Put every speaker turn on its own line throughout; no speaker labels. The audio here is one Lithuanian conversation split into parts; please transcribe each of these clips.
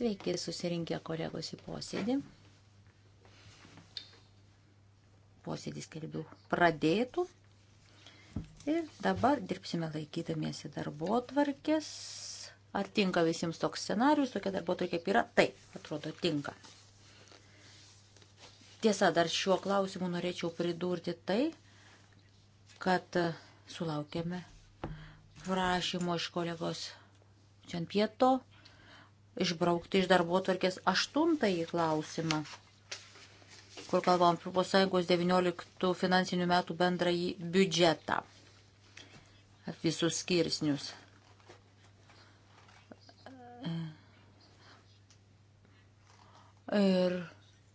Sveiki susirinkę kolegos į posėdį. Posėdis kelbiu pradėtų. Ir dabar dirbsime laikydamiesi darbo tvarkės. Ar tinka visiems toks scenarius, tokia darbo tvarkė kaip yra? Taip, atrodo, tinka. Tiesa, dar šiuo klausimu norėčiau pridurti tai, kad e, sulaukėme prašymo iš kolegos Čianpieto išbraukti iš darbo tvarkės aštuntąjį klausimą, kur kalbam apie Sąjungos 19 finansinių metų bendrąjį biudžetą, visus skirsnius. Ir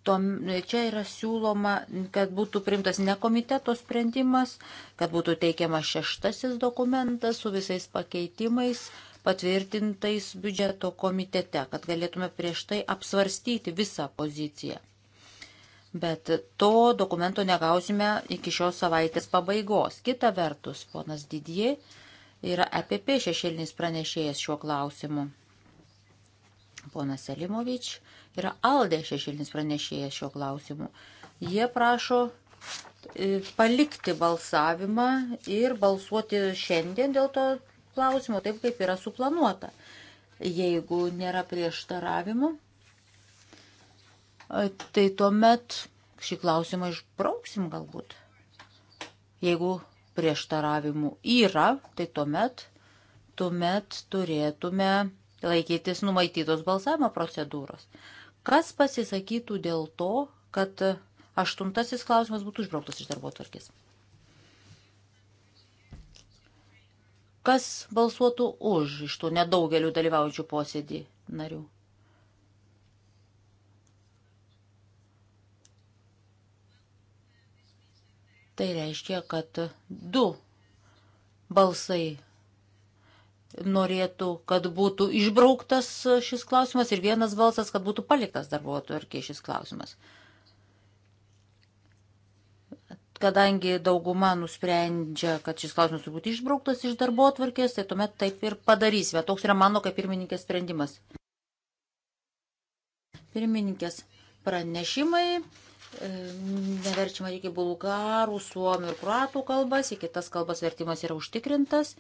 tom, čia yra siūloma, kad būtų primtas ne komiteto sprendimas, kad būtų teikiamas šeštasis dokumentas su visais pakeitimais, patvirtintais biudžeto komitete, kad galėtume prieš tai apsvarstyti visą poziciją. Bet to dokumento negausime iki šios savaitės pabaigos. Kita vertus, ponas Didie yra EPP šešėlinis pranešėjas šiuo klausimu. Ponas Selimovič yra Aldė šešėlinis pranešėjas šiuo klausimu. Jie prašo e, palikti balsavimą ir balsuoti šiandien, dėl to klausimų, taip kaip yra suplanuota. Jeigu nėra prieštaravimų, tai tuomet šį klausimą išbrauksim galbūt. Jeigu prieštaravimų yra, tai tuomet, tuomet turėtume laikytis numaitytos balsavimo procedūros. Kas pasisakytų dėl to, kad aštuntasis klausimas būtų išbrauktas iš darbo tvarkės? Kas balsuotų už iš tų nedaugelių dalyvaujančių posėdį narių? Tai reiškia, kad du balsai norėtų, kad būtų išbrauktas šis klausimas ir vienas balsas, kad būtų paliktas darbuotojų arkiai šis klausimas. Uh, kadangi dauguma nusprendžia, kad šis klausimas turi būti išbrauktas iš darbo atvarkės, tai tuomet taip ir padarysime. Toks yra mano kaip pirmininkės sprendimas. Pirmininkės pranešimai e, neverčiama reikia bulgarų, suomių ir kruatų kalbas, į kitas kalbas vertimas yra užtikrintas.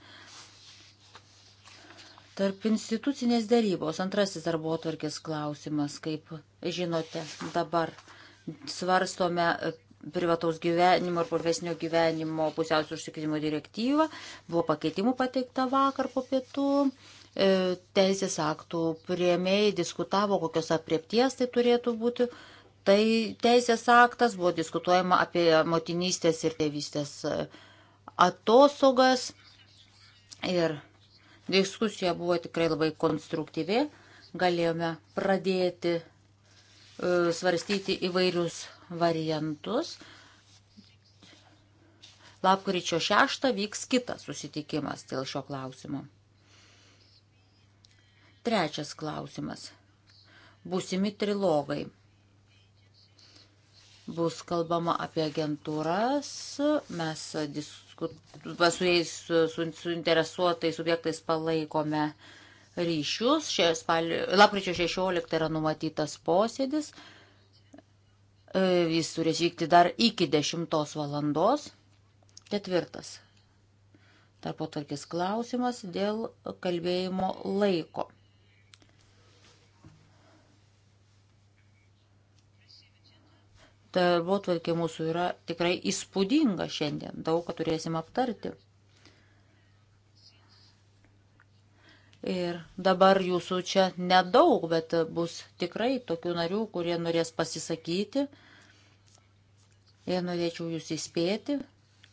Tarp institucinės darybos antrasis darbo atvarkės klausimas, kaip žinote, dabar svarstome privataus gyvenimo ir profesinio gyvenimo pusiausio užsikrimo direktyvą. Buvo pakeitimų pateikta vakar po pietų. E, teisės aktų prieimėjai diskutavo, kokios apriepties tai turėtų būti. Tai teisės aktas buvo diskutuojama apie motinystės ir tėvystės e, atostogas. Ir diskusija buvo tikrai labai konstruktyvi. Galėjome pradėti e, svarstyti įvairius variantus. Lapkričio 6 vyks kitas susitikimas dėl šio klausimo. Trečias klausimas. Būsimi trilogai. Bus kalbama apie agentūras, mes diskut... su jais suinteresuotais su subjektais palaikome ryšius. Spalio... Lapkričio 16 yra numatytas posėdis. E, jis turi atvykti dar iki 10 valandos. Ketvirtas. Tarpo tarkis klausimas dėl kalbėjimo laiko. Darbo tvarkė mūsų yra tikrai įspūdinga šiandien. Daug ką turėsim aptarti. Ir dabar jūsų čia nedaug, bet bus tikrai tokių narių, kurie norės pasisakyti. Ir norėčiau jūs įspėti,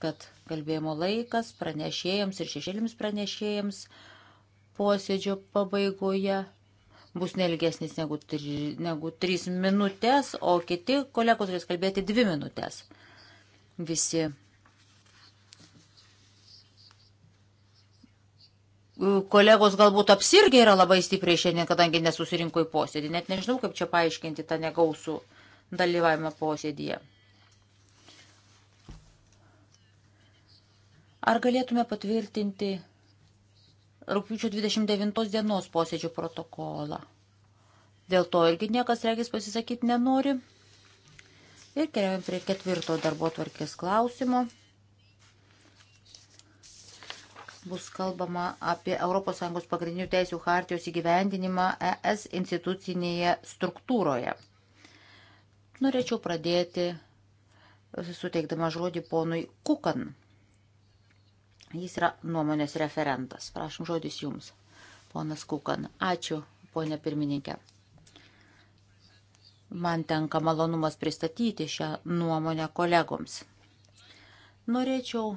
kad kalbėjimo laikas pranešėjams ir šešėlims pranešėjams posėdžio pabaigoje bus nelgesnis negu, tri, negu 3 minutės, o kiti kolegos turės kalbėti 2 minutės. Visi. Kolegos galbūt apsirgė yra labai stipriai šiandien, kadangi nesusirinko į posėdį. Net nežinau, kaip čia paaiškinti tą negausų dalyvavimą posėdyje. Ar galėtume patvirtinti rūpiučio 29 dienos posėdžių protokolą? Dėl to irgi niekas regis pasisakyti nenori. Ir keliaujam prie ketvirto darbo tvarkės klausimo. Bus kalbama apie ES pagrindinių teisių hartijos įgyvendinimą ES institucinėje struktūroje. Norėčiau pradėti suteikdama žodį ponui Kukan. Jis yra nuomonės referentas. Prašom žodis jums, ponas Kukan. Ačiū, ponė pirmininkė. Man tenka malonumas pristatyti šią nuomonę kolegoms. Norėčiau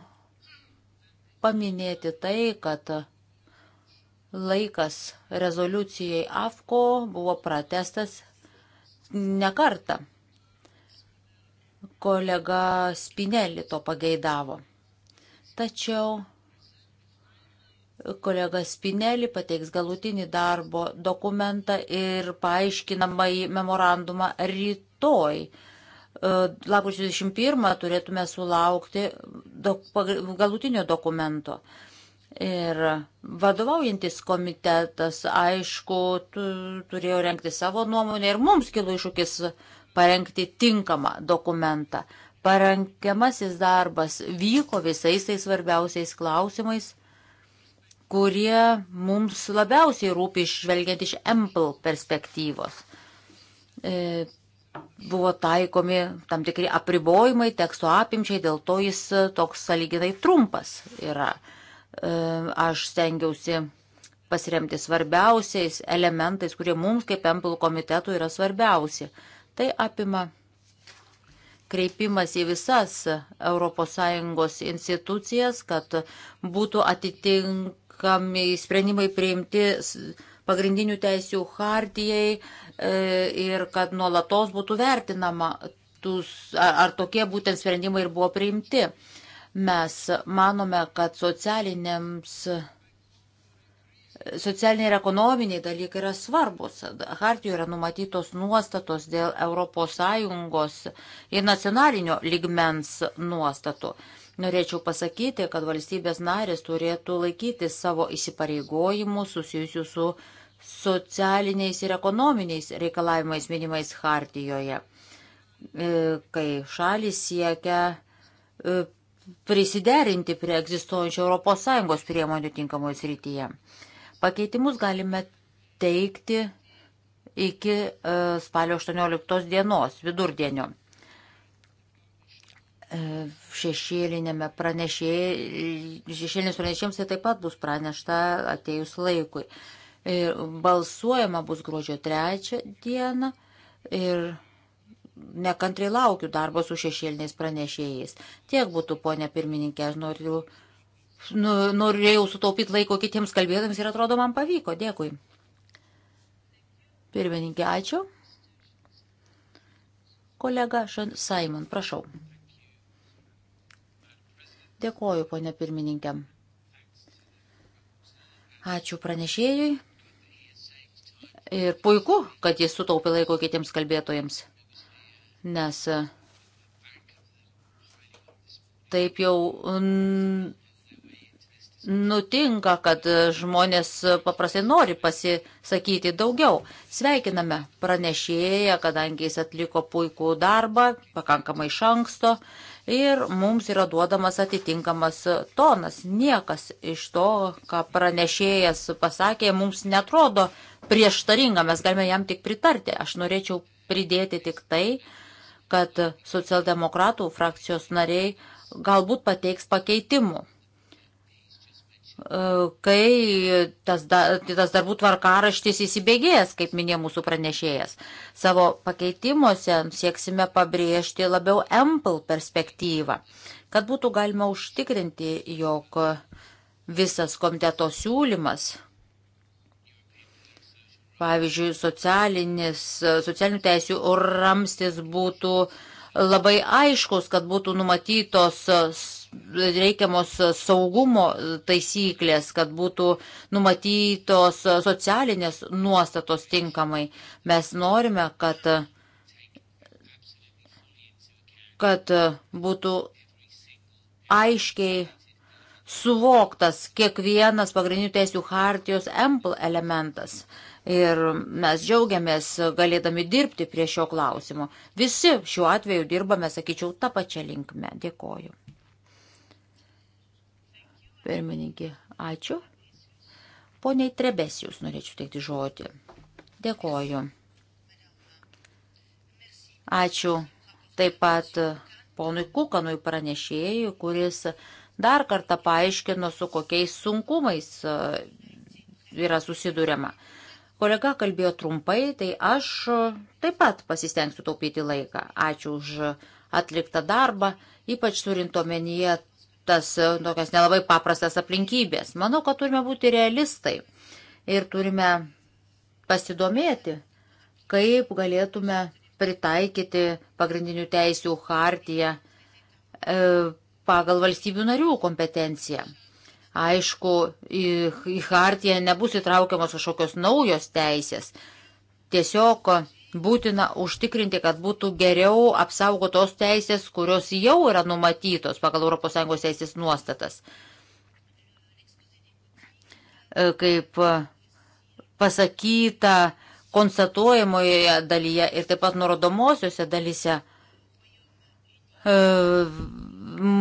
paminėti tai, kad laikas rezoliucijai AFKO buvo pratestas ne kartą. Kolega Spinelli to pageidavo tačiau kolega Spinelli pateiks galutinį darbo dokumentą ir paaiškinamąjį memorandumą rytoj. E, Lapkričio 21 turėtume sulaukti galutinio dokumento. Ir vadovaujantis komitetas, aišku, turėjo renkti savo nuomonę ir mums kilo iššūkis parengti tinkamą dokumentą parankiamasis darbas vyko visais tais svarbiausiais klausimais, kurie mums labiausiai rūpi išvelgiant iš Ample perspektyvos. E, buvo taikomi tam tikri apribojimai teksto apimčiai, dėl to jis toks saliginai trumpas yra. E, aš stengiausi pasiremti svarbiausiais elementais, kurie mums kaip Ample komitetų yra svarbiausi. Tai apima kreipimas į visas ES institucijas, kad būtų atitinkami sprendimai priimti pagrindinių teisių hartijai e, ir kad nuolatos būtų vertinama, ar tokie būtent sprendimai ir buvo priimti. Mes manome, kad socialinėms socialiniai ir ekonominiai dalykai yra svarbus. Hartijoje yra numatytos nuostatos dėl ES ir nacionalinio ligmens nuostatų. Norėčiau pasakyti, kad valstybės narės turėtų laikyti savo įsipareigojimų susijusių su socialiniais ir ekonominiais reikalavimais minimais Hartijoje, e, kai šalis siekia e, prisiderinti prie egzistuojančio ES priemonių tinkamoje srityje. Pakeitimus galime teikti iki e, spalio 18 dienos vidurdienio. E, šešėlinėme pranešėjams tai taip pat bus pranešta atėjus laikui. Ir balsuojama bus gruodžio 3 dieną ir nekantrai laukiu darbo su šešėliniais pranešėjais. Tiek būtų, ponė pirmininkė, aš noriu nu, norėjau sutaupyti laiko kitiems kalbėtams ir atrodo man pavyko. Dėkui. Pirmininkė, ačiū. Kolega Simon, prašau. Dėkoju, ponė pirmininkė. Ačiū pranešėjui. Ir puiku, kad jis sutaupė laiko kitiems kalbėtojams. Nes taip jau nutinka, kad žmonės paprastai nori pasisakyti daugiau. Sveikiname pranešėją, kadangi jis atliko puikų darbą, pakankamai iš anksto ir mums yra duodamas atitinkamas tonas. Niekas iš to, ką pranešėjas pasakė, mums netrodo prieštaringa, mes galime jam tik pritarti. Aš norėčiau pridėti tik tai, kad socialdemokratų frakcijos nariai galbūt pateiks pakeitimų kai tas, da, tas darbų tvarkaraštis įsibėgės, kaip minėjo mūsų pranešėjas. Savo pakeitimuose sieksime pabrėžti labiau Ample perspektyvą, kad būtų galima užtikrinti, jog visas komiteto siūlymas, pavyzdžiui, socialinių teisių ramstis būtų labai aiškus, kad būtų numatytos reikiamos saugumo taisyklės, kad būtų numatytos socialinės nuostatos tinkamai. Mes norime, kad, kad būtų aiškiai suvoktas kiekvienas pagrindinių teisų hartijos ample elementas. Ir mes džiaugiamės galėdami dirbti prie šio klausimo. Visi šiuo atveju dirbame, sakyčiau, tą pačią linkmę. Dėkoju. Pirmininkė, ačiū. Poniai Trebes jūs norėčiau teikti žodį. Dėkoju. Ačiū taip pat ponui Kukanui pranešėjui, kuris dar kartą paaiškino, su kokiais sunkumais e, yra susidūrėma. Kolega kalbėjo trumpai, tai aš taip pat pasistengsiu taupyti laiką. Ačiū už atliktą darbą, ypač turint omenyje tas e, tokias nelabai paprastas aplinkybės. Manau, kad turime būti realistai ir turime pasidomėti, kaip galėtume pritaikyti pagrindinių teisių hartiją e, pagal valstybių narių kompetenciją. Aišku, į, į hartiją nebus įtraukiamas kažkokios naujos teisės. Tiesiog būtina užtikrinti, kad būtų geriau apsaugotos teisės, kurios jau yra numatytos pagal ES teisės nuostatas. E, kaip pasakyta konstatuojamoje dalyje ir taip pat nurodomosiuose dalyse e,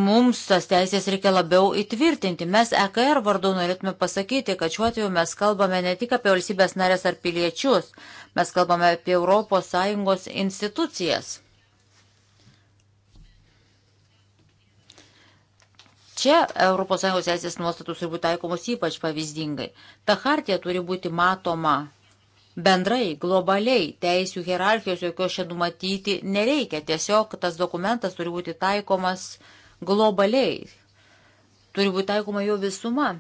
mums tas teisės reikia labiau įtvirtinti. Mes EKR vardu norėtume pasakyti, kad šiuo atveju mes kalbame ne tik apie valstybės narės ar piliečius, mes kalbame apie ES institucijas. Čia ES teisės nuostatus turi būti taikomos ypač pavyzdingai. Ta hartija turi būti matoma bendrai, globaliai, teisų hierarchijos jokios čia numatyti nereikia. Tiesiog tas dokumentas turi būti taikomas uh, globaliai. Turi būti taikoma jo visuma.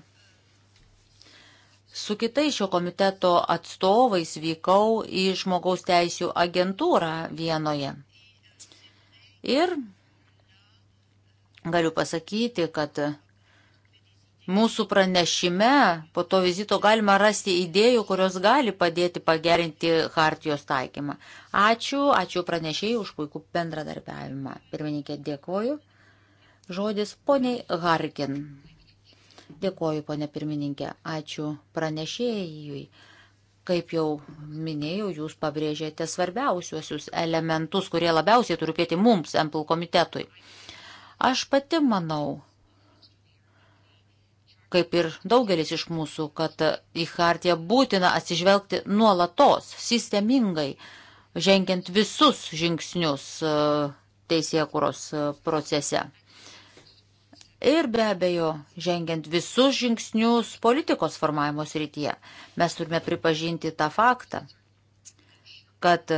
Su kitais šio komiteto atstovais vykau į žmogaus teisų agentūrą Vienoje. Ir galiu pasakyti, kad mūsų pranešime po to vizito galima rasti idėjų, kurios gali padėti pagerinti hartijos taikymą. Ačiū, ačiū pranešėjai už puikų bendradarbiavimą. Pirmininkė, dėkoju žodis poniai Harkin. Dėkoju, ponė pirmininkė. Ačiū pranešėjui. Kaip jau minėjau, jūs pabrėžėte svarbiausiuosius elementus, kurie labiausiai turi pėti mums, MPL komitetui. Aš pati manau, kaip ir daugelis iš mūsų, kad į hartiją būtina atsižvelgti nuolatos, sistemingai, žengiant visus žingsnius e, teisėkuros e, procese ir be abejo, žengiant visus žingsnius politikos formavimo srityje, mes turime pripažinti tą faktą, kad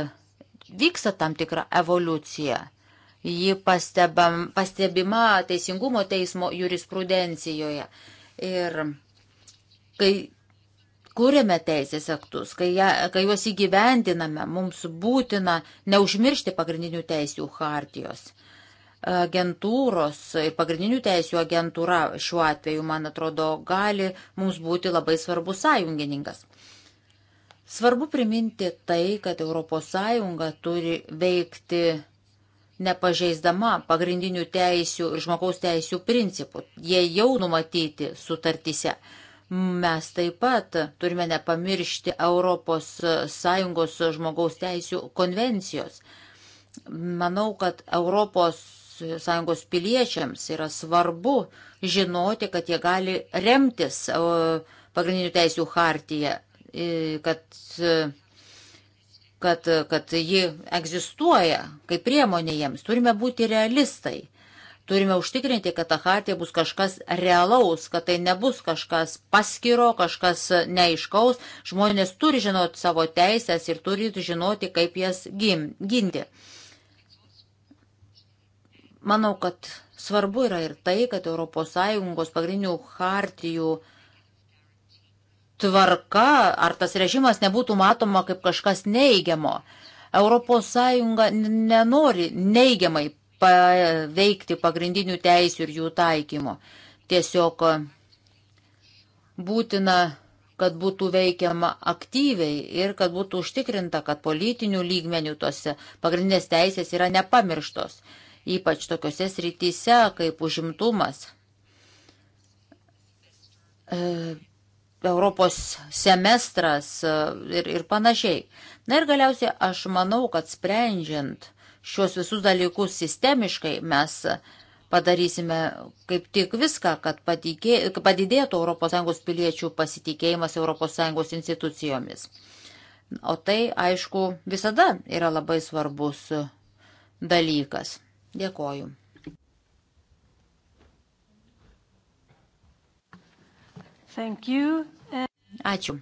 vyksta tam tikra evoliucija. Ji pastebam, pastebima teisingumo teismo jurisprudencijoje. Ir kai kūrėme teisės aktus, kai, ja, kai juos įgyvendiname, mums būtina neužmiršti pagrindinių teisių hartijos agentūros ir pagrindinių teisų agentūra šiuo atveju, man atrodo, gali mums būti labai svarbus sąjungininkas. Svarbu priminti tai, kad ES turi veikti nepažeisdama pagrindinių teisių ir žmogaus teisių principų. Jie jau numatyti sutartise. Mes taip pat turime nepamiršti ES žmogaus teisių konvencijos. Manau, kad Europos sąjungos piliečiams yra svarbu žinoti, kad jie gali remtis pagrindinių teisių hartiją, kad, kad, kad ji egzistuoja kaip priemonė jiems. Turime būti realistai. Turime užtikrinti, kad ta hartija bus kažkas realaus, kad tai nebus kažkas paskiro, kažkas neiškaus. Žmonės turi žinoti savo teisės ir turi žinoti, kaip jas ginti. Manau, kad svarbu yra ir tai, kad ES pagrindinių hartijų tvarka ar tas režimas nebūtų matoma kaip kažkas neigiamo. ES nenori neigiamai paveikti pagrindinių teisių ir jų taikymo. Tiesiog būtina, kad būtų veikiama aktyviai ir kad būtų užtikrinta, kad politinių lygmenių tose pagrindinės teisės yra nepamirštos ypač tokiuose srityse kaip užimtumas. E, Europos semestras e, ir, ir panašiai. Na ir galiausiai aš manau, kad sprendžiant šios visus dalykus sistemiškai mes padarysime kaip tik viską, kad patikė, padidėtų ES piliečių pasitikėjimas ES institucijomis. O tai, aišku, visada yra labai svarbus dalykas. Dėkoju. Ačiū.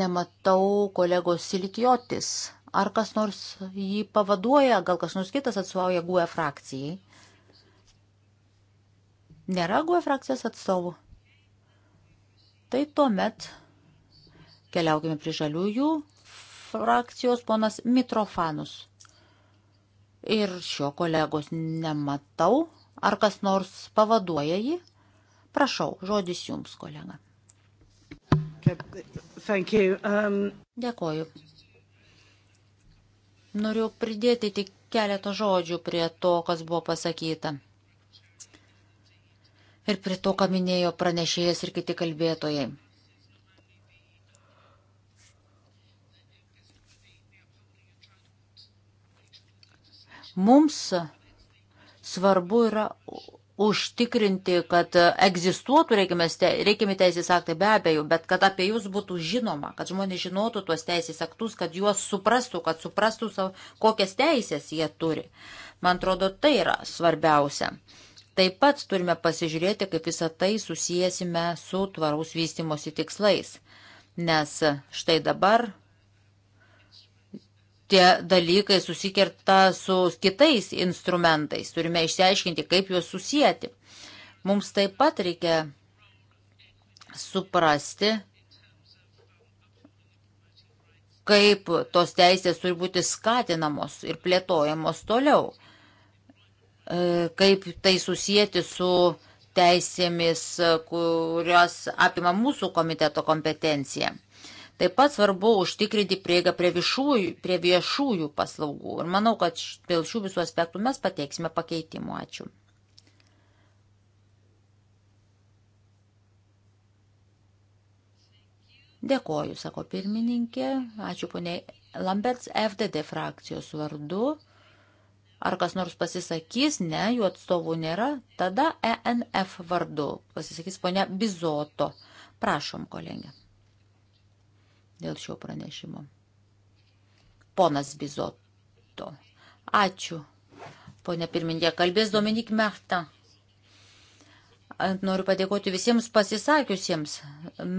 Nematau kolegos Silitiotis. Ar kas nors jį pavaduoja, gal kas nors kitas atstovauja GUE frakcijai? Nėra GUE frakcijos atstovų. Tai tuomet keliaukime prie žaliųjų frakcijos ponas Mitrofanus ir šio kolegos nematau. Ar kas nors pavaduoja jį? Prašau, žodis jums, kolega. Um... Dėkoju. Noriu pridėti tik keletą žodžių prie to, kas buvo pasakyta. Ir prie to, ką minėjo pranešėjas ir kiti kalbėtojai. Mums svarbu yra užtikrinti, kad egzistuotų reikiami teisės aktai be abejo, bet kad apie jūs būtų žinoma, kad žmonės žinotų tuos teisės aktus, kad juos suprastų, kad suprastų savo, kokias teisės jie turi. Man atrodo, tai yra svarbiausia. Taip pat turime pasižiūrėti, kaip visą tai susijęsime su tvaraus vystimosi tikslais. Nes štai dabar tie dalykai susikerta su kitais instrumentais. Turime išsiaiškinti, kaip juos susijęti. Mums taip pat reikia suprasti, kaip tos teisės turi būti skatinamos ir plėtojamos toliau, e, kaip tai susijęti su teisėmis, kurios apima mūsų komiteto kompetenciją. Taip pat svarbu užtikrinti prieigą prie, viešųjų, prie viešųjų paslaugų. Ir manau, kad dėl šių visų aspektų mes pateiksime pakeitimų. Ačiū. Dėkoju, sako pirmininkė. Ačiū poniai Lamberts FDD frakcijos vardu. Ar kas nors pasisakys? Ne, jų atstovų nėra. Tada ENF vardu pasisakys ponia Bizoto. Prašom, kolegė dėl šio pranešimo. Ponas Bizoto. Ačiū. Pone pirmininkė, kalbės Dominik Mechta. Noriu padėkoti visiems pasisakiusiems.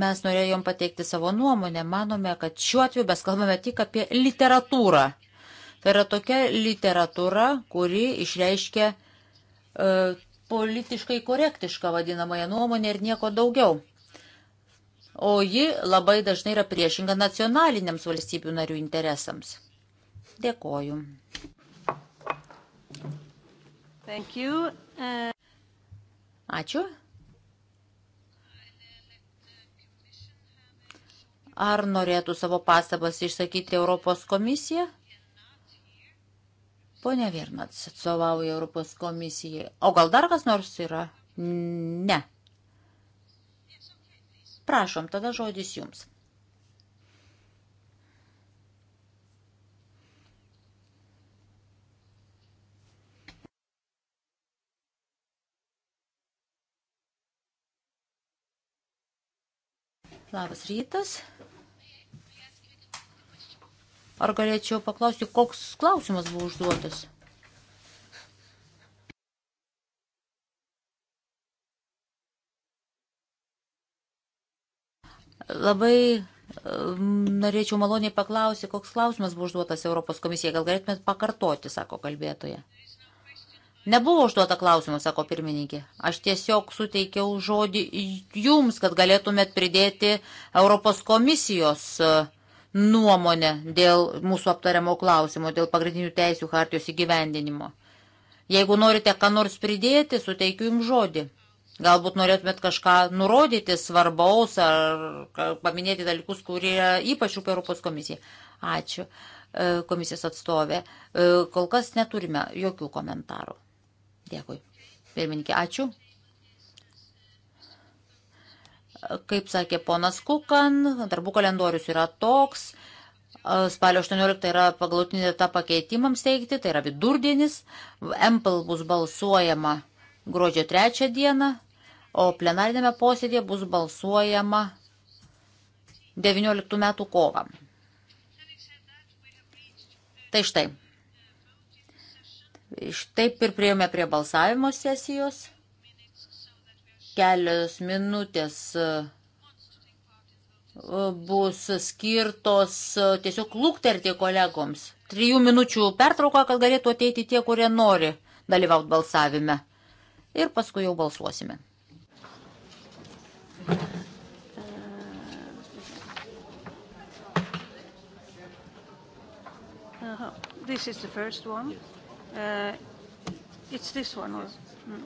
Mes norėjom pateikti savo nuomonę. Manome, kad šiuo atveju mes kalbame tik apie literatūrą. Tai yra tokia literatūra, kuri išreiškia e, politiškai korektišką vadinamąją nuomonę ir nieko daugiau o ji labai dažnai yra priešinga nacionaliniams valstybių narių interesams. Dėkoju. Uh, Ačiū. Ar norėtų savo pastabas išsakyti Europos komisija? Pone Virnats atstovauja Europos komisijai. O gal dar kas nors yra? Ne. Prašom, tada žodis jums. Labas rytas. Ar galėčiau paklausti, koks klausimas buvo užduotas? Labai norėčiau maloniai paklausyti, koks klausimas buvo užduotas Europos komisijai. Gal galėtumėt pakartoti, sako kalbėtoja. Nebuvo užduota klausimų, sako pirmininkė. Aš tiesiog suteikiau žodį jums, kad galėtumėt pridėti Europos komisijos e, nuomonę dėl mūsų aptariamo klausimo, dėl pagrindinių teisių hartijos įgyvendinimo. Jeigu norite ką nors pridėti, suteikiu jums žodį. Galbūt norėtumėt kažką nurodyti svarbaus ar paminėti dalykus, kurie ypač rūpia Europos komisija. Ačiū, e, komisijos atstovė. E, kol kas neturime jokių komentarų. Dėkui. Pirmininkė, ačiū. Kaip sakė ponas Kukan, darbų kalendorius yra toks. E, spalio 18 yra paglutinė ta pakeitimams teikti, tai yra vidurdienis. MPL bus balsuojama gruodžio 3 dieną, o plenarinėme posėdėje bus balsuojama 19 metų kovą. Tai štai. Taip ir priejome prie balsavimo sesijos. Kelios minutės e, bus skirtos e, tiesiog lūkterti kolegoms. Trijų minučių pertrauką, kad galėtų ateiti tie, kurie nori dalyvauti balsavime. Ir paskui jau balsuosime.
This is the first one? Yes. Uh,
it's this one? Yes. Or? Mm.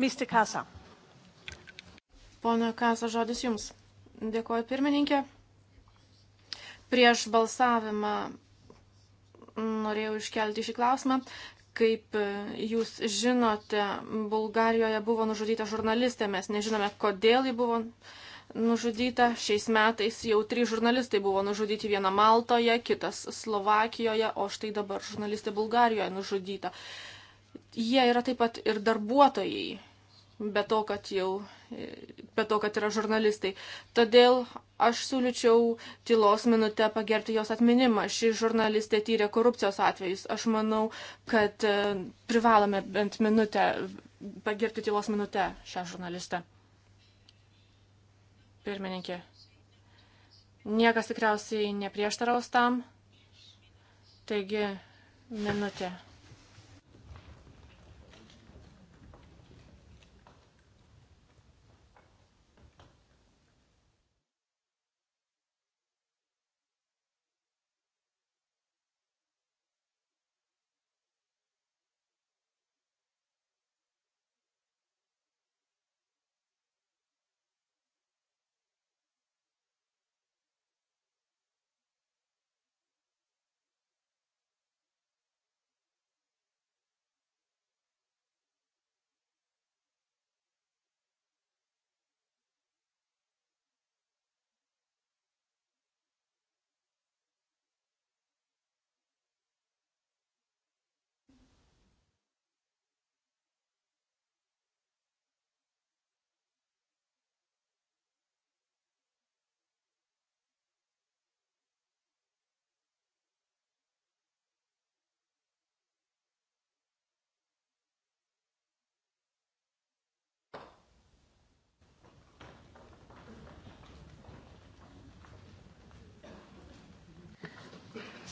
Mr. Kasa.
Pone Kasa, žodis Jums. Dėkuoju pirmininkė. Prieš balsavimą norėjau iškelti šį klausimą. Kaip jūs žinote, Bulgarijoje buvo nužudyta žurnalistė, mes nežinome, kodėl ji buvo nužudyta. Šiais metais jau trys žurnalistai buvo nužudyti, viena Maltoje, kitas Slovakijoje, o štai dabar žurnalistė Bulgarijoje nužudyta. Uh, jie yra taip pat ir darbuotojai, be to, kad jau, be to, kad yra žurnalistai. Todėl aš siūlyčiau tylos minutę pagerti jos atminimą. Ši žurnalistė tyrė korupcijos atvejus. Aš manau, kad e, privalome bent minutę pagerti tylos minutę šią žurnalistę. Pirmininkė. Niekas tikriausiai neprieštaraus tam. Taigi, minutė.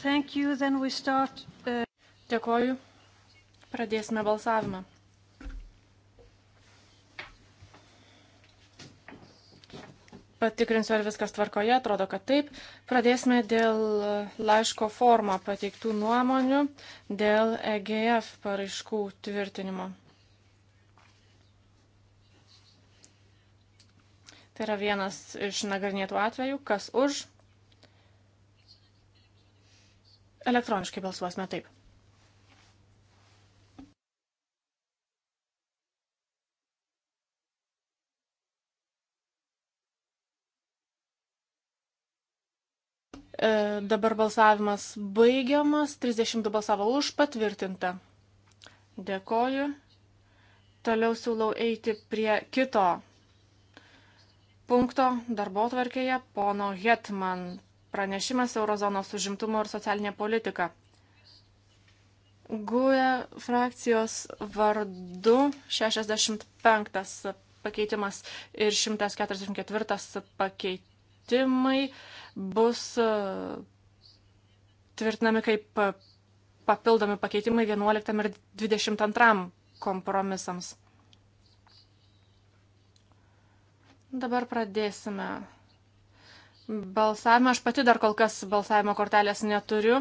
Thank you, then we start. Uh... Dėkoju. Pradėsime balsavimą. Patikrinsiu, ar viskas tvarkoje, atrodo, kad taip. Pradėsime dėl laiško formą pateiktų nuomonių dėl EGF paraiškų tvirtinimo. Tai yra vienas iš nagrinėtų atvejų, kas už Elektroniškai balsuosime taip. E, dabar balsavimas baigiamas. 32 balsavo už patvirtinta. Dėkoju. Toliau siūlau eiti prie kito punkto darbo tvarkėje, pono Hetman pranešimas Eurozonos užimtumo ir socialinė politika. GUE frakcijos vardu 65 pakeitimas ir 144 pakeitimai bus e, tvirtinami kaip papildomi pakeitimai 11 ir 22 kompromisams. Dabar pradėsime balsavimą. Aš pati dar kol kas balsavimo kortelės neturiu.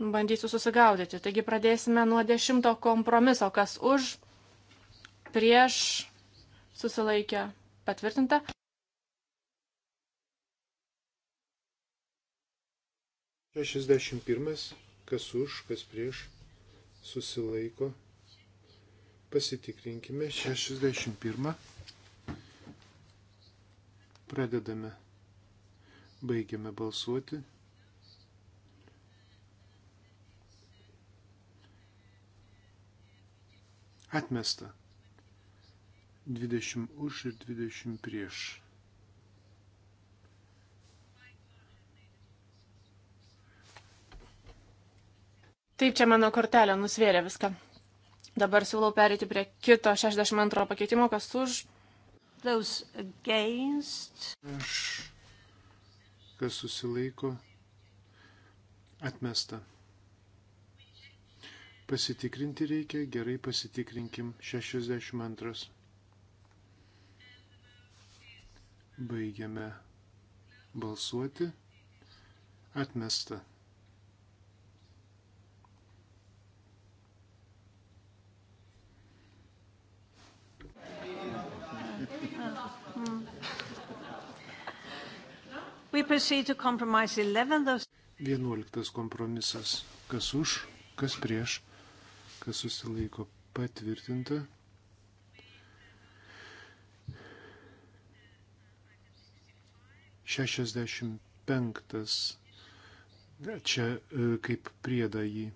Bandysiu susigaudyti. Taigi pradėsime nuo dešimto kompromiso. Kas už, prieš, susilaikė, patvirtinta.
Šešisdešimt pirmas. Kas už, kas prieš, susilaiko. Pasitikrinkime. Šešisdešimt pirmą. Pradedame. Baigiame balsuoti. Atmesta. 20 už ir 20 prieš.
Taip, čia mano kortelė nusvėrė viską. Dabar siūlau perėti prie kito 62 pakeitimo, kas už Those against.
Aš, kas susilaiko, atmesta. Pasitikrinti reikia, gerai pasitikrinkim. 62. Baigiame balsuoti. Atmesta.
Mm.
We proceed to compromise 11. Those...
11 kompromisas. Kas už, kas prieš, kas susilaiko patvirtinta. Šešiasdešimt penktas. Čia e, kaip priedą jį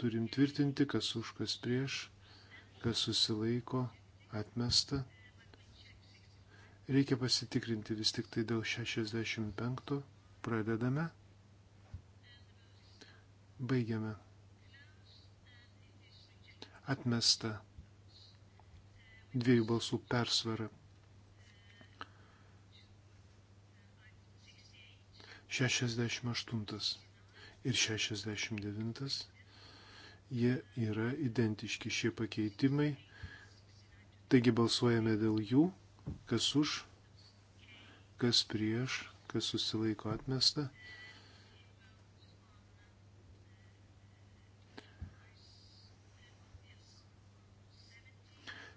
turim tvirtinti, kas už, kas prieš, kas susilaiko, atmesta. Reikia pasitikrinti vis tik tai dėl 65. Pradedame. Baigiame. Atmesta. Dviejų balsų persvara. 68 ir 69. Jie yra identiški šie pakeitimai. Taigi balsuojame dėl jų kas už, kas prieš, kas susilaiko atmesta.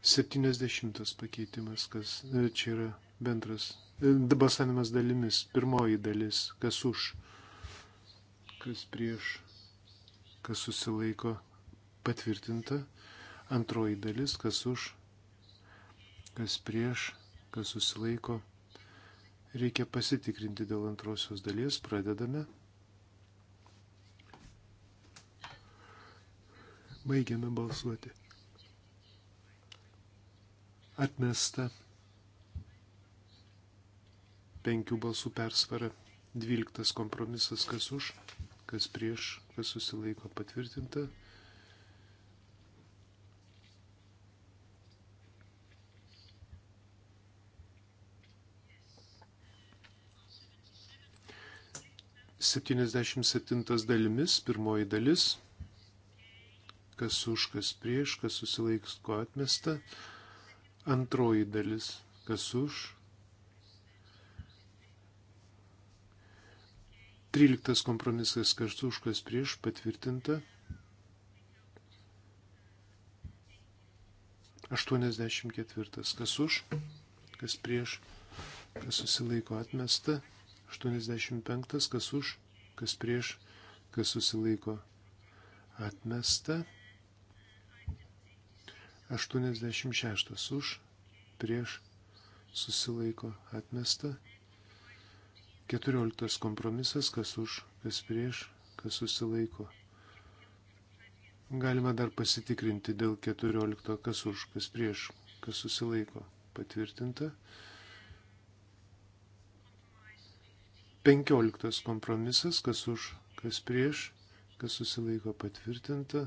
Septyniasdešimtas pakeitimas, kas e, čia yra bendras e, balsavimas dalimis. Pirmoji dalis, kas už, kas prieš, kas susilaiko patvirtinta. Antroji dalis, kas už, kas prieš, kas susilaiko. Reikia pasitikrinti dėl antrosios dalies. Pradedame. Baigiame balsuoti. Atmesta. Penkių balsų persvara. Dvyliktas kompromisas, kas už, kas prieš, kas susilaiko patvirtinta. 77 dalimis, pirmoji dalis, kas už, kas prieš, kas susilaiks, ko atmesta, antroji dalis, kas už. 13 kompromisas, kas už, kas prieš, patvirtinta. 84. Kas už, kas prieš, kas susilaiko atmesta. 85, kas už, kas prieš, kas susilaiko. Atmesta. 86 už, prieš, susilaiko. Atmesta. 14 kompromisas, kas už, kas prieš, kas susilaiko. Galima dar pasitikrinti dėl 14, kas už, kas prieš, kas susilaiko. Patvirtinta. 14. 15 kompromisas, kas už, kas prieš, kas susilaiko patvirtinta.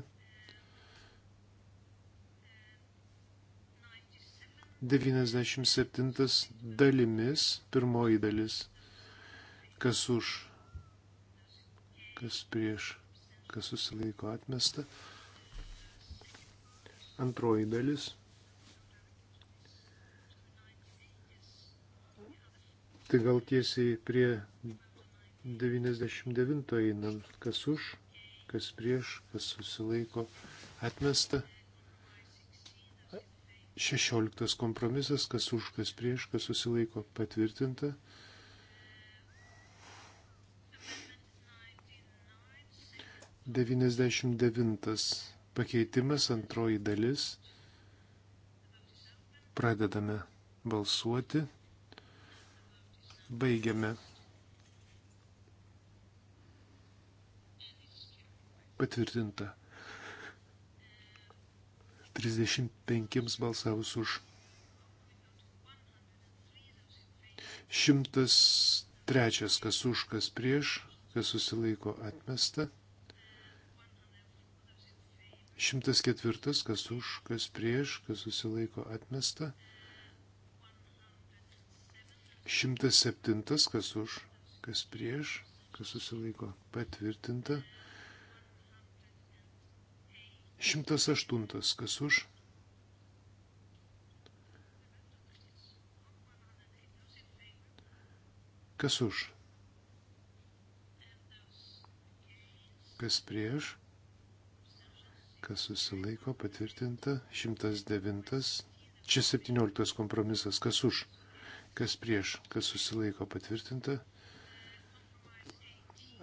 97 dalimis, pirmoji dalis, kas už, kas prieš, kas susilaiko atmesta. Antroji dalis. Tai gal tiesiai prie 99 einam, kas už, kas prieš, kas susilaiko atmesta. 16 kompromisas, kas už, kas prieš, kas susilaiko patvirtinta. Devyniasdešimt devintas pakeitimas antroji dalis. Pradedame balsuoti. Baigiame. Patvirtinta. 35 balsavus už. 103 kas už, kas prieš, kas susilaiko atmesta. 104 kas už, kas prieš, kas susilaiko atmesta. 105 107, kas už, kas prieš, kas susilaiko patvirtinta. 108, kas už. Kas už? Kas prieš? Kas susilaiko patvirtinta? 109. Čia 17 kompromisas. Kas už? kas prieš, kas susilaiko patvirtinta.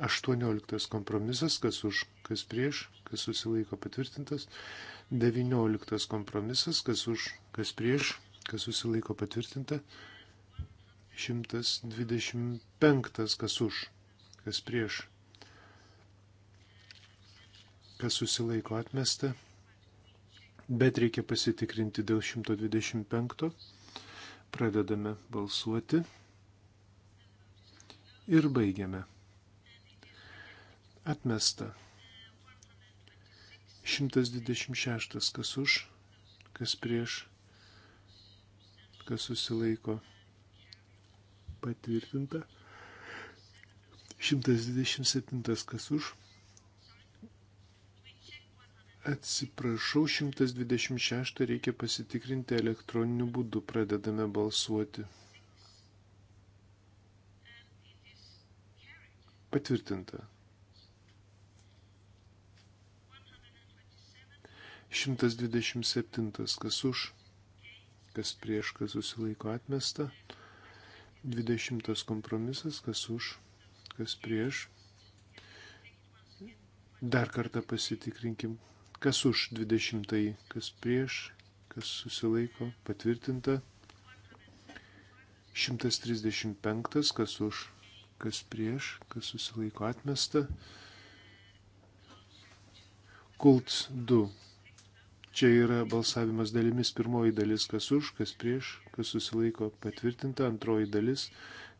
18 kompromisas, kas už, kas prieš, kas susilaiko patvirtintas. 19 kompromisas, kas už, kas prieš, kas susilaiko patvirtinta. 125, kas už, kas prieš, kas susilaiko atmesta. Bet reikia pasitikrinti dėl 125. Pradedame balsuoti ir baigiame. Atmesta. 126. Kas už, kas prieš, kas susilaiko. Patvirtinta. 127. Kas už, Atsiprašau, 126 reikia pasitikrinti elektroniniu būdu. Pradedame balsuoti. Patvirtinta. 127. Kas už, kas prieš, kas susilaiko atmesta. 20. Kompromisas. Kas už, kas prieš. Dar kartą pasitikrinkim. Kas už 20, kas prieš, kas susilaiko, patvirtinta. 135, kas už, kas prieš, kas susilaiko, atmesta. Kult 2. Čia yra balsavimas dalimis. Pirmoji dalis, kas už, kas prieš, kas susilaiko, patvirtinta. Antroji dalis,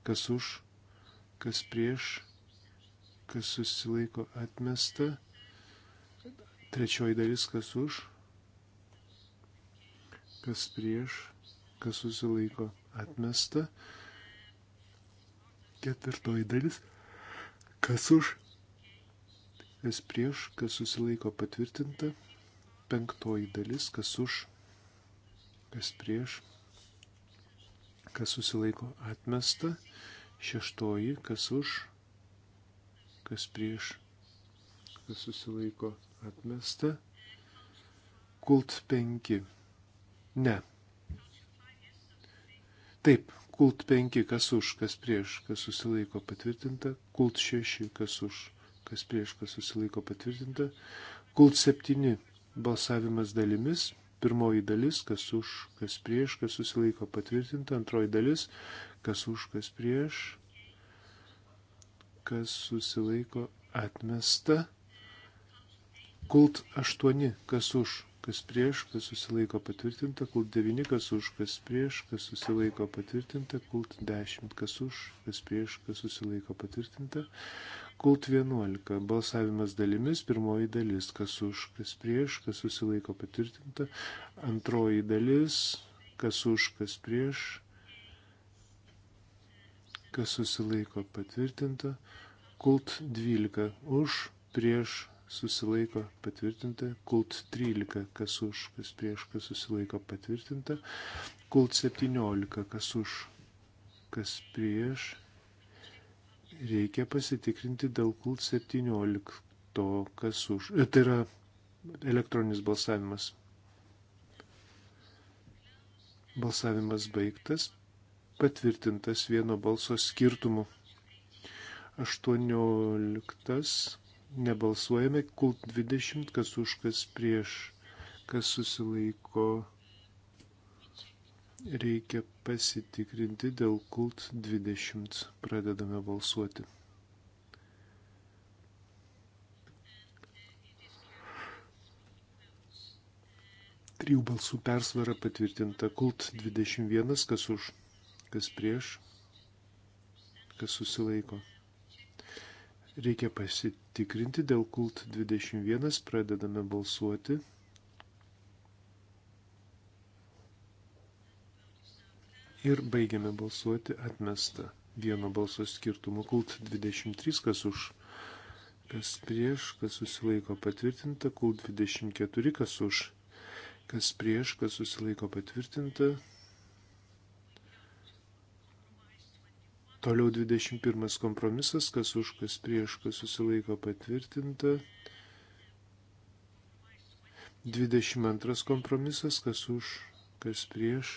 kas už, kas prieš, kas susilaiko, atmesta. Trečioji dalis, kas už, kas prieš, kas susilaiko atmesta. Ketvirtoji dalis, kas už, kas prieš, kas susilaiko patvirtinta. Penktoji dalis, kas už, kas prieš, kas susilaiko atmesta. Šeštoji, kas už, kas prieš, kas susilaiko atmesta atmesta. Kult 5. Ne. Taip, kult 5, kas už, kas prieš, kas susilaiko patvirtinta. Kult 6, kas už, kas prieš, kas susilaiko patvirtinta. Kult 7, balsavimas dalimis. Pirmoji dalis, kas už, kas prieš, kas susilaiko patvirtinta. Antroji dalis, kas už, kas prieš, kas susilaiko atmesta. Kult 8, kas už, kas prieš, kas susilaiko patvirtinta, kult 9, kas už, kas prieš, kas susilaiko patvirtinta, kult 10, kas už, kas prieš, kas susilaiko patvirtinta, kult 11, balsavimas dalimis, pirmoji dalis, kas už, kas prieš, kas susilaiko patvirtinta, antroji dalis, kas už, kas prieš, kas susilaiko patvirtinta, kult 12, už, prieš, susilaiko patvirtinta, kult 13, kas už, kas prieš, kas susilaiko patvirtinta, kult 17, kas už, kas prieš. Reikia pasitikrinti dėl kult 17, kas už. E, tai yra elektroninis balsavimas. Balsavimas baigtas, patvirtintas vieno balso skirtumu. 18 nebalsuojame. Kult 20, kas už, kas prieš, kas susilaiko. Reikia pasitikrinti dėl kult 20. Pradedame balsuoti. Trijų balsų persvara patvirtinta. Kult 21, kas už, kas prieš, kas susilaiko Reikia pasitikrinti dėl kult 21, pradedame balsuoti. Ir baigiame balsuoti atmestą. Vieno balso skirtumu kult 23, kas už, kas prieš, kas susilaiko patvirtinta, kult 24, kas už, kas prieš, kas susilaiko patvirtinta, Toliau 21 kompromisas, kas už, kas prieš, kas susilaiko patvirtinta. 22 kompromisas, kas už, kas prieš,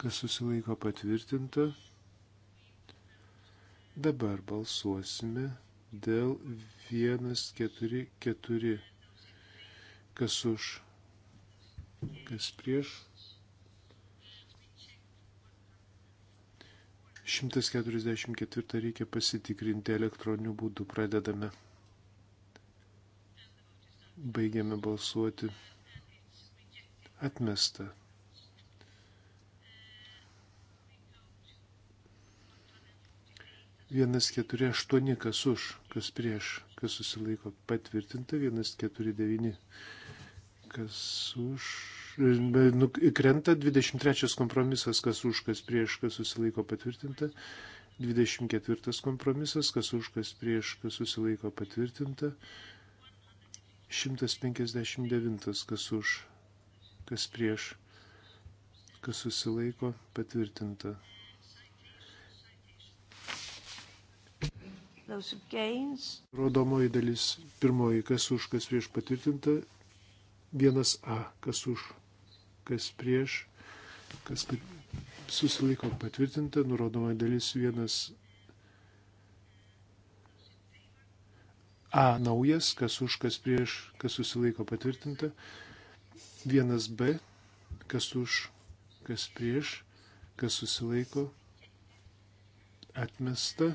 kas susilaiko patvirtinta. Dabar balsuosime dėl 144, kas už, kas prieš, 144 reikia pasitikrinti elektroniniu būdu. Pradedame. Baigiame balsuoti. Atmesta. Vienas keturi aštuoni, kas už, kas prieš, kas susilaiko patvirtinta, vienas keturi devyni, kas už Nu, krenta 23 kompromisas, kas už, kas prieš, kas susilaiko patvirtinta. 24 kompromisas, kas už, kas prieš, kas susilaiko patvirtinta. 159, kas už, kas prieš, kas susilaiko patvirtinta. Rodomoji dalis pirmoji, kas už, kas prieš patvirtinta, vienas A, kas už kas prieš, kas susilaiko patvirtinta, nurodoma dalis vienas A naujas, kas už, kas prieš, kas susilaiko patvirtinta, vienas B, kas už, kas prieš, kas susilaiko atmesta.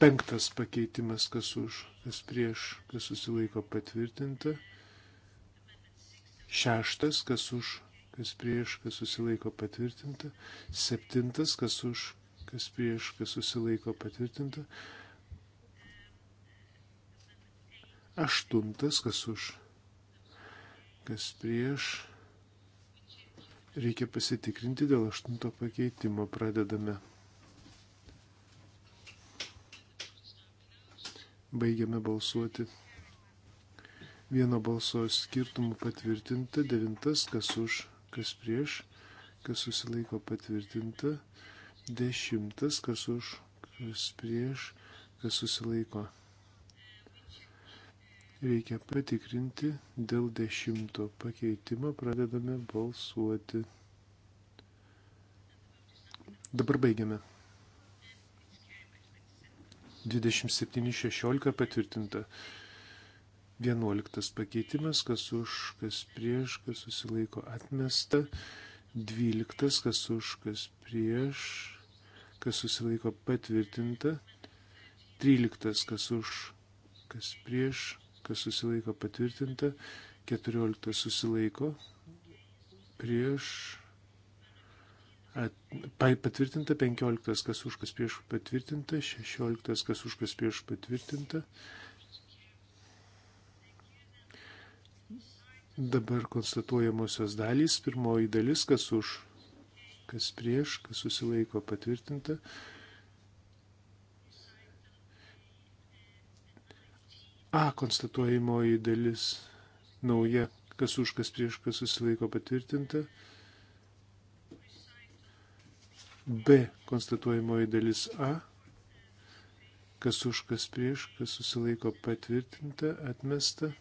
Penktas pakeitimas, kas už, kas prieš, kas susilaiko patvirtinta. Šeštas, kas už, kas prieš, kas susilaiko patvirtinta. Septintas, kas už, kas prieš, kas susilaiko patvirtinta. Aštuntas, kas už, kas prieš. Reikia pasitikrinti dėl aštunto pakeitimo. Pradedame. Baigiame balsuoti. Vieno balso skirtumų patvirtinta. Devintas, kas už, kas prieš, kas susilaiko patvirtinta. Dešimtas, kas už, kas prieš, kas susilaiko reikia patikrinti dėl dešimto pakeitimo, pradedame balsuoti. Dabar baigiame. 27.16 patvirtinta. 11 pakeitimas, kas už, kas prieš, kas susilaiko atmesta. 12, kas už, kas prieš, kas susilaiko patvirtinta. 13, kas už, kas prieš, kas susilaiko patvirtinta. 14 susilaiko prieš At, patvirtinta 15 kas už kas prieš patvirtinta, 16 kas už kas prieš patvirtinta. Dabar konstatuojamosios dalys, pirmoji dalis, kas už, kas prieš, kas susilaiko patvirtinta. A konstatuojamoji dalis nauja, kas už, kas prieš, kas susilaiko patvirtinta. B konstatuojamoji dalis A, kas už, kas prieš, kas susilaiko patvirtinta, atmesta.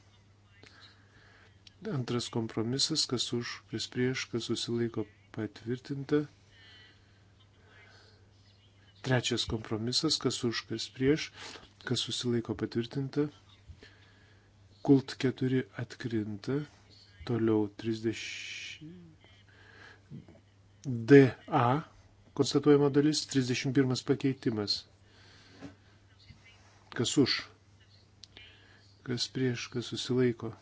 Antras kompromisas, kas už, kas prieš, kas susilaiko patvirtinta. Trečias kompromisas, kas už, kas prieš, kas susilaiko patvirtinta. Kult 4 atkrinta. Toliau 30. DA Konstatuojama dalis 31 pakeitimas. Kas už? Kas prieš, kas susilaiko?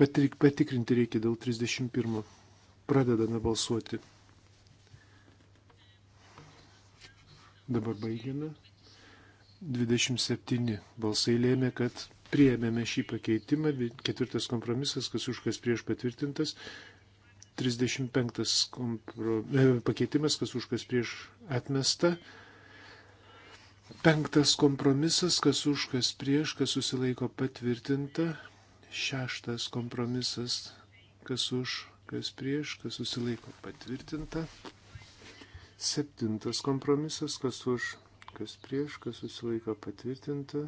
Patrik, patikrinti reikia dėl 31. Pradedame balsuoti. Dabar baigiame. 27 balsai lėmė, kad Priėmėme šį pakeitimą, ketvirtas kompromisas, kas už kas prieš patvirtintas, 35 komprom... E, pakeitimas, kas už kas prieš atmesta, penktas kompromisas, kas už kas prieš, kas susilaiko patvirtinta, šeštas kompromisas, kas už kas prieš, kas susilaiko patvirtinta, septintas kompromisas, kas už kas prieš, kas susilaiko patvirtinta,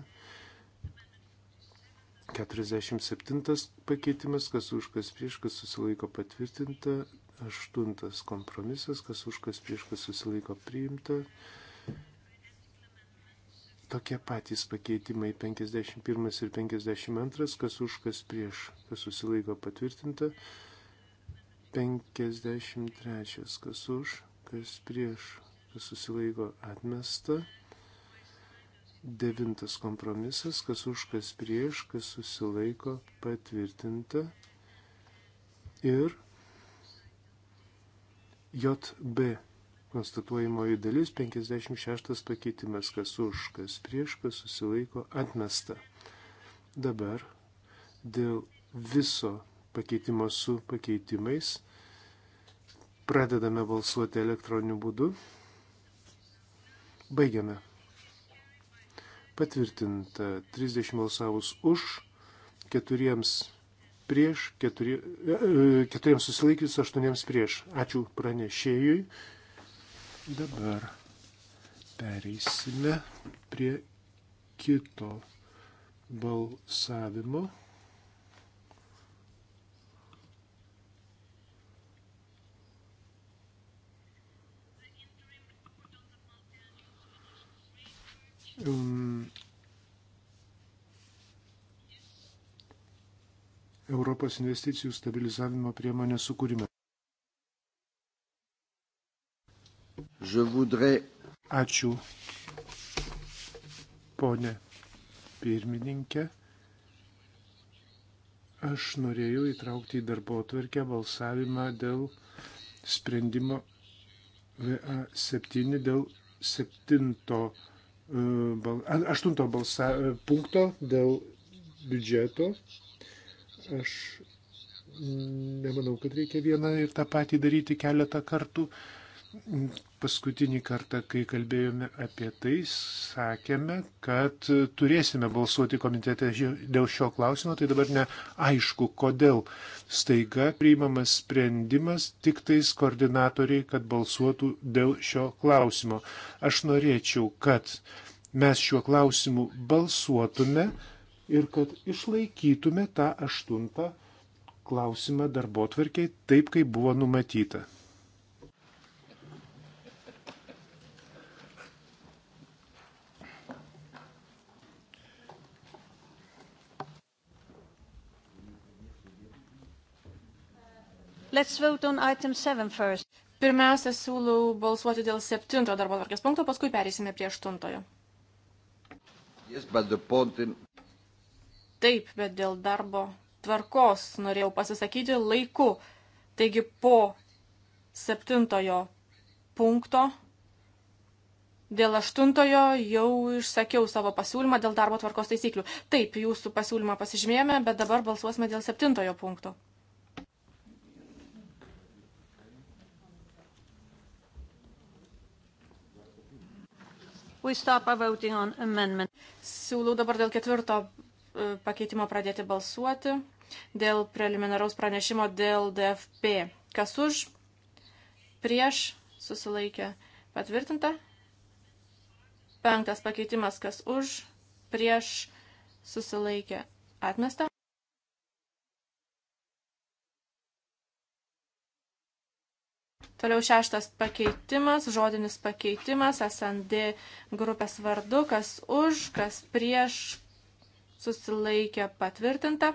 47 pakeitimas, kas už kas prieš, kas susilaiko patvirtinta. 8 kompromisas, kas už kas prieš, kas susilaiko priimta. Tokie patys pakeitimai 51 ir 52, kas už kas prieš, kas susilaiko patvirtinta. 53, kas už, kas prieš, kas susilaiko atmesta. Devintas kompromisas, kas už, kas prieš, kas susilaiko patvirtinta. Ir JB konstatuojamoji dalis 56 pakeitimas, kas už, kas prieš, kas susilaiko atmesta. Dabar dėl viso pakeitimo su pakeitimais pradedame balsuoti elektroniniu būdu. Baigiame. Patvirtinta 30 balsavus už, 4 prieš, 4, 4 e, e, susilaikius, 8 prieš. Ačiū pranešėjui. Dabar pereisime prie kito balsavimo. Um, Europos investicijų stabilizavimo priemonės sukūrimą. Voudrais... Ačiū, ponė pirmininkė. Aš norėjau įtraukti į darbo atvarkę balsavimą dėl sprendimo VA7 dėl septinto E, aštunto balsa, e, punkto dėl biudžeto. Aš nemanau, kad reikia vieną ir tą patį daryti keletą kartų. Uh, paskutinį kartą, kai kalbėjome apie tai, sakėme, kad turėsime balsuoti komitete dėl šio klausimo, tai dabar neaišku, kodėl staiga priimamas sprendimas tik tais koordinatoriai, kad balsuotų dėl šio klausimo. Aš norėčiau, kad mes šiuo klausimu balsuotume ir kad išlaikytume tą aštuntą klausimą darbo tvarkiai taip, kaip buvo numatyta.
Let's vote on item 7 first.
Pirmiausia, siūlau balsuoti dėl septinto darbo tvarkės punkto, paskui perėsime prie aštuntojo. Yes, but the point in... Taip, bet dėl darbo tvarkos norėjau pasisakyti laiku. Taigi po septintojo punkto Dėl aštuntojo jau išsakiau savo pasiūlymą dėl darbo tvarkos taisyklių. Taip, jūsų pasiūlymą pasižymėjome, bet dabar balsuosime dėl septintojo punkto. Siūlau dabar dėl ketvirto e, pakeitimo pradėti balsuoti, dėl preliminaraus pranešimo dėl DFP. Kas už, prieš, susilaikė, patvirtinta. Penktas pakeitimas, kas už, prieš, susilaikė, atmesta. Toliau šeštas pakeitimas, žodinis pakeitimas, SND grupės vardu, kas už, kas prieš, susilaikė patvirtinta.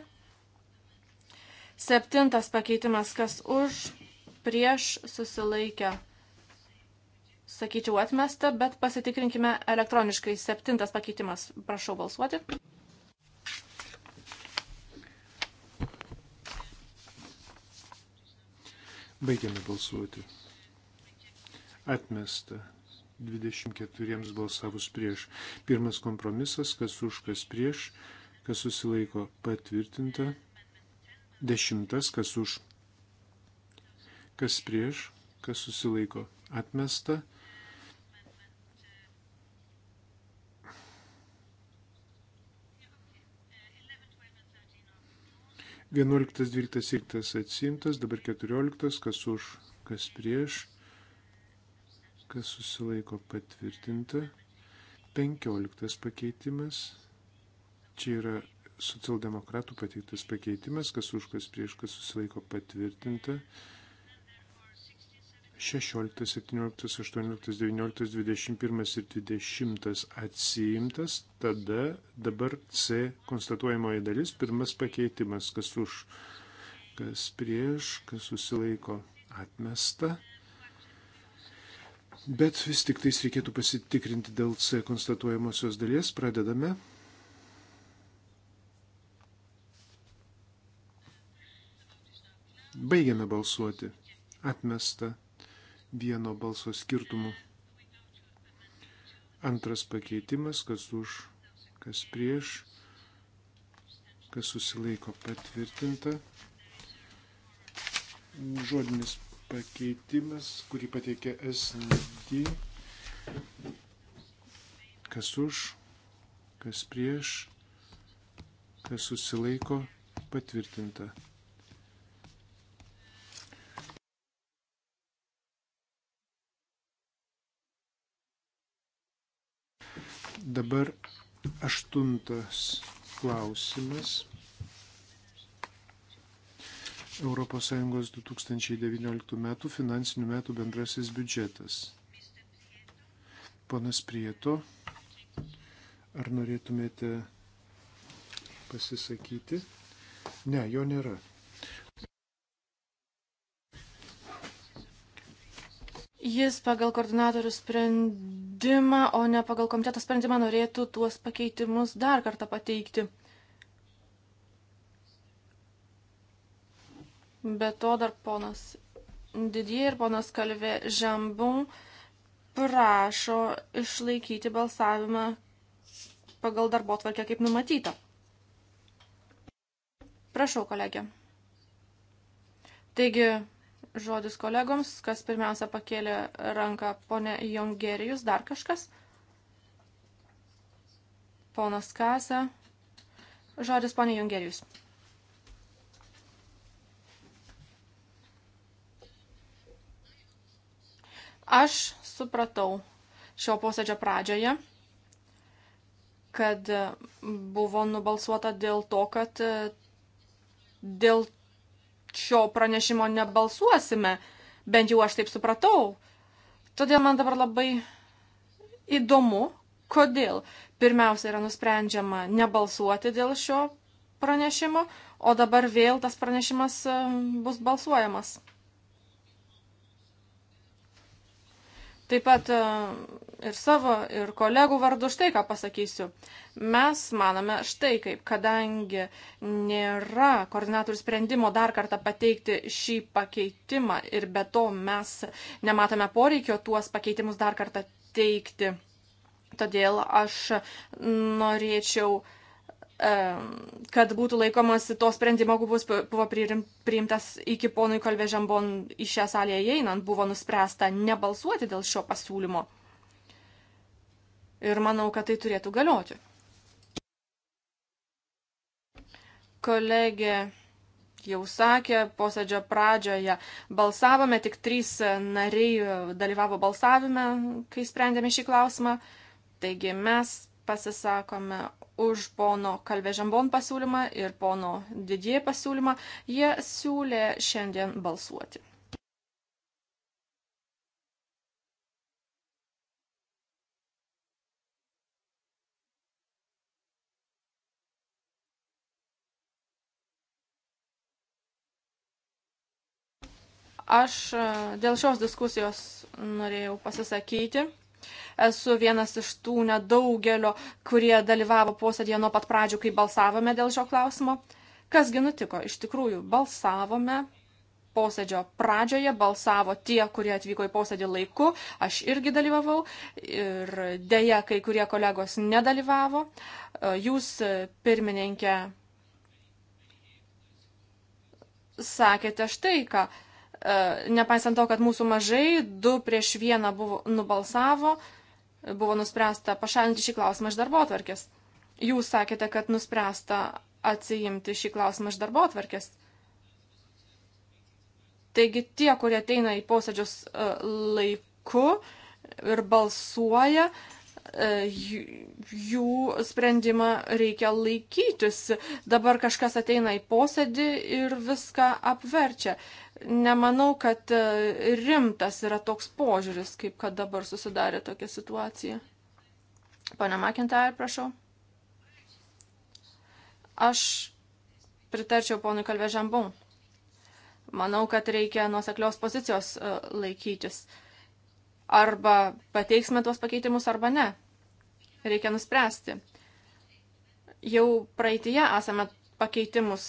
Septintas pakeitimas, kas už, prieš, susilaikė, sakyčiau, atmesta, bet pasitikrinkime elektroniškai. Septintas pakeitimas, prašau balsuoti.
Baigiame balsuoti. Atmesta. 24 balsavus prieš. Pirmas kompromisas, kas už, kas prieš, kas susilaiko patvirtinta. Dešimtas, kas už, kas prieš, kas susilaiko atmesta. 11, 12 ir tas atsimtas, dabar 14, kas už, kas prieš, kas susilaiko patvirtinta. 15 pakeitimas, čia yra socialdemokratų pateiktas pakeitimas, kas už, kas prieš, kas susilaiko patvirtinta. 16, 17, 18, 19, 21 ir 20 atsiimtas, tada dabar C konstatuojamoji dalis, pirmas pakeitimas, kas už, kas prieš, kas susilaiko atmesta. Bet vis tik tais reikėtų pasitikrinti dėl C konstatuojamosios dalies. Pradedame. Baigiame balsuoti. Atmesta vieno balso skirtumu. Antras pakeitimas, kas už, kas prieš, kas susilaiko patvirtinta. Žodinis pakeitimas, kurį pateikė SD. Kas už, kas prieš, kas susilaiko patvirtinta. Dabar aštuntas klausimas. ES 2019 metų finansinių metų bendrasis biudžetas. Ponas Prieto, ar norėtumėte pasisakyti? Ne, jo nėra.
Jis pagal koordinatorių sprendimą, o ne pagal komiteto sprendimą norėtų tuos pakeitimus dar kartą pateikti. Be to dar ponas Didie ir ponas Kalvė Žambum prašo išlaikyti balsavimą pagal darbo tvarkę kaip numatyta. Prašau, kolegė. Taigi, žodis kolegoms, kas pirmiausia pakėlė ranką, ponė Jongerijus, dar kažkas. Ponas Kasa, žodis ponė Jongerijus. Aš supratau šio posėdžio pradžioje, kad buvo nubalsuota dėl to, kad dėl šio pranešimo nebalsuosime, bent jau aš taip supratau. Todėl man dabar labai įdomu, kodėl pirmiausia yra nusprendžiama nebalsuoti dėl šio pranešimo, o dabar vėl tas pranešimas bus balsuojamas. taip pat e, ir savo, ir kolegų vardu štai ką pasakysiu. Mes manome štai kaip, kadangi nėra koordinatorių sprendimo dar kartą pateikti šį pakeitimą ir be to mes nematome poreikio tuos pakeitimus dar kartą teikti. Todėl aš norėčiau uh, kad būtų laikomasi to sprendimo, kuris buvo priimtas iki ponui Kalvežambon į šią salę įeinant, buvo nuspręsta nebalsuoti dėl šio pasiūlymo. Ir manau, kad tai turėtų galioti. Kolegė jau sakė posėdžio pradžioje, balsavome, tik trys nariai dalyvavo balsavime, kai sprendėme šį klausimą. Taigi mes pasisakome už pono Kalvežambon pasiūlymą ir pono Didie pasiūlymą, jie siūlė šiandien balsuoti. Aš e, dėl šios diskusijos norėjau pasisakyti. Esu vienas iš tų nedaugelio, kurie dalyvavo posėdėje nuo pat pradžių, kai balsavome dėl šio klausimo. Kasgi nutiko? Iš tikrųjų, balsavome posėdžio pradžioje balsavo tie, kurie atvyko į posėdį laiku, aš irgi dalyvavau ir dėja kai kurie kolegos nedalyvavo. E, jūs, pirmininkė, sakėte štai ką, E, nepaisant to, kad mūsų mažai, du prieš vieną buvo nubalsavo, buvo nuspręsta pašalinti šį klausimą iš darbo atvarkės. Jūs sakėte, kad nuspręsta atsijimti šį klausimą iš darbo atvarkės. Taigi tie, kurie ateina į posėdžius e, laiku ir balsuoja, e, jų sprendimą reikia laikytis. Dabar kažkas ateina į posėdį ir viską apverčia nemanau, kad e, rimtas yra toks požiūris, kaip kad dabar susidarė tokia situacija. Pane Makintai, prašau. Aš pritarčiau ponui Kalvė Žambum. Manau, kad reikia nuoseklios pozicijos e, laikytis. Arba pateiksime tuos pakeitimus, arba ne. Reikia nuspręsti. Jau praeitie esame pakeitimus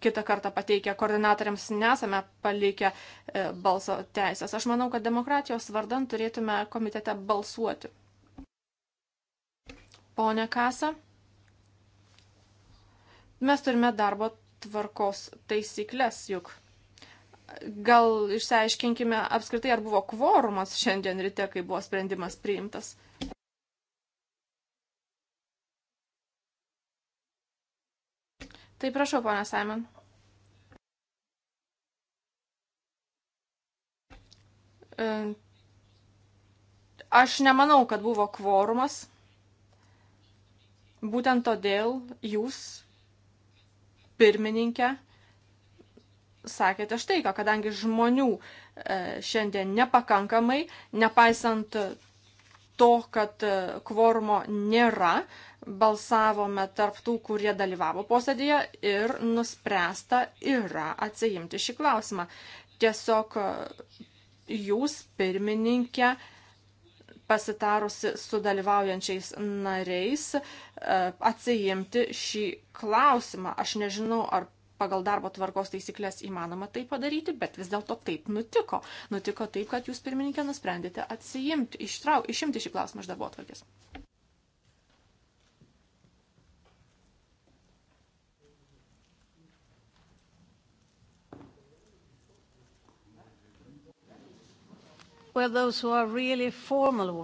kitą kartą pateikę koordinatoriams nesame palikę e, balso teisės. Aš manau, kad demokratijos vardan turėtume komitete balsuoti. Pone Kasa, mes turime darbo tvarkos taisyklės juk. Gal išsiaiškinkime apskritai, ar buvo kvorumas šiandien ryte, kai buvo sprendimas priimtas. Tai prašau, ponia Simon. E, aš nemanau, kad buvo kvorumas. Būtent todėl jūs, pirmininkė, sakėte štai ką, kadangi žmonių e, šiandien nepakankamai, nepaisant to, kad e, kvormo nėra, balsavome tarptų, kurie dalyvavo posėdėje ir nuspręsta yra atsijimti šį klausimą. Tiesiog e, jūs, pirmininkė, pasitarusi su dalyvaujančiais nariais, e, atsijimti šį klausimą. Aš nežinau, ar pagal darbo tvarkos taisyklės įmanoma tai padaryti, bet vis dėlto taip nutiko. Nutiko taip, kad jūs, pirmininkė, nusprendėte atsijimti, ištrau, išimti šį klausimą iš darbo atvarkės. well those who are really formal.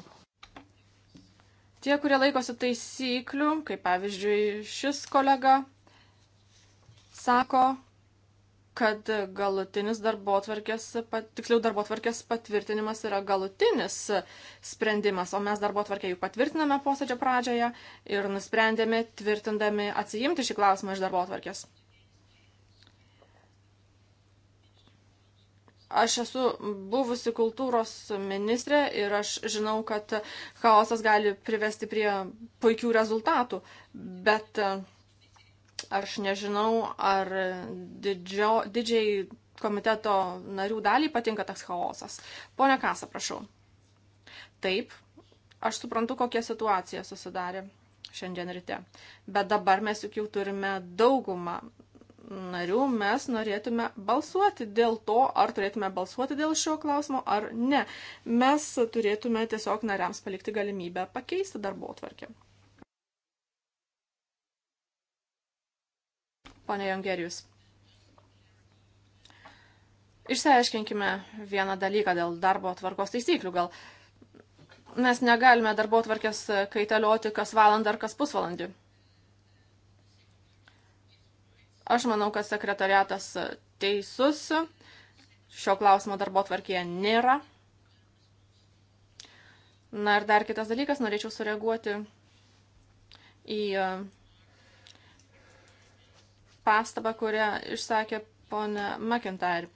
Tie, kurie laikosi taisyklių, kaip pavyzdžiui šis kolega, sako, kad galutinis darbo atvarkės, tiksliau darbo atvarkės patvirtinimas yra galutinis sprendimas, o mes darbo atvarkę jau patvirtiname posėdžio pradžioje ir nusprendėme tvirtindami atsijimti šį klausimą iš darbo atvarkės. Aš esu buvusi kultūros ministrė ir aš žinau, kad chaosas gali privesti prie puikių rezultatų, bet e, aš nežinau, ar didžio, didžiai komiteto narių daliai patinka tas chaosas. Pone Kasa, prašau. Taip, aš suprantu, kokia situacija susidarė šiandien ryte. Bet dabar mes juk jau turime daugumą narių mes norėtume balsuoti dėl to, ar turėtume balsuoti dėl šio klausimo ar ne. Mes turėtume tiesiog nariams palikti galimybę pakeisti darbo atvarkę. Pane Jongerijus. Išsiaiškinkime vieną dalyką dėl darbo tvarkos taisyklių. Gal mes negalime darbo tvarkės kaitalioti kas valandą ar kas pusvalandį. Aš manau, kad sekretariatas teisus. Šio klausimo darbo tvarkėje nėra. Na ir dar kitas dalykas, norėčiau sureaguoti į e, pastabą, kurią išsakė ponė McIntyre.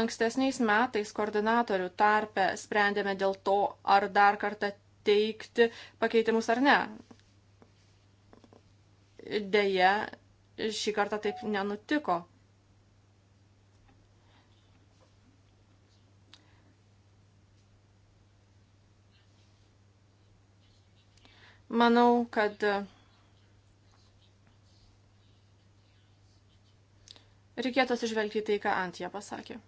Ankstesniais metais koordinatorių tarpę sprendėme dėl to, ar dar kartą teikti pakeitimus ar ne. Deja, šį kartą taip nenutiko. Manau, kad reikėtų atsižvelgti tai, ką Antija pasakė.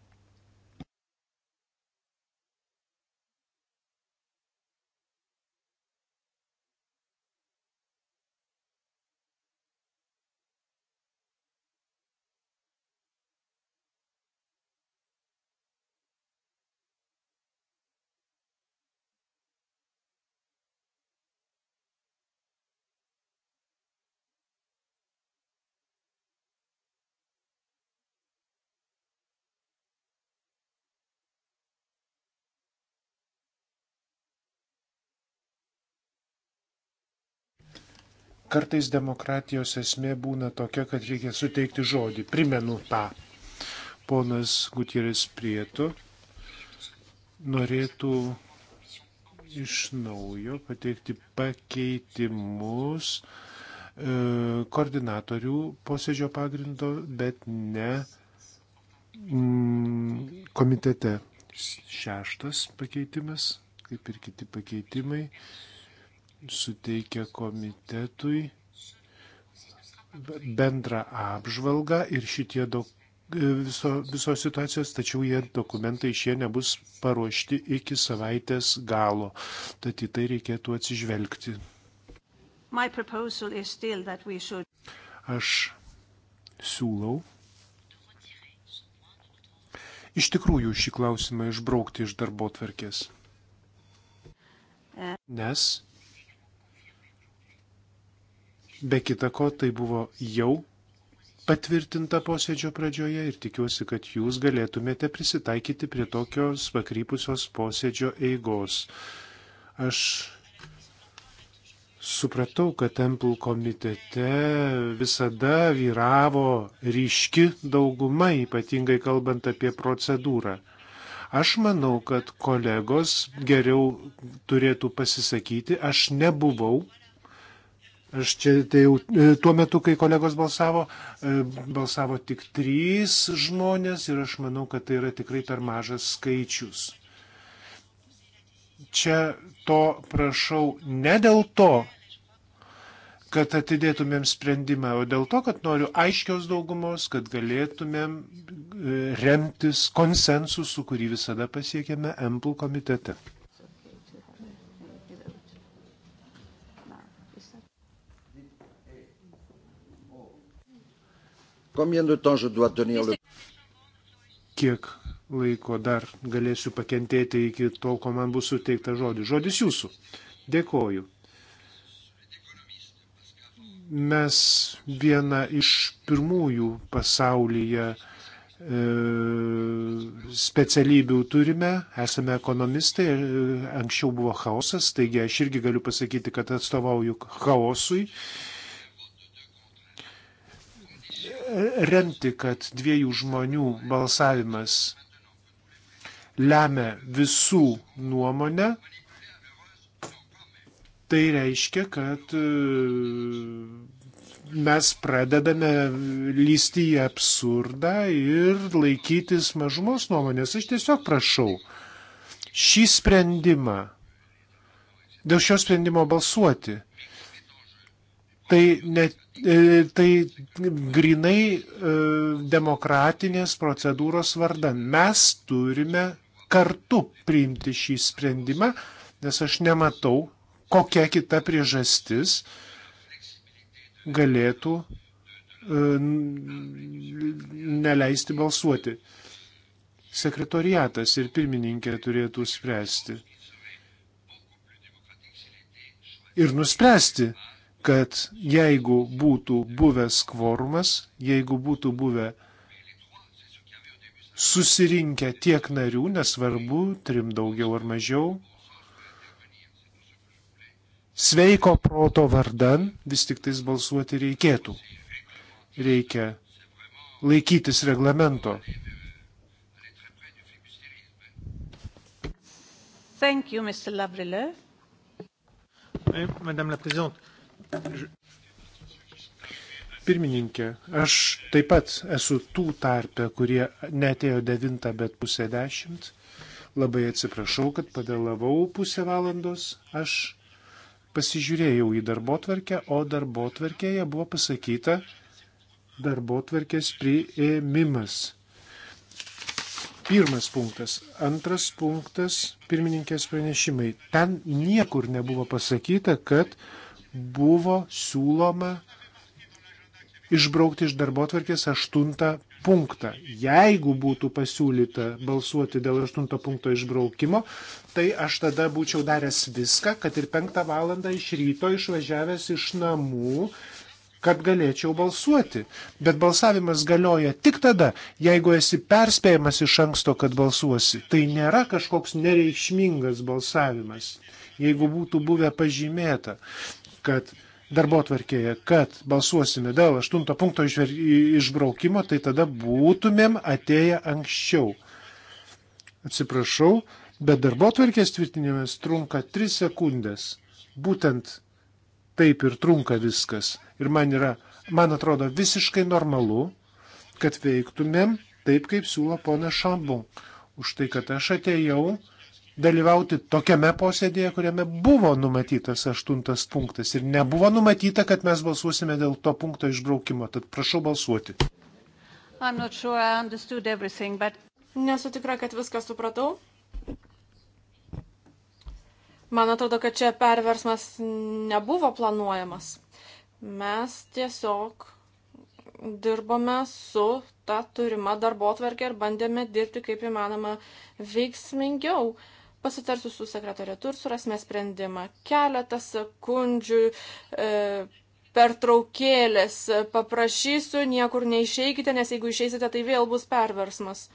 Kartais demokratijos esmė būna tokia, kad reikia suteikti žodį. Primenu tą. Ponas Gutieris Prietu norėtų iš naujo pateikti pakeitimus e, koordinatorių posėdžio pagrindo, bet ne mm, komitete. Šeštas pakeitimas, kaip ir kiti pakeitimai. E, suteikia komitetui bendrą apžvalgą ir šitie dokumentai viso, visos situacijos, tačiau jie dokumentai šie nebus paruošti iki savaitės galo. Tad į tai reikėtų atsižvelgti. Should... Aš siūlau iš tikrųjų šį klausimą išbraukti iš darbo tvarkės. Eh. Nes Be kita ko, tai buvo jau patvirtinta posėdžio pradžioje ir tikiuosi, kad jūs galėtumėte prisitaikyti prie tokios pakrypusios posėdžio eigos. Aš supratau, kad Temple komitete visada vyravo ryški dauguma, ypatingai kalbant apie procedūrą. Aš manau, kad kolegos geriau turėtų pasisakyti. Aš nebuvau Aš čia tai jau e, tuo metu, kai kolegos balsavo, e, balsavo tik trys žmonės ir aš manau, kad tai yra tikrai per mažas skaičius. Čia to prašau ne dėl to, kad atidėtumėm sprendimą, o dėl to, kad noriu aiškios daugumos, kad galėtumėm e, remtis konsensusu, kurį visada pasiekėme MPL komitete. Combien de temps je dois tenir le... Kiek laiko dar galėsiu pakentėti iki tol, kol man bus suteikta žodis. Žodis jūsų. Dėkoju. Mes vieną iš pirmųjų pasaulyje e, specialybių turime, esame ekonomistai, anksčiau buvo chaosas, taigi aš irgi galiu pasakyti, kad atstovauju chaosui. E, remti, kad dviejų žmonių balsavimas lemia visų nuomonę, tai reiškia, kad e, mes pradedame lysti į absurdą ir laikytis mažumos nuomonės. Aš tiesiog prašau šį sprendimą, dėl šio sprendimo balsuoti. Tai, ne, e, tai grinai e, demokratinės procedūros vardan. Mes turime kartu priimti šį sprendimą, nes aš nematau, kokia kita priežastis galėtų e, neleisti balsuoti. Sekretoriatas ir pirmininkė turėtų spręsti. Ir nuspręsti, kad jeigu būtų buvęs kvorumas, jeigu būtų buvę susirinkę tiek narių, nesvarbu, trim daugiau ar mažiau, sveiko proto vardan vis tik tais balsuoti reikėtų. Reikia laikytis reglamento.
Thank you, Mr. Lavrileux.
Madame la Présidente, Pirmininkė, aš taip pat esu tų tarpe, kurie netėjo devinta, bet pusę dešimt. Labai atsiprašau, kad pavėlavau pusę valandos. Aš pasižiūrėjau į darbo tvarkę, o darbo tvarkėje buvo pasakyta darbo tvarkės priėmimas. Pirmas punktas. Antras punktas - pirmininkės pranešimai. Ten niekur nebuvo pasakyta, kad uh, buvo siūloma išbraukti iš darbo atvarkės aštuntą punktą. Jeigu būtų pasiūlyta balsuoti dėl aštunto punkto išbraukimo, tai aš tada būčiau daręs viską, kad ir penktą valandą iš ryto išvažiavęs iš namų, kad galėčiau balsuoti. Bet balsavimas galioja tik tada, jeigu esi perspėjamas iš anksto, kad balsuosi. Tai nėra kažkoks nereikšmingas balsavimas, jeigu būtų buvę pažymėta kad darbo tvarkėje, kad balsuosime dėl aštunto punkto išbraukimo, tai tada būtumėm atėję anksčiau. Atsiprašau, bet darbo tvarkės tvirtinimas trunka 3 sekundės. Būtent taip ir trunka viskas. Ir man yra, man atrodo, visiškai normalu, kad veiktumėm taip, kaip siūlo pona Šambu. Už tai, kad aš atėjau dalyvauti tokiame posėdėje, kuriame buvo numatytas aštuntas punktas ir nebuvo numatyta, kad mes balsuosime dėl to punkto išbraukimo. Tad prašau balsuoti.
Sure but... Nesu tikra, kad viską supratau. Man atrodo, kad čia perversmas nebuvo planuojamas. Mes tiesiog dirbome su ta turima darbo atverkė ir bandėme dirbti kaip įmanoma veiksmingiau. Uh, pasitarsiu su sekretorietu ir surasime sprendimą. Keletą sekundžių e, pertraukėlės paprašysiu, niekur neišeikite, nes jeigu išeisite, tai vėl bus perversmas.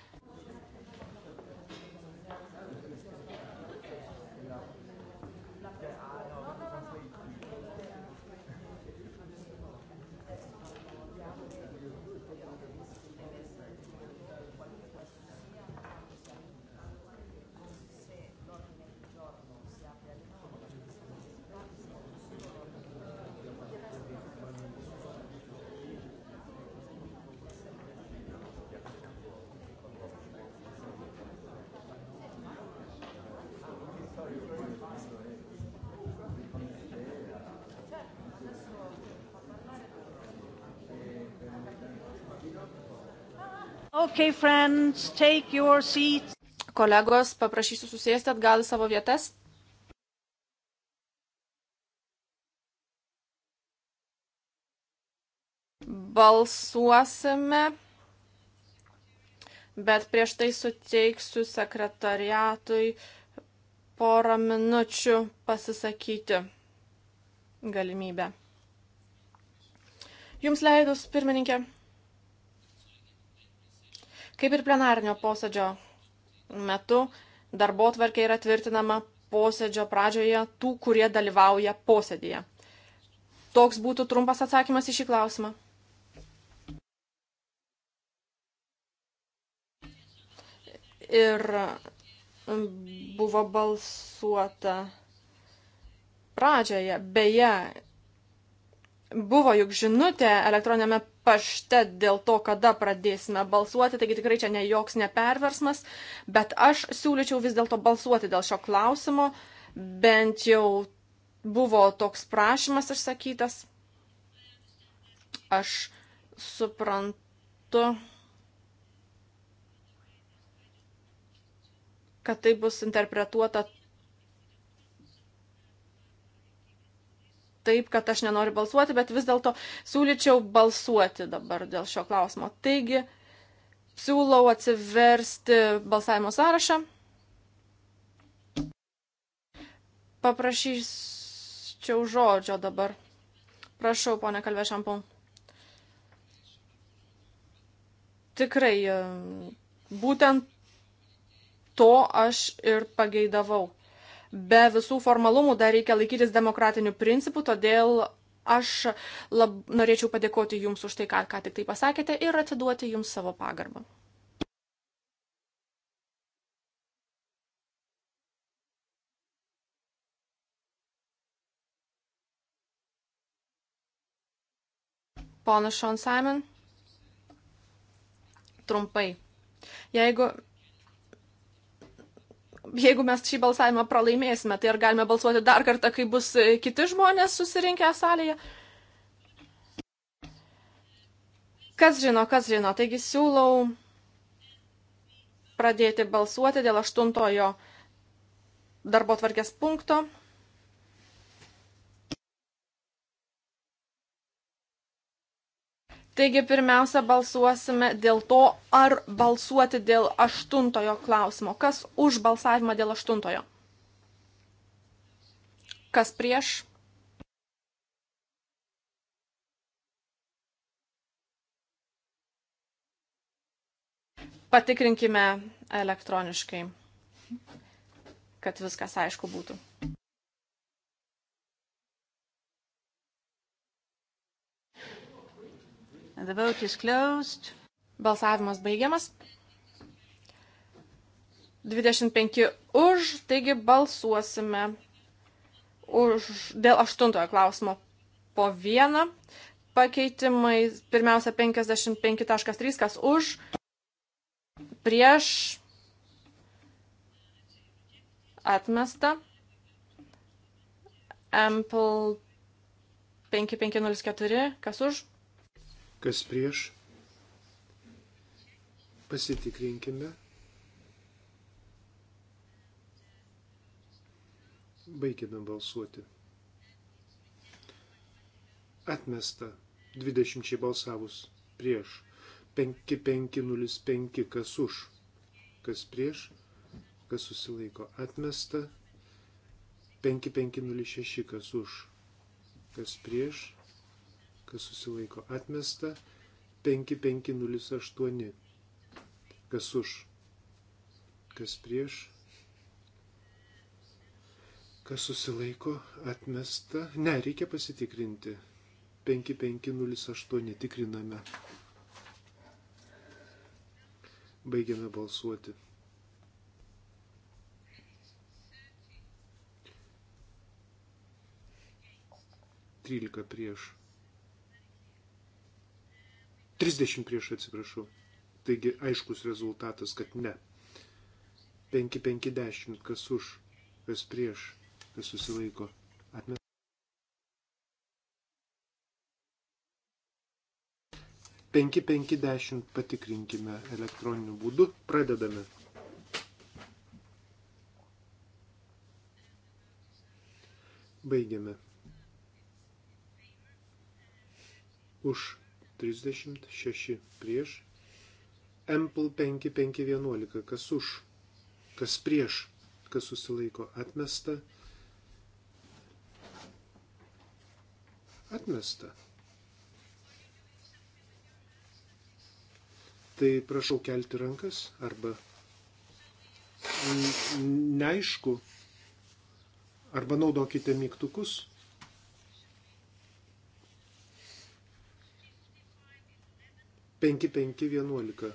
Okay, friends, take your seats. Kolegos, paprašysiu susėsti atgal į savo vietas. Balsuosime, bet prieš tai suteiksiu sekretariatui porą minučių pasisakyti galimybę. Jums leidus, pirmininkė. Kaip ir plenarnio posėdžio metu, darbo tvarkė yra tvirtinama posėdžio pradžioje tų, kurie dalyvauja posėdėje. Toks būtų trumpas atsakymas į šį klausimą. Ir buvo balsuota pradžioje. Beje, Buvo juk žinutė elektroninėme pašte dėl to, kada pradėsime balsuoti, taigi tikrai čia ne joks neperversmas, bet aš siūlyčiau vis dėlto balsuoti dėl šio klausimo, bent jau buvo toks prašymas išsakytas. Aš suprantu, kad tai bus interpretuota taip, kad aš nenoriu balsuoti, bet vis dėlto siūlyčiau balsuoti dabar dėl šio klausimo. Taigi, siūlau atsiversti balsavimo sąrašą. Paprašyčiau žodžio dabar. Prašau, ponė Kalvė Šampon. Tikrai, e, būtent to aš ir pageidavau be visų formalumų dar reikia laikytis demokratinių principų, todėl aš lab, norėčiau padėkoti Jums už tai, ką, ką tik tai pasakėte ir atiduoti Jums savo pagarbą. Ponas Sean Simon, trumpai. Jeigu Jeigu mes šį balsavimą pralaimėsime, tai ar galime balsuoti dar kartą, kai bus e, kiti žmonės susirinkę salėje? Kas žino, kas žino. Taigi siūlau pradėti balsuoti dėl aštuntojo darbo tvarkės punkto. Taigi pirmiausia balsuosime dėl to, ar balsuoti dėl aštuntojo klausimo. Kas už balsavimą dėl aštuntojo? Kas prieš? Patikrinkime elektroniškai, kad viskas aišku būtų. And the vote is closed. Balsavimas baigiamas. 25 už, taigi balsuosime už, dėl aštuntojo klausimo po vieną. Pakeitimai pirmiausia 55.3, kas už, prieš, atmesta, Ample 5504, kas už,
kas prieš. Pasitikrinkime. Baigėme balsuoti. Atmesta 20 balsavus prieš 5505 kas už, kas prieš, kas susilaiko. Atmesta 5506 kas už, kas prieš, kas susilaiko atmesta, 5508, kas už, kas prieš, kas susilaiko atmesta, ne, reikia pasitikrinti, 5508 tikriname. Baigiame balsuoti. 13 prieš. 30 prieš atsiprašau. Taigi aiškus rezultatas, kad ne. 5-50, kas už, kas prieš, kas susilaiko. Atmet. Penki, penki, dešimt patikrinkime elektroniniu būdu. Pradedame. Baigiame. Už 36 prieš, Ample 5511, kas už, kas prieš, kas susilaiko atmesta, atmesta. Tai prašau kelti rankas arba neaišku, arba naudokite mygtukus. 5511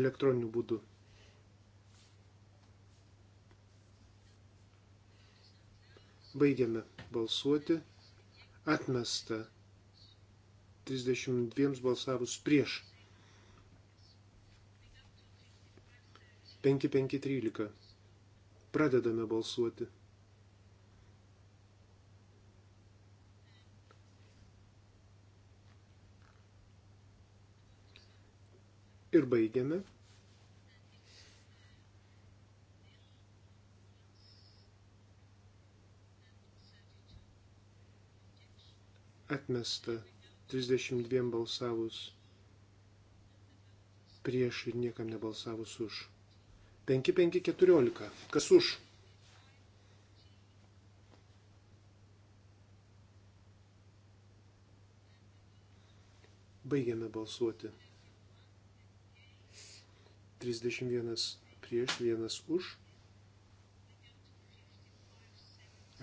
elektroniniu būdu. Baigiame balsuoti. Atmesta 32 balsavus prieš. 5513. Pradedame balsuoti. ir baigiame. Atmesta 32 balsavus prieš ir niekam nebalsavus už. 5514. Kas už? Baigiame balsuoti. 31 prieš, 1 už.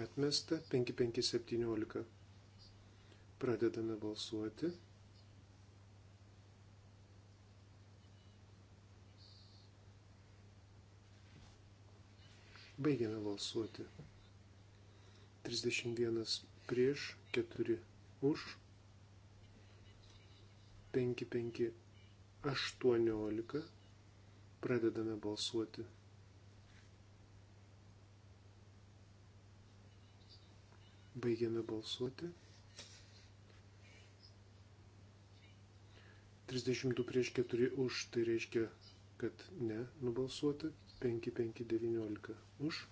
Atmesta 5517. Pradedame balsuoti. Baigiame balsuoti. 31 prieš, 4 už, 5, 5, 18 Pradedame balsuoti. Baigiame balsuoti. 32 prieš 4 už, tai reiškia, kad ne nubalsuoti. 5, 5, 19 už.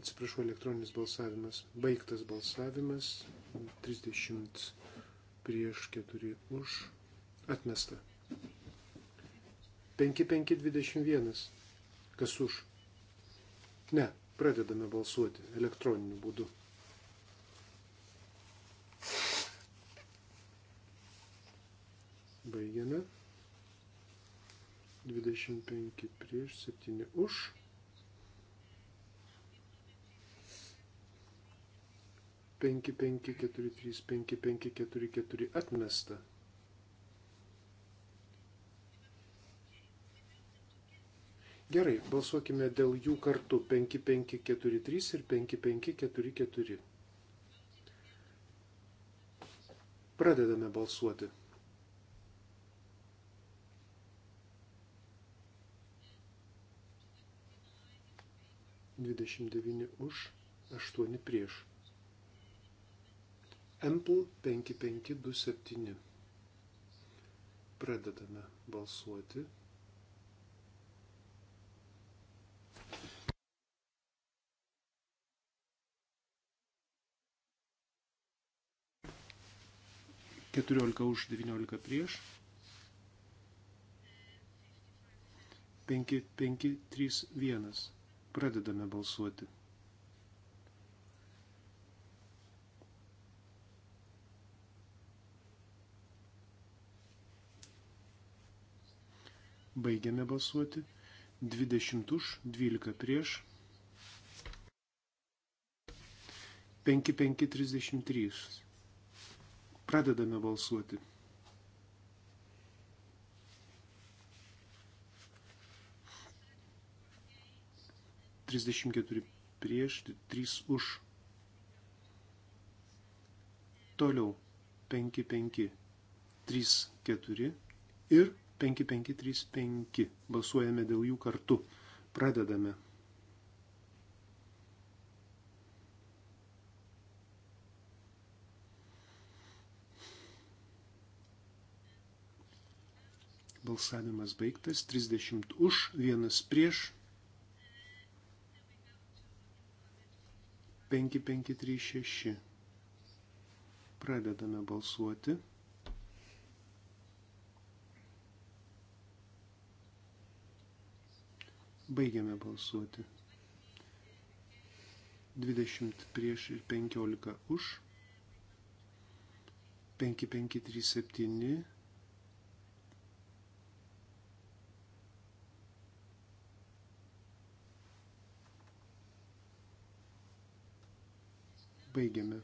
atsiprašau, elektroninis balsavimas. Baigtas balsavimas. 30 prieš 4 už. Atmesta. 5521. Kas už? Ne, pradedame balsuoti elektroniniu būdu. Baigiame. 25 prieš 7 už 5543, 5544 atmesta. Gerai, balsuokime dėl jų kartu 5543 ir 5544. Pradedame balsuoti. Dvidešimt devyni už, aštuoni prieš. Ample 5527. Pradedame balsuoti. Keturiolika už, devyniolika prieš. Penki, penki, trys, vienas. Pradedame balsuoti. Baigiame balsuoti. 20 už, 12 prieš. 5533. Pradedame balsuoti. Trisdešimt keturi prieš, trys už. Toliau penki penki, trys keturi ir 5535. Balsuojame dėl jų kartu. Pradedame. Balsavimas baigtas. 30 už, 1 prieš. 5536. Pradedame balsuoti. Baigiame balsuoti. 20 prieš ir 15 už. 5537. Baigiame.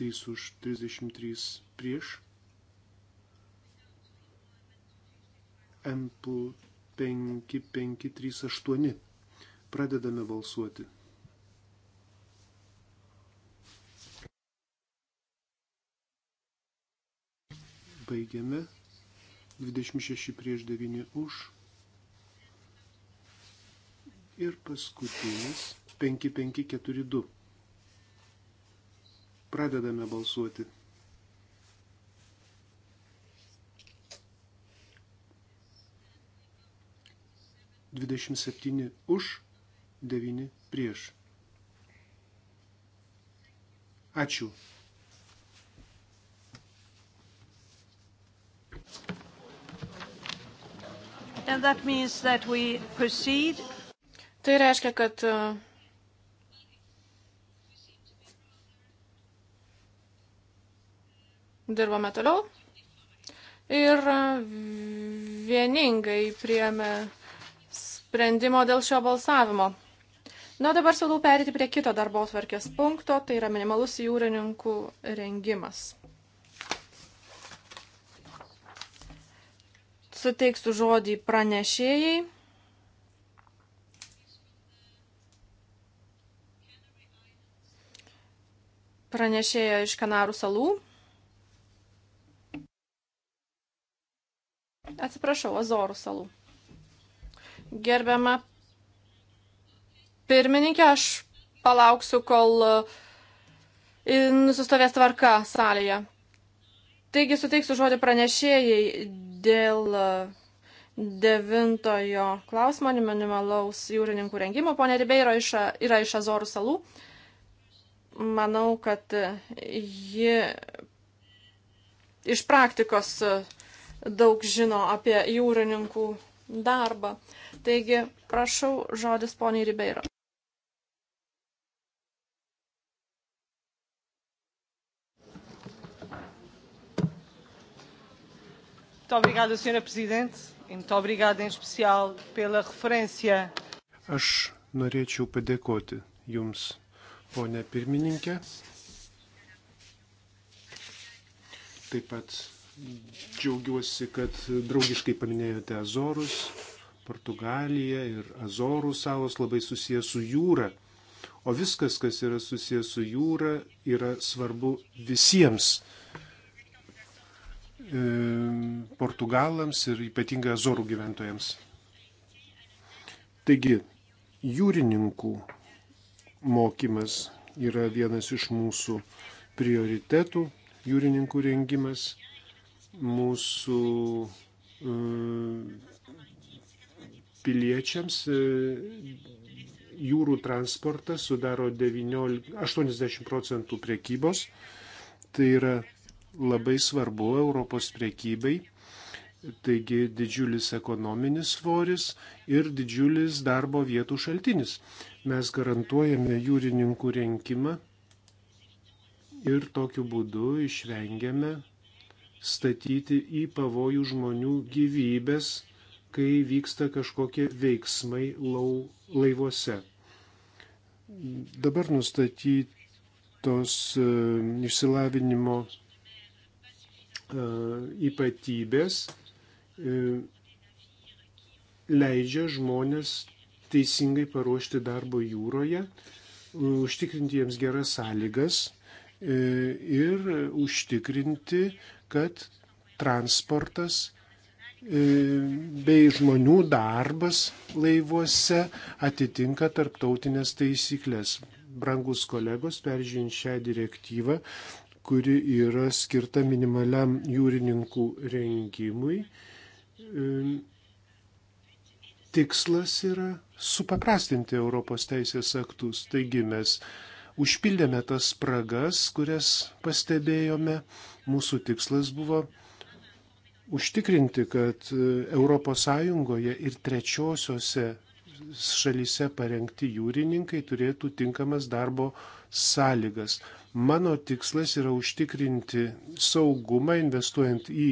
3 už 33 prieš. Ample 5538. Pradedame balsuoti. Baigiame. 26 prieš 9 už. Ir paskutinis 5542. Pradedame balsuoti. 27 už, 9 prieš. Ačiū.
That that tai reiškia, kad e, dirbame toliau ir e, vieningai priėmė sprendimo dėl šio balsavimo. Na, dabar siūlau perėti prie kito darbo tvarkės punkto, tai yra minimalus jūrininkų rengimas. Suteiksiu žodį pranešėjai. Pranešėja iš Kanarų salų. Atsiprašau, Azorų salų. Gerbiama pirmininkė, aš palauksiu, kol e, nusistovės tvarka salėje. Taigi suteiksiu žodį pranešėjai dėl e, devintojo klausimo minimalaus jūrininkų rengimo. Pone Ribeiro iš, yra iš Azorų salų. Manau, kad e, ji iš praktikos daug žino apie jūrininkų darbą. Uh, Taigi, prašau žodis poniai Ribeiro.
Muito obrigada, Sra. Presidente, e muito obrigada em especial pela referência.
Aš norėčiau padėkoti Jums, ponė pirmininkė. Taip pat džiaugiuosi, kad draugiškai paminėjote Azorus. Portugalija ir Azorų salos labai susijęs su jūra. O viskas, kas yra susijęs su jūra, yra svarbu visiems e, portugalams ir ypatingai Azorų gyventojams. Taigi, jūrininkų mokymas yra vienas iš mūsų prioritetų, jūrininkų rengimas, mūsų e, piliečiams e, jūrų transportas sudaro 19, 80 procentų priekybos. Tai yra labai svarbu Europos priekybai. Taigi didžiulis ekonominis svoris ir didžiulis darbo vietų šaltinis. Mes garantuojame jūrininkų renkimą ir tokiu būdu išvengiame statyti į pavojų žmonių gyvybės kai vyksta kažkokie veiksmai lau, laivuose. Dabar nustatytos e, išsilavinimo e, ypatybės e, leidžia žmonės teisingai paruošti darbo jūroje, užtikrinti jiems geras sąlygas ir užtikrinti, kad transportas E, bei žmonių darbas laivuose atitinka tarptautinės taisyklės. Brangus kolegos, peržiūrint šią direktyvą, kuri yra skirta minimaliam jūrininkų rengimui, e, tikslas yra supaprastinti Europos teisės aktus. Taigi mes užpildėme tas spragas, kurias pastebėjome. Mūsų tikslas buvo užtikrinti, kad ES ir trečiosiose šalyse parengti jūrininkai turėtų tinkamas darbo sąlygas. Mano tikslas yra užtikrinti saugumą, investuojant į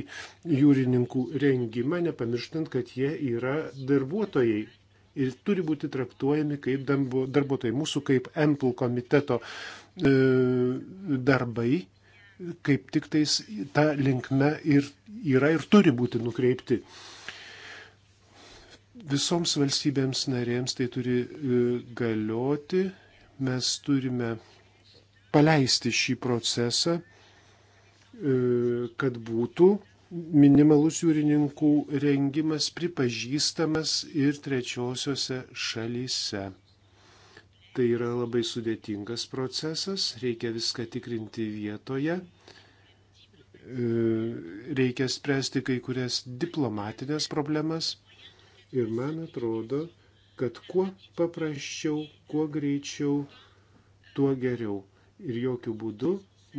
jūrininkų rengimą, nepamirštant, kad jie yra darbuotojai ir turi būti traktuojami kaip darbuotojai. Mūsų kaip MPL komiteto e, darbai kaip tik tais ta linkme ir yra ir turi būti nukreipti. Visoms valstybėms narėms tai turi e, galioti, mes turime paleisti šį procesą, e, kad būtų minimalus jūrininkų rengimas pripažįstamas ir trečiosiose šalyse. Tai yra labai sudėtingas procesas, reikia viską tikrinti vietoje, e, reikia spręsti kai kurias diplomatinės problemas ir man atrodo, kad kuo paprasčiau, kuo greičiau, tuo geriau. Ir jokių būdų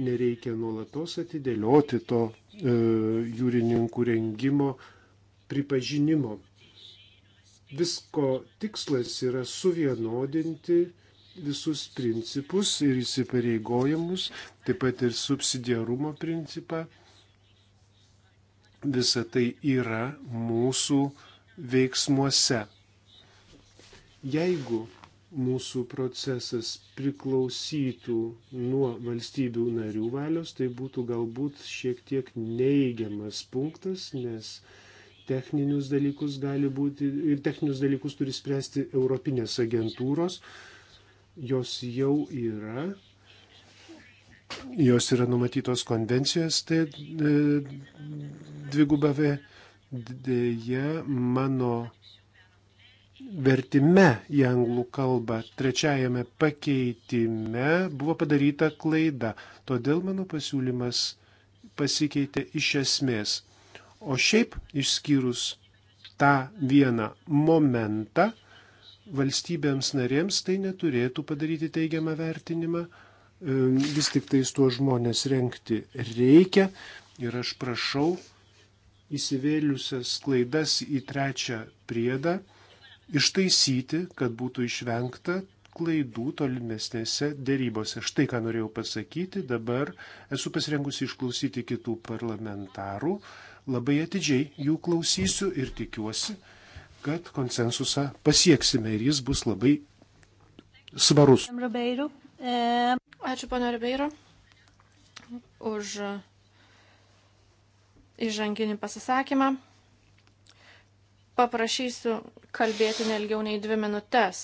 nereikia nuolatos atidėlioti to e, jūrininkų rengimo pripažinimo. Visko tikslas yra suvienodinti, visus principus ir įsipareigojimus, taip pat ir subsidiarumo principą. Visa tai yra mūsų veiksmuose. Jeigu mūsų procesas priklausytų nuo valstybių narių valios, tai būtų galbūt šiek tiek neįgiamas punktas, nes techninius dalykus gali būti ir techninius dalykus turi spręsti Europinės agentūros, jos jau yra, jos yra numatytos konvencijos, tai e, dvigubavė dėja mano vertime į anglų kalbą trečiajame pakeitime buvo padaryta klaida. Todėl mano pasiūlymas pasikeitė iš esmės. O šiaip išskyrus tą vieną momentą, valstybėms narėms tai neturėtų padaryti teigiamą vertinimą, e, vis tik tais tuos žmonės renkti reikia ir aš prašau įsivėliusias klaidas į trečią priedą ištaisyti, kad būtų išvengta klaidų tolimesnėse dėrybose. Štai ką norėjau pasakyti, dabar esu pasirengusi išklausyti kitų parlamentarų, labai atidžiai jų klausysiu ir tikiuosi, kad konsensusą pasieksime ir jis bus labai svarus.
E, Ačiū, pana Ribeiro, už įžanginį pasisakymą. Paprašysiu kalbėti nelgiau nei dvi minutės.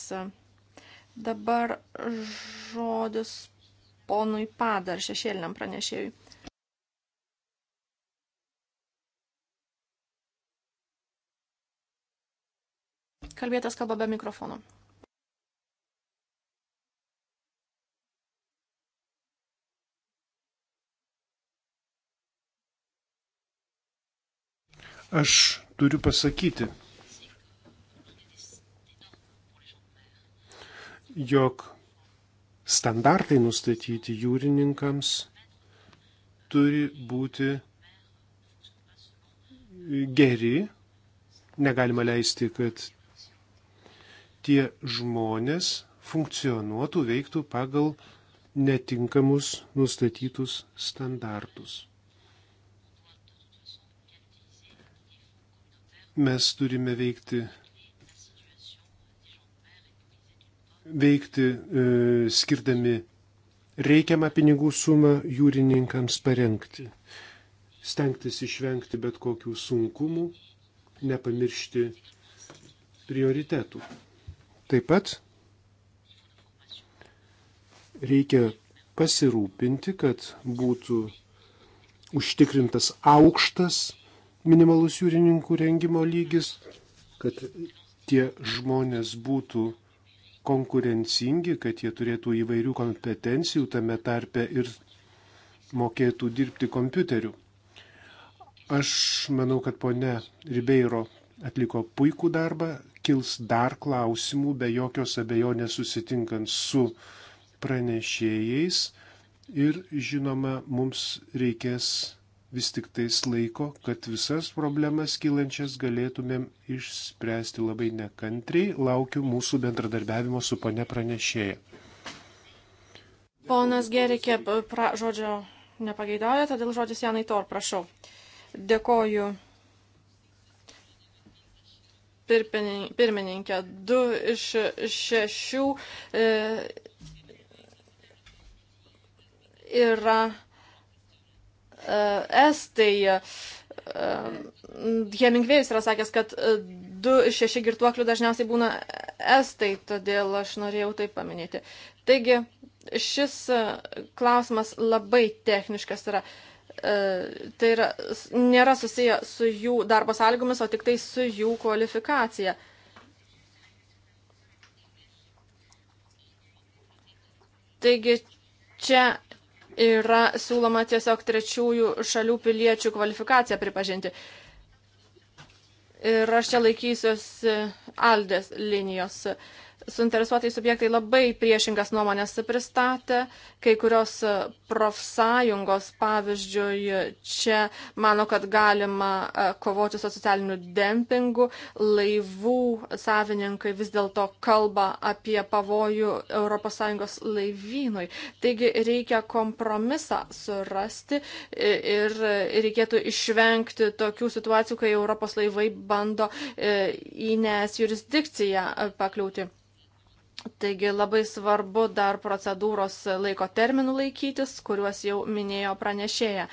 Dabar žodis ponui Padar, šešėliniam pranešėjui. Kalbėtas kalba be mikrofono.
Aš turiu pasakyti, jog standartai nustatyti jūrininkams turi būti geri. Negalima leisti, kad tie žmonės funkcionuotų, veiktų pagal netinkamus nustatytus standartus. Mes turime veikti, veikti e, skirdami reikiamą pinigų sumą jūrininkams parengti, stengtis išvengti bet kokių sunkumų, nepamiršti prioritetų. Taip pat reikia pasirūpinti, kad būtų užtikrintas aukštas minimalus jūrininkų rengimo lygis, kad tie žmonės būtų konkurencingi, kad jie turėtų įvairių kompetencijų, tame tarpe ir mokėtų dirbti kompiuteriu. Aš manau, kad ponia Ribeiro atliko puikų darbą, kils dar klausimų, be jokios abejonės susitinkant su pranešėjais. Ir žinoma, mums reikės vis tik tais laiko, kad visas problemas kylančias galėtumėm išspręsti labai nekantriai. Laukiu mūsų bendradarbiavimo su pane pranešėja.
Ponas Gerikė, pra, žodžio nepageidoja, todėl žodis Janai Tor, prašau. Dėkoju pirmininkė. Du iš šešių e, yra e, estai. E, Hemingvėjus yra sakęs, kad du iš šeši girtuoklių dažniausiai būna estai, todėl aš norėjau tai paminėti. Taigi, šis klausimas labai techniškas yra. Uh, E, tai yra, nėra susiję su jų darbo sąlygomis, o tik tai su jų kvalifikacija. Taigi čia yra siūloma tiesiog trečiųjų šalių piliečių kvalifikaciją pripažinti. Ir aš čia laikysiuosi Aldės linijos. Uh, suinteresuotai subjektai labai priešingas nuomonės pristatė. Kai kurios profsąjungos, pavyzdžiui, čia mano, kad galima e, kovoti su socialiniu dempingu. Laivų savininkai vis dėlto kalba apie pavojų ES laivynui. Taigi reikia kompromisą surasti ir reikėtų išvengti tokių situacijų, kai Europos laivai bando e, į nes jurisdikciją e, pakliūti. Taigi labai svarbu dar procedūros laiko terminų laikytis, kuriuos jau minėjo pranešėja.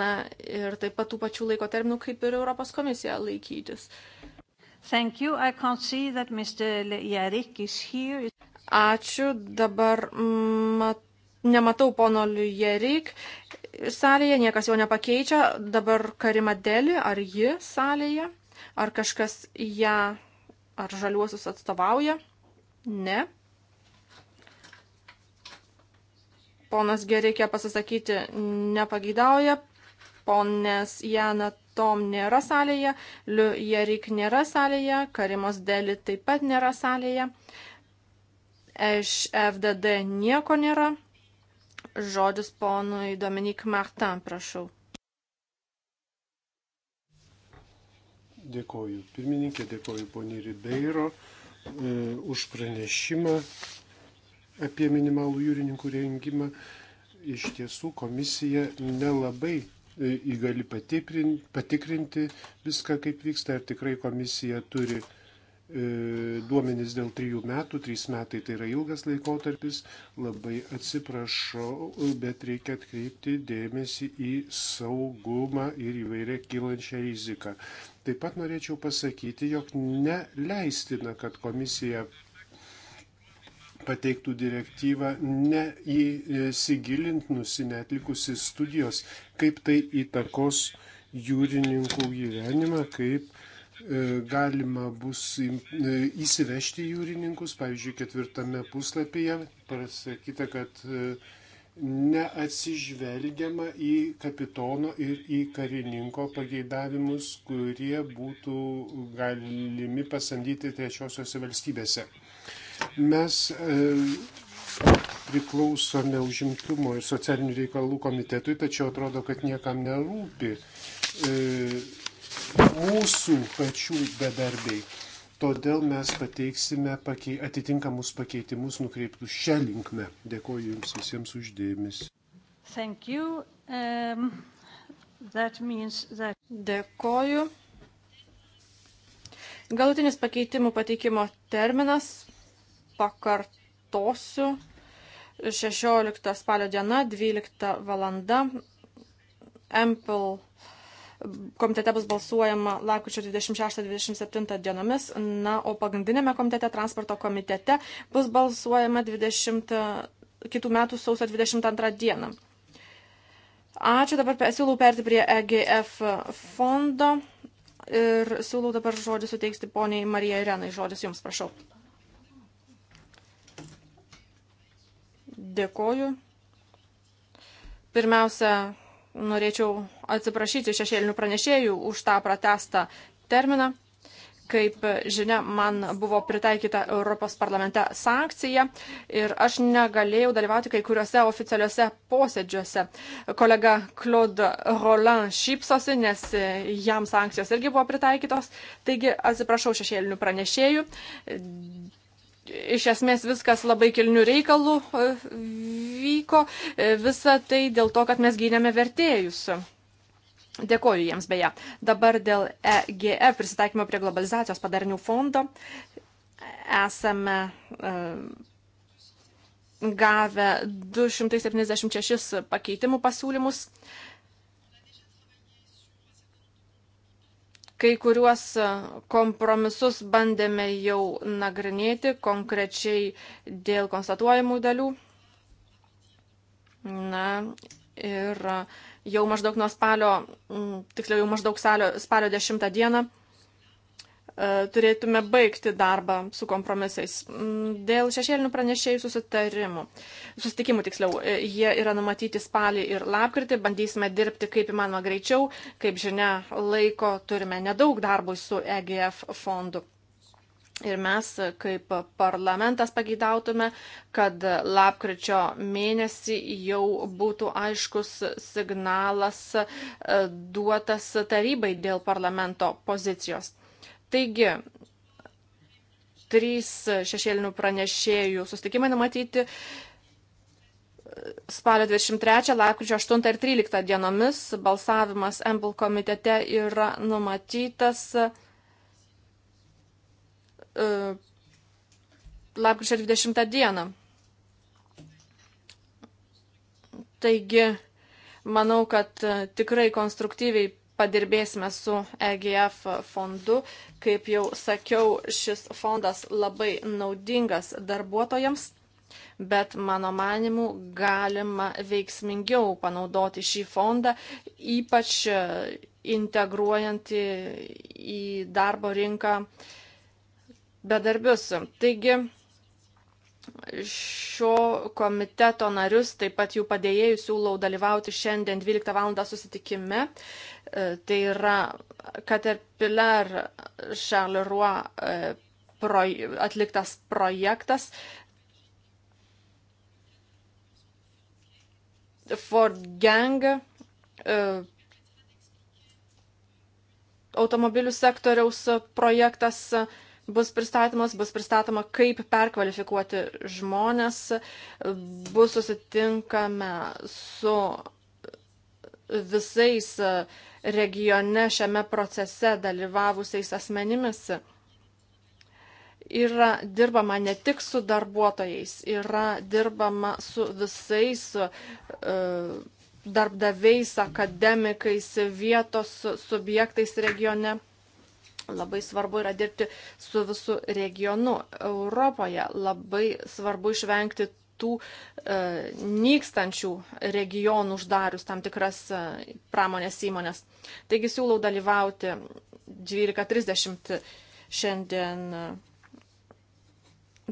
Na ir taip pat tų pačių laiko terminų kaip ir Europos komisija laikytis. Ačiū, dabar mat, nematau pono Lijerik salėje, niekas jo nepakeičia. Dabar Karima Deli, ar ji salėje, ar kažkas ją, ar žaliuosius atstovauja. Ne. Ponas Gerikė pasisakyti nepageidauja. Ponas Jana Tom nėra salėje. Liu Jerik nėra salėje. Karimos Deli taip pat nėra salėje. Iš FDD nieko nėra. Žodis ponui Dominik Martin, prašau.
Dėkoju pirmininkė, dėkoju poniai Ribeiro. E, už pranešimą apie minimalų jūrininkų rengimą. Iš tiesų komisija nelabai e, įgali patikrinti viską, kaip vyksta, ar tikrai komisija turi e, duomenys dėl trijų metų, trys metai tai yra ilgas laikotarpis, labai atsiprašau, bet reikia atkreipti dėmesį į saugumą ir įvairią kylančią riziką. Taip pat norėčiau pasakyti, jog neleistina, kad komisija pateiktų direktyvą neįsigilint nusinetlikusi studijos, kaip tai įtakos jūrininkų gyvenimą, kaip e, galima bus e, įsivežti jūrininkus. Pavyzdžiui, ketvirtame puslapyje pasakyta, kad e, neatsižvelgiama į kapitono ir į karininko pageidavimus, kurie būtų galimi pasamdyti trečiosiuose valstybėse. Mes e, priklausome užimtumo ir socialinių reikalų komitetui, tačiau atrodo, kad niekam nerūpi e, mūsų pačių bedarbiai. Todėl mes pateiksime pakei, atitinkamus pakeitimus nukreiptus šią linkmę. Dėkoju Jums visiems uždėmesi.
Um, that that... Dėkoju. Galutinis pakeitimų pateikimo terminas, pakartosiu, 16 spalio diena, 12 valanda, Ample komitete bus balsuojama lakučio 26-27 dienomis, na, o pagrindinėme komitete, transporto komitete, bus balsuojama 20, kitų metų sausio 22 dieną. Ačiū, dabar siūlau perti prie EGF fondo ir siūlau dabar žodį suteikti poniai Marijai Renai. Žodis jums, prašau. Dėkoju. Pirmiausia, norėčiau atsiprašyti šešėlinių pranešėjų už tą pratestą terminą. Kaip žinia, man buvo pritaikyta Europos parlamente sankcija ir aš negalėjau dalyvauti kai kuriuose oficialiuose posėdžiuose. Kolega Claude Roland šypsosi, nes jam sankcijos irgi buvo pritaikytos. Taigi atsiprašau šešėlinių pranešėjų iš esmės viskas labai kilnių reikalų e, vyko, e, visa tai dėl to, kad mes gynėme vertėjus. Dėkoju jiems beje. Dabar dėl EGF e prisitaikymo prie globalizacijos padarinių fondo esame gavę 276 pakeitimų pasiūlymus. Kai kuriuos e, kompromisus bandėme jau nagrinėti konkrečiai dėl konstatuojamų dalių. Na ir e, jau maždaug nuo spalio, tiksliau jau maždaug salio, spalio 10 dieną E, turėtume baigti darbą su kompromisais. Mm, dėl šešėlinių pranešėjų susitarimų, susitikimų tiksliau, e, jie yra numatyti spalį ir lapkritį, bandysime dirbti kaip įmanoma greičiau, kaip žinia, laiko turime nedaug darbui su EGF fondu. Ir mes kaip parlamentas pageidautume, kad lapkričio mėnesį jau būtų aiškus signalas e, duotas tarybai dėl parlamento pozicijos. Taigi, trys šešėlinių pranešėjų sustikimai numatyti e, spalio 23, lapkričio 8 ir 13 dienomis. Balsavimas Ample komitete yra numatytas e, lapkričio 20 dieną. Taigi, manau, kad e, tikrai konstruktyviai padirbėsime su EGF fondu. Kaip jau sakiau, šis fondas labai naudingas darbuotojams, bet mano manimu galima veiksmingiau panaudoti šį fondą, ypač e, integruojant į darbo rinką bedarbius. Taigi, šio komiteto narius, taip pat jų padėjėjus siūlau dalyvauti šiandien 12 val. susitikime. E, tai yra Caterpillar Charleroi e, proj atliktas projektas. Ford Gang e, automobilių sektoriaus projektas bus pristatymas, bus pristatoma, kaip perkvalifikuoti žmonės, bus susitinkame su visais uh, regione šiame procese dalyvavusiais asmenimis. Yra dirbama ne tik su darbuotojais, yra dirbama su visais e, darbdaviais, akademikais, vietos subjektais regione. Labai svarbu yra dirbti su visu regionu Europoje. Labai svarbu išvengti tų e, nykstančių regionų uždarius tam tikras e, pramonės įmonės. Taigi siūlau dalyvauti 12.30 šiandien e,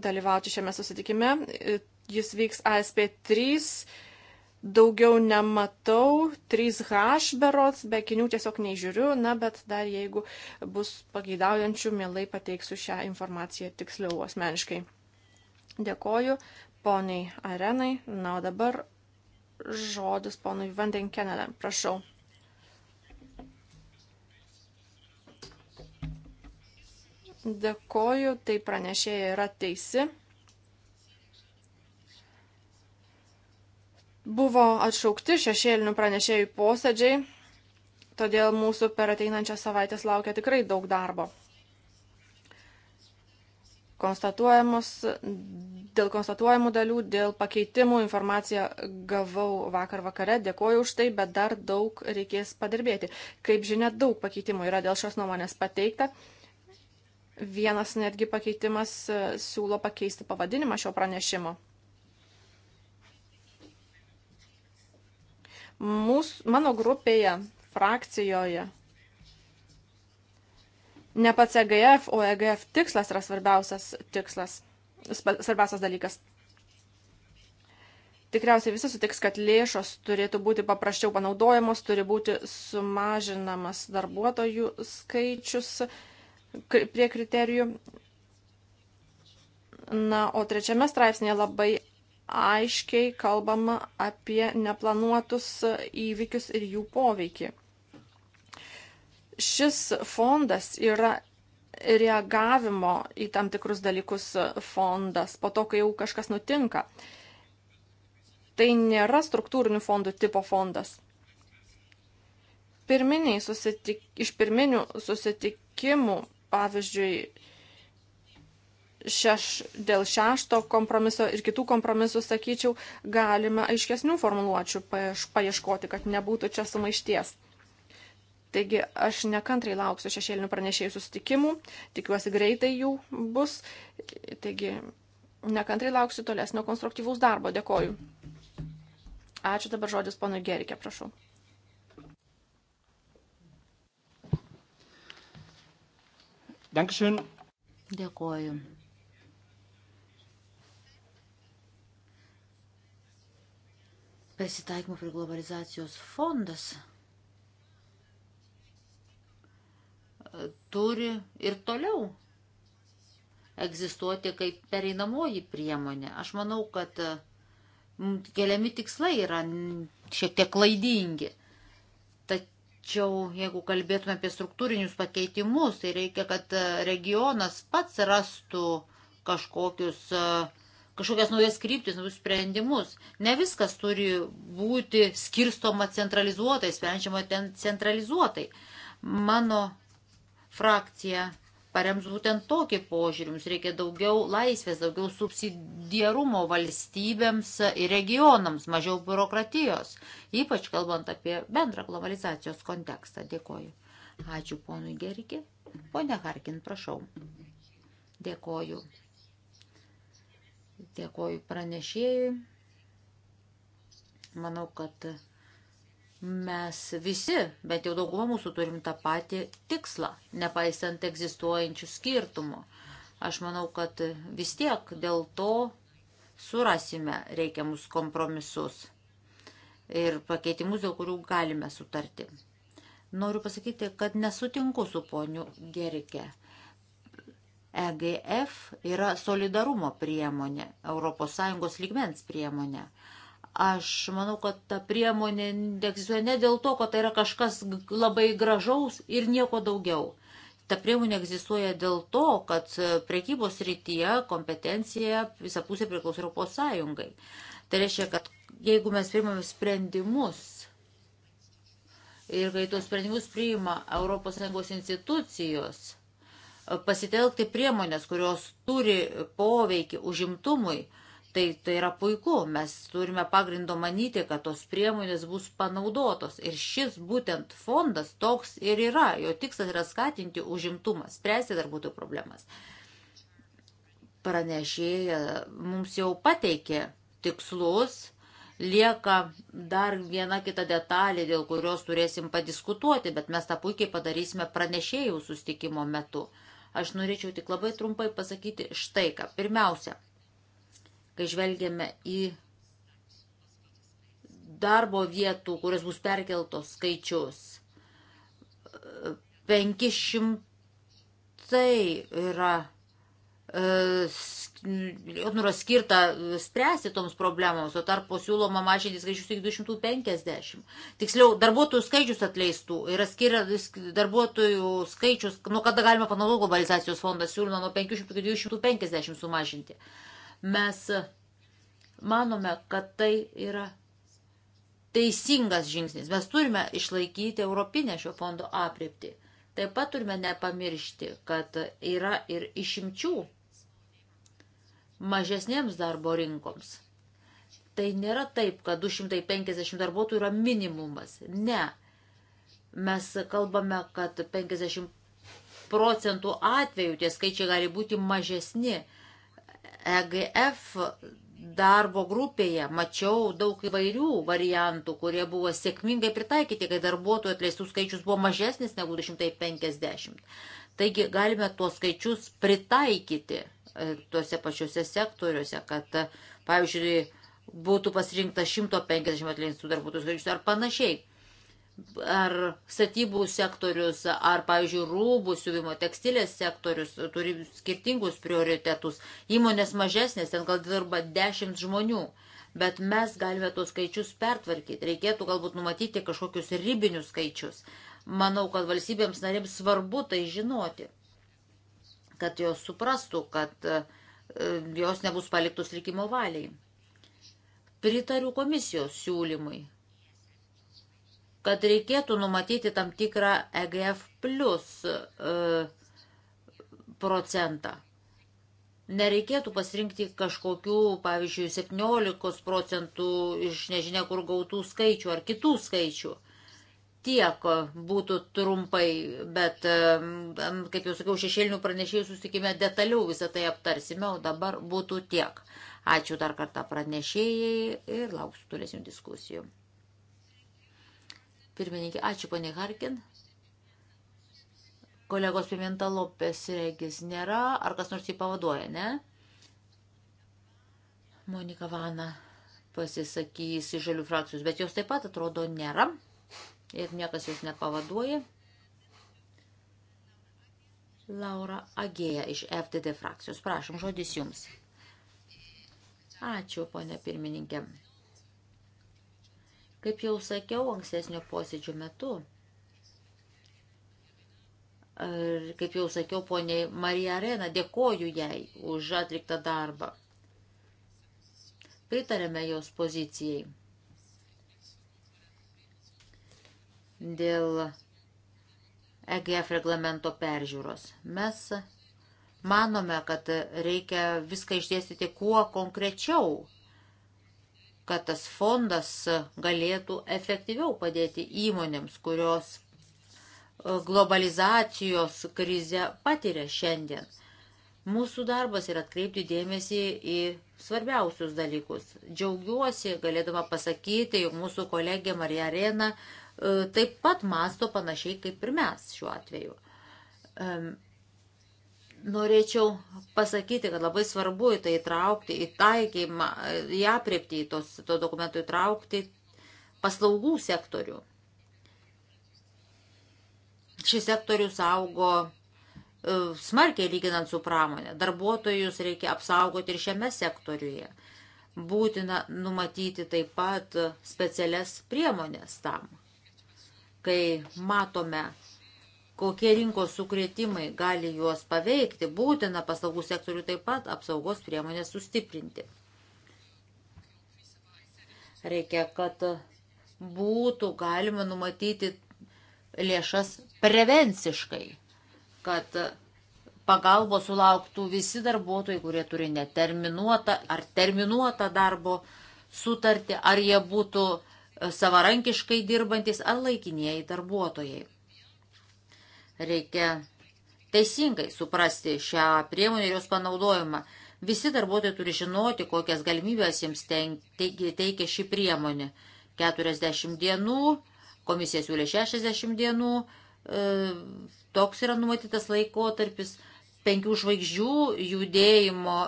dalyvauti šiame susitikime. E, jis vyks ASP 3, daugiau nematau, 3H berots, be kinių tiesiog neižiūriu, na bet dar jeigu bus pageidaujančių, mielai pateiksiu šią informaciją tiksliau asmeniškai. Dėkoju, poniai Arenai. Na, o dabar žodis ponui Vandenkenelė. Prašau. Dėkoju, tai pranešėja yra teisi. Buvo atšaukti šešėlinių pranešėjų posėdžiai, todėl mūsų per ateinančią savaitę laukia tikrai daug darbo. Konstatuojamos Dėl konstatuojamų dalių, dėl pakeitimų informaciją gavau vakar vakare, dėkoju už tai, bet dar daug reikės padirbėti. Kaip žinia, daug pakeitimų yra dėl šios nuomonės pateikta. Vienas netgi pakeitimas e, siūlo pakeisti pavadinimą šio pranešimo. Mūsų, mano grupėje, frakcijoje ne pats EGF, o EGF tikslas yra svarbiausias tikslas svarbiausias dalykas. Tikriausiai visi sutiks, kad lėšos turėtų būti paprasčiau panaudojamos, turi būti sumažinamas darbuotojų skaičius prie kriterijų. Na, o trečiame straipsnėje labai aiškiai kalbama apie neplanuotus įvykius ir jų poveikį. Šis fondas yra reagavimo į tam tikrus dalykus fondas po to, kai jau kažkas nutinka. Tai nėra struktūrinių fondų tipo fondas. Pirminiai susitik, iš pirminių susitikimų, pavyzdžiui, šeš, dėl šešto kompromiso ir kitų kompromisų, sakyčiau, galime aiškesnių formuluočių paieškoti, kad nebūtų čia sumaišties. Taigi aš nekantrai lauksiu šešėlinių pranešėjų susitikimų, tikiuosi greitai jų bus. Taigi nekantrai lauksiu tolesnio konstruktyvaus darbo. Dėkoju. Ačiū dabar žodis ponui Gerikė,
prašau. Dankeschön. Dėkoju. Pasitaikymo prie globalizacijos fondas turi ir toliau egzistuoti kaip pereinamoji priemonė. Aš manau, kad e, keliami tikslai yra šiek tiek klaidingi. Tačiau, jeigu kalbėtume apie struktūrinius pakeitimus, tai reikia, kad e, regionas pats rastų kažkokius, e, kažkokias naujas kryptis, naujus sprendimus. Ne viskas turi būti skirstoma centralizuotai, sprendžiama ten centralizuotai. Mano frakcija parems būtent tokį požiūrį. Mums reikia daugiau laisvės, daugiau subsidiarumo valstybėms ir regionams, mažiau biurokratijos, ypač kalbant apie bendrą globalizacijos kontekstą. Dėkoju. Ačiū ponui Gerikė. Pone Harkin, prašau. Dėkoju. Dėkoju pranešėjui. Manau, kad Mes visi, bet jau dauguma mūsų turim tą patį tikslą, nepaisant egzistuojančių skirtumų. Aš manau, kad vis tiek dėl to surasime reikiamus kompromisus ir pakeitimus, dėl kurių galime sutarti. Noriu pasakyti, kad nesutinku su poniu Gerike. EGF yra solidarumo priemonė, ES lygmens priemonė. Aš manau, kad ta priemonė egzistuoja ne dėl to, kad tai yra kažkas labai gražaus ir nieko daugiau. Ta priemonė egzistuoja dėl to, kad prekybos rytyje kompetencija visą pusę priklauso Europos Sąjungai. Tai reiškia, kad jeigu mes priimame sprendimus ir kai tos sprendimus priima Europos Sąjungos institucijos, pasitelkti priemonės, kurios turi poveikį užimtumui, už Tai, tai yra puiku, mes turime pagrindo manyti, kad tos priemonės bus panaudotos. Ir šis būtent fondas toks ir yra, jo tikslas yra skatinti užimtumą, spręsti darbuotojų problemas. Pranešėja mums jau pateikė tikslus, lieka dar viena kita detalė, dėl kurios turėsim padiskutuoti, bet mes tą puikiai padarysime pranešėjų sustikimo metu. Aš norėčiau tik labai trumpai pasakyti štai ką. Pirmiausia, kai žvelgiame į darbo vietų, kurios bus perkeltos skaičius. 500 yra yra e, skirta spręsti toms problemams, o tarpo siūloma mažinti skaičius iki 250. Tiksliau, darbuotojų skaičius atleistų yra skiria darbuotojų skaičius, nuo kada galima panaudoti globalizacijos fondą, siūloma nuo 500 iki 250 sumažinti. Uh, Mes manome, kad tai yra teisingas žingsnis. Mes turime išlaikyti europinę šio fondo apriepti. Taip pat turime nepamiršti, kad yra ir išimčių mažesnėms darbo rinkoms. Tai nėra taip, kad 250 darbuotojų yra minimumas. Ne. Mes kalbame, kad 50 procentų atveju tie skaičiai gali būti mažesni EGF darbo grupėje mačiau daug įvairių variantų, kurie buvo sėkmingai pritaikyti, kai darbuotojų atleistų skaičius buvo mažesnis negu 250. Taigi galime tuos skaičius pritaikyti e, tuose pačiuose sektoriuose, kad, e, pavyzdžiui, būtų pasirinkta 150 atleistų darbuotojų skaičius ar panašiai ar statybų sektorius, ar, pavyzdžiui, rūbų siuvimo, tekstilės sektorius turi skirtingus prioritetus. Įmonės mažesnės, ten gal dirba dešimt žmonių, bet mes galime tuos skaičius pertvarkyti. Reikėtų galbūt numatyti kažkokius ribinius skaičius. Manau, kad valstybėms narėms svarbu tai žinoti, kad jos suprastų, kad e, jos nebus paliktus likimo valiai. Pritariu komisijos siūlymui kad reikėtų numatyti tam tikrą EGF plus e, procentą. Nereikėtų pasirinkti kažkokių, pavyzdžiui, 17 procentų iš nežinia kur gautų skaičių ar kitų skaičių. Tiek būtų trumpai, bet, e, kaip jau sakiau, šešėlinių pranešėjų susitikime detaliau visą tai aptarsime, o dabar būtų tiek. Ačiū dar kartą pranešėjai ir lauksiu tolesnių diskusijų. Pirmininkė, ačiū ponė Harkin. Kolegos Pimenta Lopės regis nėra. Ar kas nors jį pavaduoja, ne? Monika Vana pasisakys iš žalių frakcijos, bet jos taip pat atrodo nėra. Ir niekas jos nepavaduoja. Laura Agėja iš FTD frakcijos. Prašom, žodis jums. Ačiū, ponė pirmininkė. Kaip jau sakiau ankstesnio posėdžio metu, ir kaip jau sakiau poniai Marija Arena, dėkoju jai už atliktą darbą. Pritarėme jos pozicijai dėl EGF reglamento peržiūros. Mes manome, kad reikia viską išdėstyti kuo konkrečiau kad tas fondas galėtų efektyviau padėti įmonėms, kurios e, globalizacijos krizę patiria šiandien. Mūsų darbas yra atkreipti dėmesį į svarbiausius dalykus. Džiaugiuosi, galėdama pasakyti, jog mūsų kolegė Marija Arena e, taip pat masto panašiai kaip ir mes šiuo atveju. Norėčiau pasakyti, kad labai svarbu į tai įtraukti, į taikymą, į apriepti, į tos, to dokumento įtraukti paslaugų sektorių. Šis sektorius augo e, smarkiai lyginant su pramonė. Darbuotojus reikia apsaugoti ir šiame sektoriuje. Būtina numatyti taip pat specialias priemonės tam. Kai matome kokie rinkos sukretimai gali juos paveikti, būtina paslaugų sektorių taip pat apsaugos priemonės sustiprinti. Reikia, kad būtų galima numatyti lėšas prevenciškai, kad pagalbos sulauktų visi darbuotojai, kurie turi neterminuotą ar terminuotą darbo sutartį, ar jie būtų savarankiškai dirbantis ar laikinieji darbuotojai. Reikia teisingai suprasti šią priemonę ir jos panaudojimą. Visi darbuotojai turi žinoti, kokias galimybės jiems teikia ši priemonė. 40 dienų, komisija siūlė 60 dienų, e, toks yra numatytas laikotarpis, penkių žvaigždžių judėjimo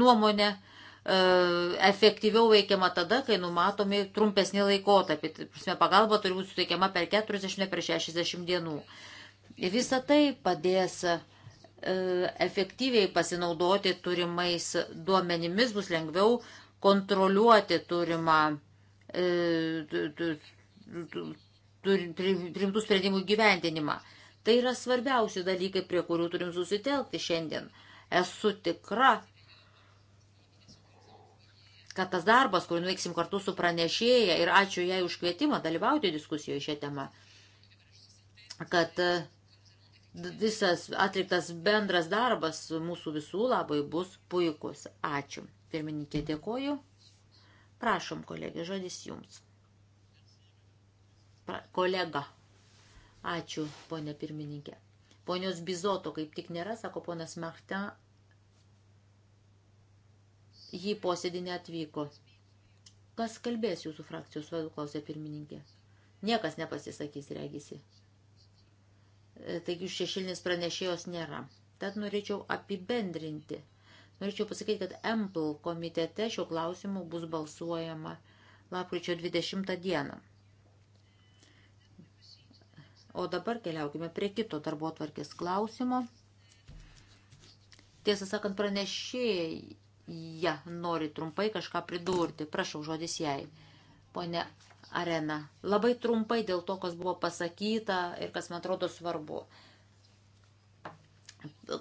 nuomonė E, efektyviau veikiama tada, kai numatomi trumpesni laikotarpiai. Tai, prasme, pagalba turi būti suteikiama per 40, ne per 60 dienų. Ir visa tai padės e, efektyviai pasinaudoti turimais duomenimis, bus lengviau kontroliuoti turimą e, rimtų sprendimų gyvendinimą. Tai yra svarbiausi dalykai, prie kurių turim susitelkti šiandien. Esu tikra, kad tas darbas, kurį nuveiksim kartu su pranešėja ir ačiū jai už kvietimą dalyvauti diskusijoje šią temą, kad e, visas atliktas bendras darbas mūsų visų labai bus puikus. Ačiū. Pirmininkė, dėkoju. Prašom, kolegė, žodis jums. Pra, kolega. Ačiū, ponė pirmininkė. Ponios Bizoto kaip tik nėra, sako ponas Martin, jį posėdį neatvyko. Kas kalbės jūsų frakcijos vadų, klausė pirmininkė. Niekas nepasisakys, regisi. E, taigi šešilinis pranešėjos nėra. Tad norėčiau apibendrinti. Norėčiau pasakyti, kad EMPL komitete šio klausimu bus balsuojama lapkričio 20 dieną. O dabar keliaukime prie kito darbo tvarkės klausimo. Tiesą sakant, pranešėjai ja nori trumpai kažką pridurti. Prašau, žodis jai. Pone Arena, labai trumpai dėl to, kas buvo pasakyta ir kas man atrodo svarbu.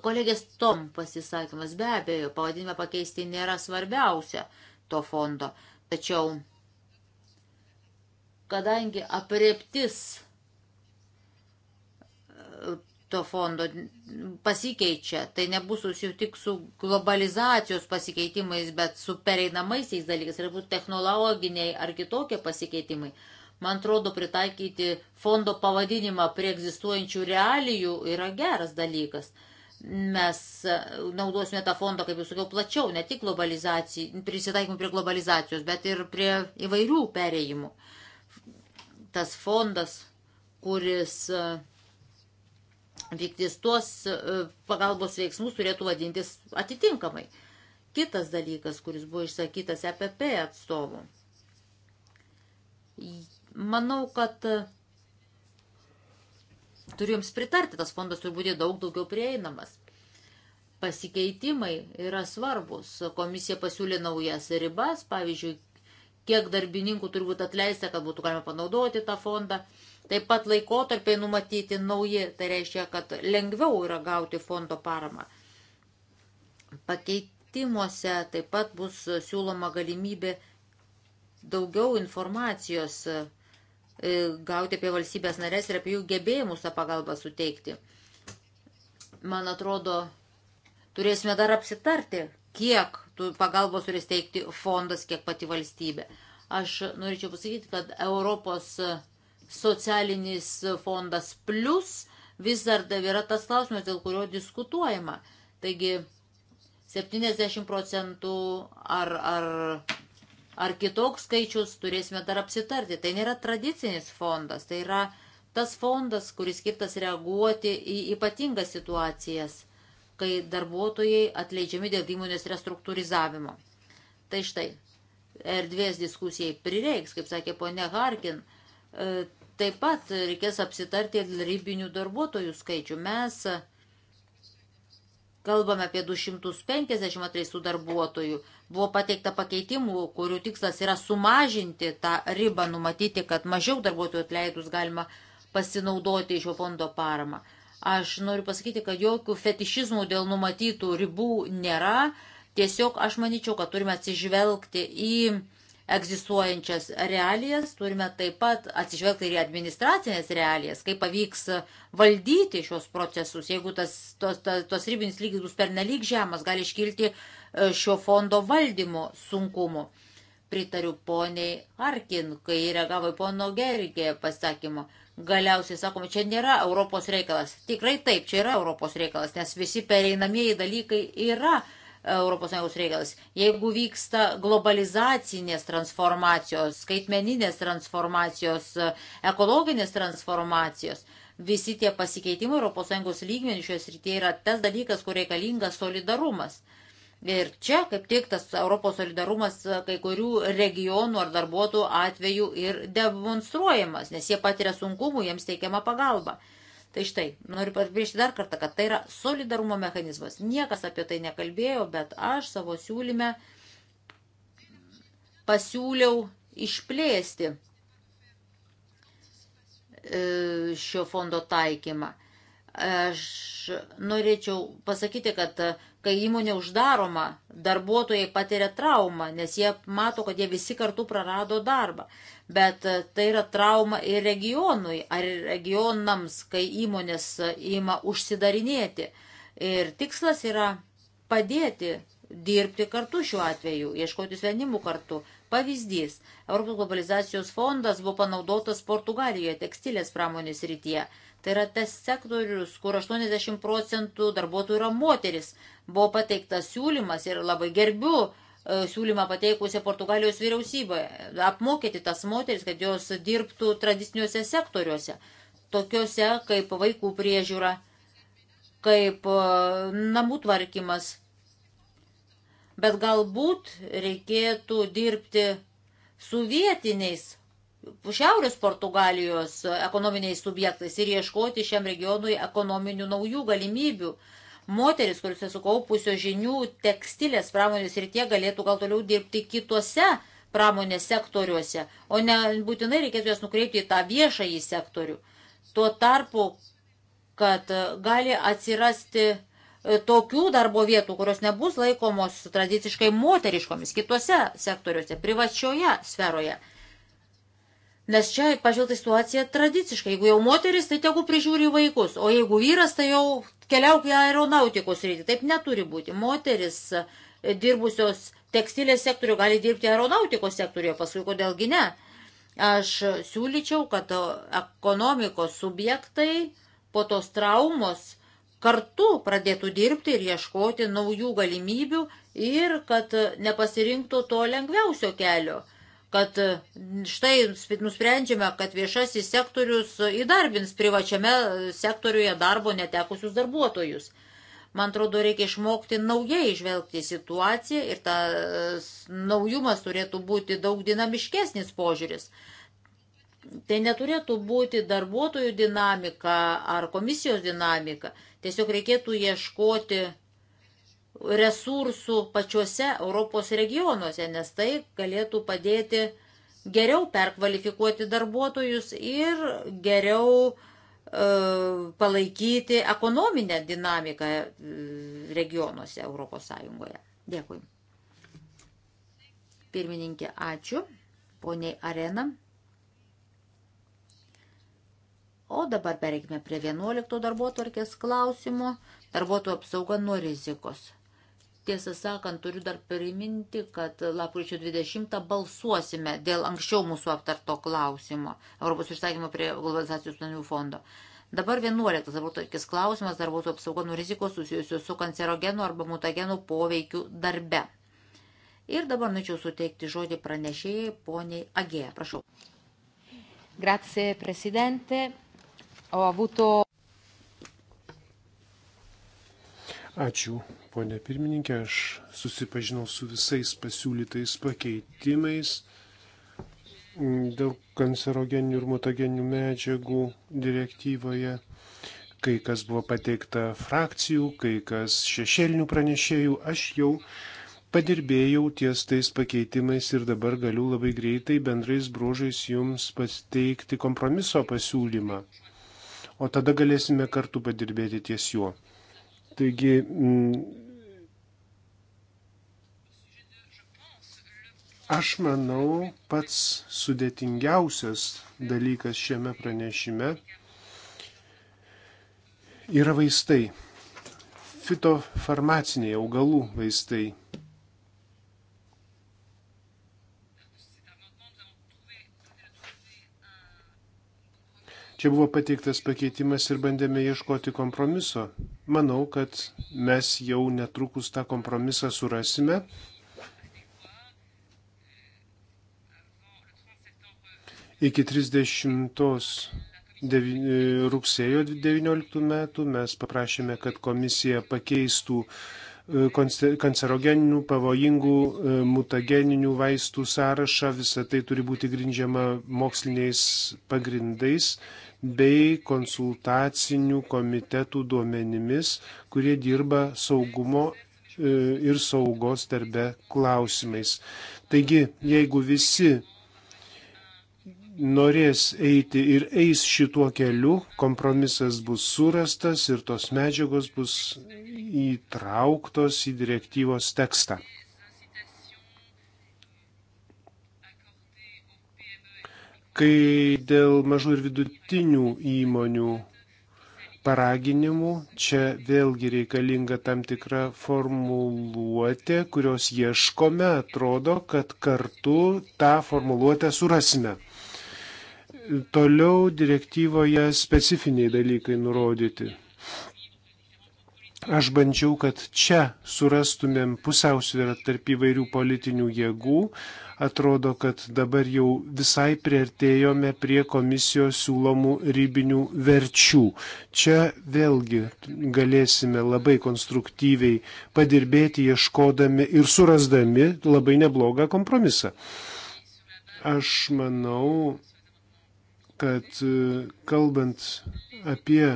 Kolegės Tom pasisakymas be abejo, pavadinimą pakeisti nėra svarbiausia to fondo. Tačiau, kadangi apreptis to fondo pasikeičia. Tai nebus susiję tik su globalizacijos pasikeitimais, bet su pereinamaisiais dalykais, ir būtų technologiniai ar kitokie pasikeitimai. Man atrodo, pritaikyti fondo pavadinimą prie egzistuojančių realijų yra geras dalykas. Mes e, naudosime tą fondą, kaip jau sakiau, plačiau, ne tik prisitaikymų prie globalizacijos, bet ir prie įvairių pereimų. Tas fondas, kuris uh, vykdys tuos e, pagalbos veiksmus, turėtų vadintis atitinkamai. Kitas dalykas, kuris buvo išsakytas EPP atstovų. Manau, kad e, turiu jums pritarti, tas fondas turi būti daug daugiau prieinamas. Pasikeitimai yra svarbus. Komisija pasiūlė naujas ribas, pavyzdžiui, kiek darbininkų turi būti atleista, kad būtų galima panaudoti tą fondą. Uh, Taip pat laikotarpiai numatyti nauji, tai reiškia, kad lengviau yra gauti fondo paramą. Pakeitimuose taip pat bus siūloma galimybė daugiau informacijos e, gauti apie valstybės narės ir apie jų gebėjimus tą pagalbą suteikti. Man atrodo, turėsime dar apsitarti, kiek pagalbos turės teikti fondas, kiek pati valstybė. Aš norėčiau pasakyti, kad Europos socialinis fondas plus vis dar yra tas klausimas, dėl kurio diskutuojama. Taigi 70 procentų ar, ar, ar kitoks skaičius turėsime dar apsitarti. Tai nėra tradicinis fondas, tai yra tas fondas, kuris skirtas reaguoti į ypatingas situacijas, kai darbuotojai atleidžiami dėl įmonės restruktūrizavimo. Tai štai, erdvės diskusijai prireiks, kaip sakė ponia Harkin, E, taip pat reikės apsitarti dėl ribinių darbuotojų skaičių. Mes kalbame apie 253 darbuotojų. Buvo pateikta pakeitimų, kurių tikslas yra sumažinti tą ribą, numatyti, kad mažiau darbuotojų atleidus galima pasinaudoti šio fondo paramą. Aš noriu pasakyti, kad jokių fetišizmų dėl numatytų ribų nėra. Tiesiog aš manyčiau, kad turime atsižvelgti į egzistuojančias realijas, turime taip pat atsižvelgti ir į administracinės realijas, kaip pavyks valdyti šios procesus. Jeigu tas, tos, tos, tos ribinis lygis bus pernelyg žemas, gali iškilti e, šio fondo valdymo sunkumu. Pritariu poniai Harkin, kai reagavo į pono Gergė pasakymą. Galiausiai sakoma, čia nėra Europos reikalas. Tikrai taip, čia yra Europos reikalas, nes visi pereinamieji dalykai yra ES reikalas. Jeigu vyksta globalizacinės transformacijos, skaitmeninės transformacijos, ekologinės transformacijos, visi tie pasikeitimai ES lygmenių šioje srityje yra tas dalykas, kur reikalingas solidarumas. Ir čia kaip tik tas Europos solidarumas kai kurių regionų ar darbuotojų atveju ir demonstruojamas, nes jie patiria sunkumų, jiems teikiama pagalba. Tai štai, noriu pabrėžti dar kartą, kad tai yra solidarumo mechanizmas. Niekas apie tai nekalbėjo, bet aš savo siūlyme pasiūliau išplėsti e, šio fondo taikymą. Aš norėčiau pasakyti, kad e, kai įmonė uždaroma, darbuotojai patiria traumą, nes jie mato, kad jie visi kartu prarado darbą bet e, tai yra trauma ir regionui, ar regionams, kai įmonės e, ima užsidarinėti. Ir tikslas yra padėti dirbti kartu šiuo atveju, ieškoti sprendimų kartu. Pavyzdys. Europos globalizacijos fondas buvo panaudotas Portugalijoje tekstilės pramonės rytyje. Tai yra tas sektorius, kur 80 procentų darbuotojų yra moteris. Buvo pateiktas siūlymas ir labai gerbiu uh, E, siūlymą pateikusią Portugalijos vyriausybę - apmokyti tas moteris, kad jos dirbtų tradiciniuose sektoriuose, tokiuose kaip vaikų priežiūra, kaip e, namų tvarkymas. Bet galbūt reikėtų dirbti su vietiniais Šiaurės Portugalijos ekonominiais subjektais ir ieškoti šiam regionui ekonominių naujų galimybių moteris, kuris yra sukaupusio žinių tekstilės pramonės ir tie galėtų gal toliau dirbti kitose pramonės sektoriuose, o ne būtinai reikėtų jas nukreipti į tą viešąjį sektorių. Tuo tarpu, kad e, gali atsirasti e, tokių darbo vietų, kurios nebus laikomos tradiciškai moteriškomis kitose sektoriuose, privačioje sferoje. Nes čia pažvelgta situacija tradiciškai. Jeigu jau moteris, tai tegu prižiūri vaikus, o jeigu vyras, tai jau keliauk į aeronautikos rytį. Taip neturi būti. Moteris e, dirbusios tekstilės sektorių gali dirbti aeronautikos sektoriuje, paskui kodėlgi ne. Aš siūlyčiau, kad ekonomikos subjektai po tos traumos kartu pradėtų dirbti ir ieškoti naujų galimybių ir kad nepasirinktų to lengviausio kelio – kad e, štai nusprendžiame, kad viešasis sektorius įdarbins privačiame e, sektoriuje darbo netekusius darbuotojus. Man atrodo, reikia išmokti naujai išvelgti situaciją ir tas e, naujumas turėtų būti daug dinamiškesnis požiūris. Tai neturėtų būti darbuotojų dinamika ar komisijos dinamika. Tiesiog reikėtų ieškoti resursų pačiuose Europos regionuose, nes tai galėtų padėti geriau perkvalifikuoti darbuotojus ir geriau e, palaikyti ekonominę dinamiką e, regionuose Europos Sąjungoje. Dėkui. Pirmininkė, ačiū. Poniai Arena. O dabar pereikime prie 11 darbo tvarkės klausimo. Darbuotojų apsauga nuo rizikos. Tiesą sakant, turiu dar priminti, kad lapkričio 20 balsuosime dėl anksčiau mūsų aptarto klausimo Europos išsakymo prie globalizacijos planų fondo. Dabar 11 darbotvarkės klausimas darbuotojų apsauga nuo rizikos susijusios su kancerogenu arba mutagenų poveikiu darbe. Ir dabar norėčiau suteikti žodį pranešėjai poniai Agėja. Prašau. Grazie, prezidente. O avuto.
Ačiū, ponė pirmininkė. Aš susipažinau su visais pasiūlytais pakeitimais dėl kancerogeninių ir mutageninių medžiagų direktyvoje. Kai kas buvo pateikta frakcijų, kai kas šešėlinių pranešėjų. Aš jau padirbėjau ties tais pakeitimais ir dabar galiu labai greitai bendrais bruožais jums pateikti kompromiso pasiūlymą. O tada galėsime kartu padirbėti ties juo. Taigi, m, Aš manau, pats sudėtingiausias dalykas šiame pranešime yra vaistai. Fitofarmaciniai augalų vaistai. Čia buvo pateiktas pakeitimas ir bandėme ieškoti kompromiso. Manau, kad mes jau netrukus tą kompromisą surasime Iki 30 rugsėjo 19 metų mes paprašėme, kad komisija pakeistų e, kancerogeninių, pavojingų, e, mutageninių vaistų sąrašą. Visa tai turi būti grindžiama moksliniais pagrindais bei konsultacinių komitetų duomenimis, kurie dirba saugumo e, ir saugos darbe klausimais. Taigi, jeigu visi norės eiti ir eis šituo keliu, kompromisas bus surastas ir tos medžiagos bus įtrauktos į direktyvos tekstą. Kai dėl mažų ir vidutinių įmonių paraginimų, čia vėlgi reikalinga tam tikra formuluotė, kurios ieškome, atrodo, kad kartu tą formuluotę surasime. Toliau direktyvoje specifiniai dalykai nurodyti. Aš bandžiau, kad čia surastumėm pusiausvyrą tarp įvairių politinių jėgų. Atrodo, kad dabar jau visai priartėjome prie komisijos siūlomų rybinių verčių. Čia vėlgi galėsime labai konstruktyviai padirbėti, ieškodami ir surasdami labai neblogą kompromisą. Aš manau, kad e, kalbant apie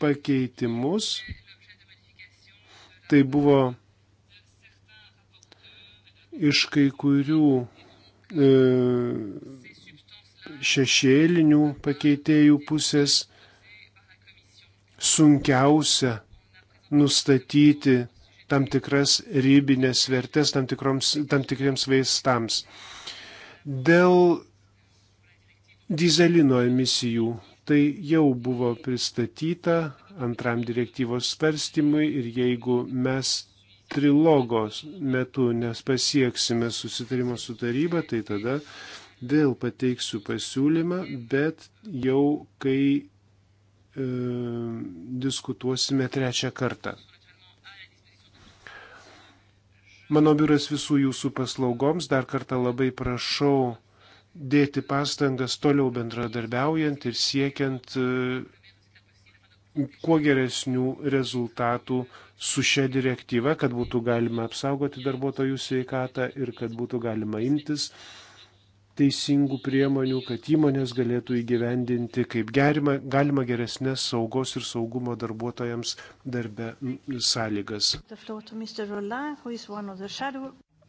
pakeitimus, tai buvo iš kai kurių e, šešėlinių pakeitėjų pusės sunkiausia nustatyti tam tikras rybinės vertės tam, tikroms, tam tikriems vaistams. Dėl dizelino emisijų. Tai jau buvo pristatyta antram direktyvos svarstymui ir jeigu mes trilogos metu nepasieksime susitarimo su taryba, tai tada vėl pateiksiu pasiūlymą, bet jau kai e, diskutuosime trečią kartą. Mano biuras visų jūsų paslaugoms, dar kartą labai prašau dėti pastangas toliau bendradarbiaujant ir siekiant e, kuo geresnių rezultatų su šia direktyva, kad būtų galima apsaugoti darbuotojų sveikatą ir kad būtų galima imtis teisingų priemonių, kad įmonės galėtų įgyvendinti kaip gerima, galima geresnės saugos ir saugumo darbuotojams darbe sąlygas.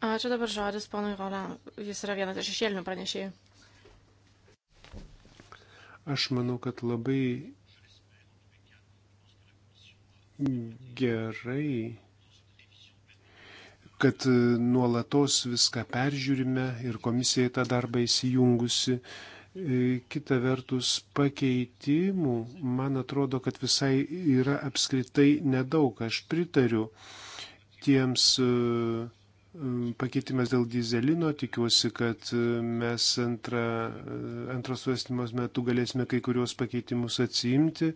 Ačiū dabar žodis ponui Roland. Jis yra vienas iš šešėlinių pranešėjų.
Aš manau, kad labai gerai, kad nuolatos viską peržiūrime ir komisija į tą darbą įsijungusi. Kita vertus, pakeitimų, man atrodo, kad visai yra apskritai nedaug. Aš pritariu tiems uh, pakeitimas dėl dizelino. Tikiuosi, kad e, mes antra, e, antros svarstymos metu galėsime kai kurios pakeitimus atsiimti.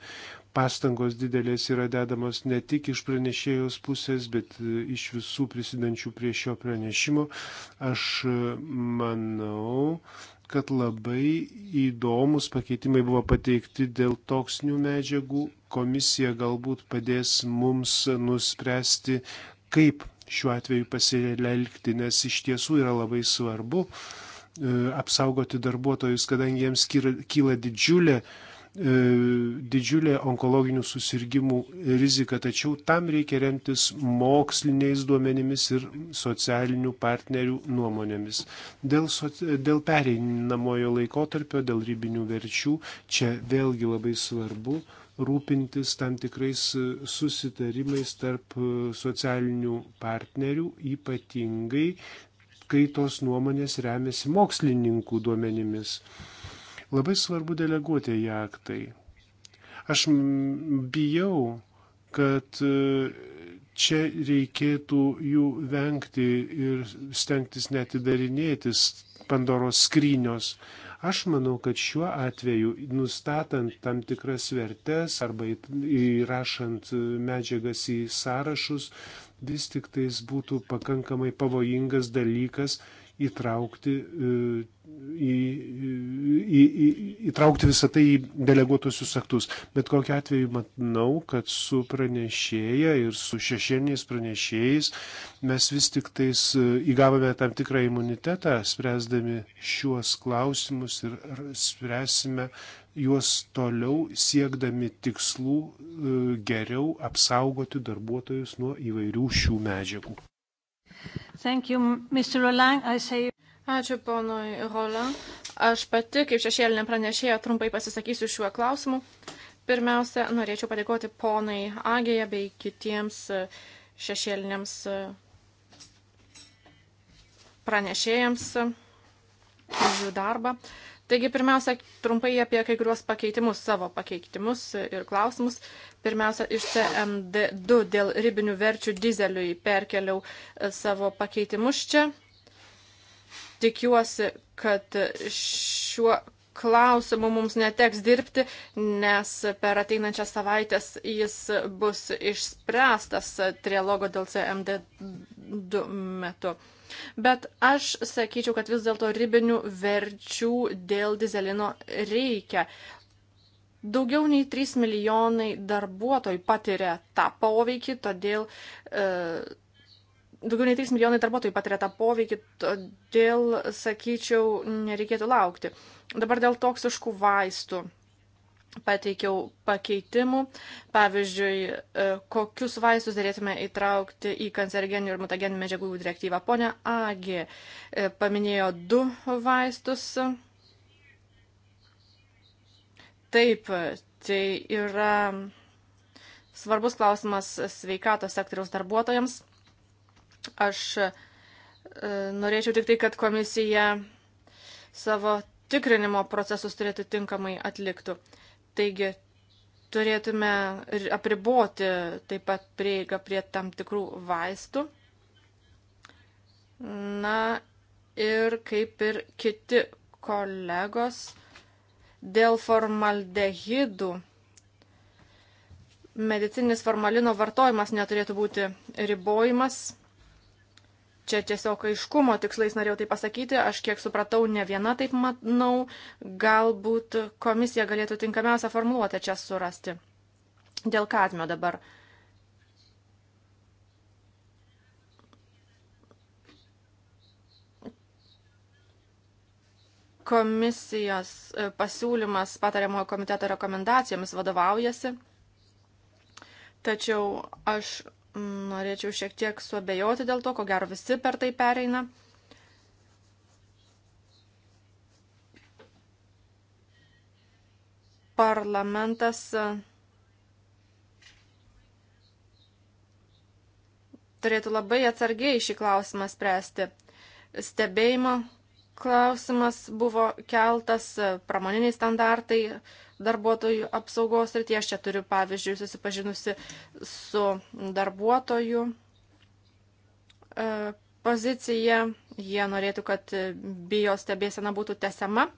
Pastangos didelės yra dedamos ne tik iš pranešėjos pusės, bet e, iš visų prisidančių prie šio pranešimo. Aš manau, kad labai įdomus pakeitimai buvo pateikti dėl toksinių medžiagų. Komisija galbūt padės mums nuspręsti, kaip šiuo atveju pasilelgti, nes iš tiesų yra labai svarbu e, apsaugoti darbuotojus, kadangi jiems kyla didžiulė, e, didžiulė onkologinių susirgymų rizika, tačiau tam reikia remtis moksliniais duomenimis ir socialinių partnerių nuomonėmis. Dėl, so, dėl pereinamojo laikotarpio, dėl ribinių verčių, čia vėlgi labai svarbu rūpintis tam tikrais e, susitarimais tarp e, socialinių partnerių, ypatingai kai tos nuomonės remiasi mokslininkų duomenimis. Labai svarbu deleguoti į aktai. Aš bijau, kad e, čia reikėtų jų vengti ir stengtis netidarinėtis Pandoros skrynios. Aš manau, kad šiuo atveju, nustatant tam tikras vertes arba įrašant medžiagas į sąrašus, vis tik tais būtų pakankamai pavojingas dalykas, įtraukti, e, į, į, į, įtraukti visą tai į deleguotusius aktus. Bet kokiu atveju manau, kad su pranešėja ir su šešėniais pranešėjais mes vis tik tais e, įgavome tam tikrą imunitetą, spręsdami šiuos klausimus ir spręsime juos toliau siekdami tikslų e, geriau apsaugoti darbuotojus nuo įvairių šių medžiagų.
Thank you, Mr.
Roland. I say... Ačiū ponui Roland. Aš pati, kaip šešėlinė pranešėja, trumpai pasisakysiu šiuo klausimu. Pirmiausia, norėčiau padėkoti ponai Agėje bei kitiems e, šešėliniams e, pranešėjams e, už jų darbą. Taigi, pirmiausia, trumpai apie kai kuriuos pakeitimus, savo pakeitimus ir klausimus. Pirmiausia, iš CMD2 dėl ribinių verčių dizeliui perkeliau e, savo pakeitimus čia. Tikiuosi, kad šiuo klausimu mums neteks dirbti, nes per ateinančias savaitės jis bus išspręstas trialogo dėl
CMD2
metu. Bet aš sakyčiau, kad vis dėlto ribinių verčių dėl dizelino reikia. Daugiau nei 3 milijonai darbuotojų patiria tą poveikį, todėl. E, Daugiau nei 3 milijonai darbuotojų patiria tą poveikį, todėl, sakyčiau, nereikėtų laukti. Dabar dėl toksiškų vaistų pateikiau pakeitimų. Pavyzdžiui, e, kokius vaistus dėlėtume įtraukti į kancerogenių ir mutageninių medžiagų direktyvą. Pone Agi e, paminėjo du vaistus. Taip, tai yra svarbus klausimas sveikatos sektoriaus darbuotojams. Aš e, norėčiau tik tai, kad komisija savo tikrinimo procesus turėtų tinkamai atliktų, Taigi turėtume apriboti taip pat prieigą prie tam tikrų vaistų. Na ir kaip ir kiti kolegos, dėl formaldehidų medicininis formalino vartojimas neturėtų būti ribojimas Čia tiesiog aiškumo tikslais norėjau tai pasakyti, aš kiek supratau, ne viena taip manau, galbūt komisija galėtų tinkamiausią formuluotę čia surasti. Dėl kadmio dabar. Komisijos e, pasiūlymas patariamojo komiteto rekomendacijomis vadovaujasi. Tačiau aš norėčiau šiek tiek suabejoti dėl to, ko gero visi per tai pereina. Parlamentas e, turėtų labai atsargiai šį klausimą spręsti. Stebėjimo klausimas buvo keltas, e, pramoniniai standartai darbuotojų apsaugos ir tie aš čia turiu pavyzdžiui susipažinusi su darbuotojų e, pozicija, jie norėtų, kad bio stebėsena būtų tesiama.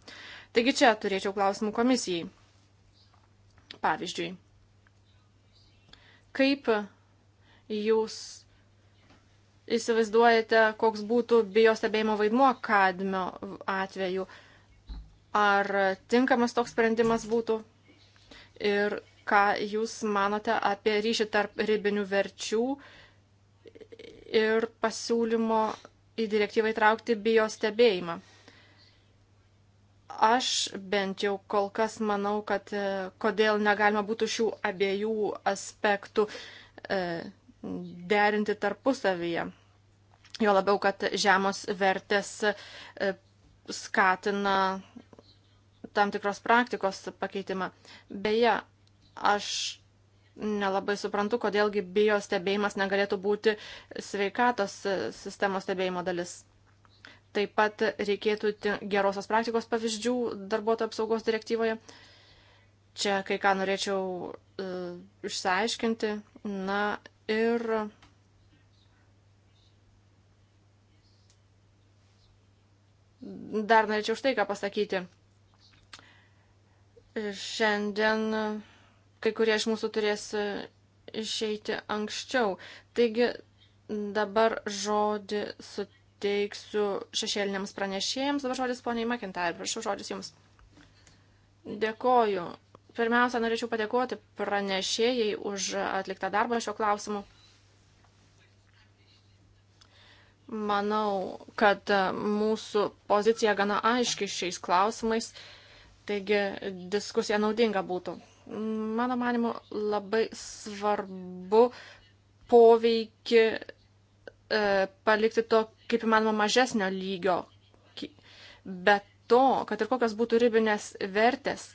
Taigi čia turėčiau klausimų komisijai. Pavyzdžiui, kaip jūs įsivaizduojate, koks būtų biostebėjimo vaidmuo kadmio atveju? Ar tinkamas toks sprendimas būtų? Ir ką Jūs manote apie ryšį tarp ribinių verčių ir pasiūlymo į direktyvą įtraukti biostebėjimą? Aš bent jau kol kas manau, kad e, kodėl negalima būtų šių abiejų aspektų e, derinti tarpusavyje. Jo labiau, kad žemos vertės e, skatina tam tikros praktikos pakeitimą. Beje, aš nelabai suprantu, kodėlgi bio stebėjimas negalėtų būti sveikatos sistemos stebėjimo dalis. Taip pat reikėtų gerosios praktikos pavyzdžių darbuotojų apsaugos direktyvoje. Čia kai ką norėčiau uh, išsiaiškinti. Na ir dar norėčiau štai ką pasakyti. Šiandien kai kurie iš mūsų turės išeiti anksčiau. Taigi dabar žodį suteiksiu šešėliniams pranešėjams. Dabar žodis poniai McIntyre. Prašau, žodis jums. Dėkoju. Pirmiausia, norėčiau padėkoti pranešėjai už atliktą darbą šio klausimu. Manau, kad e, mūsų pozicija gana aiški šiais klausimais, taigi diskusija naudinga būtų. Mano manimu, labai svarbu poveikį e, palikti to kaip įmanoma mažesnio lygio. Bet to, kad ir kokios būtų ribinės vertės,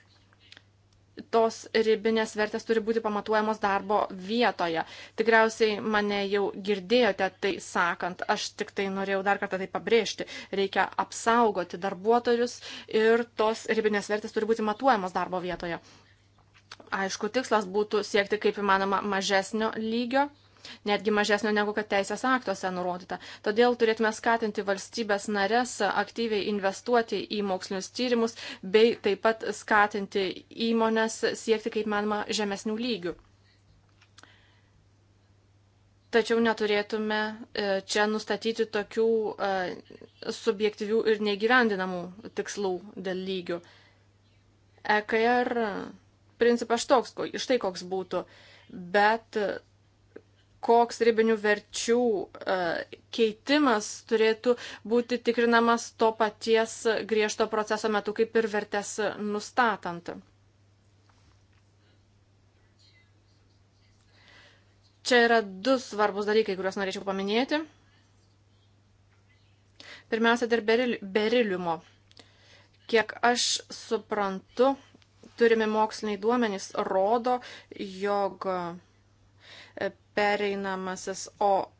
tos ribinės vertės turi būti pamatuojamos darbo vietoje. Tikriausiai mane jau girdėjote tai sakant, aš tik tai norėjau dar kartą tai pabrėžti. Reikia apsaugoti darbuotojus ir tos ribinės vertės turi būti matuojamos darbo vietoje. Aišku, tikslas būtų siekti kaip įmanoma mažesnio lygio netgi mažesnio negu kad teisės aktuose nurodyta. Todėl turėtume skatinti valstybės narės aktyviai investuoti į mokslinius tyrimus, bei taip pat skatinti įmonės siekti kaip manoma žemesnių lygių. Tačiau neturėtume e, čia nustatyti tokių e, subjektyvių ir negyvendinamų tikslų dėl lygių. EKR principas toks, štai koks būtų, bet koks ribinių verčių e, keitimas turėtų būti tikrinamas to paties griežto proceso metu, kaip ir vertės nustatant. Čia yra du svarbus dalykai, kuriuos norėčiau paminėti. Pirmiausia, dėl beriliumo. Kiek aš suprantu, turimi moksliniai duomenys rodo, jog pereinamasis OAL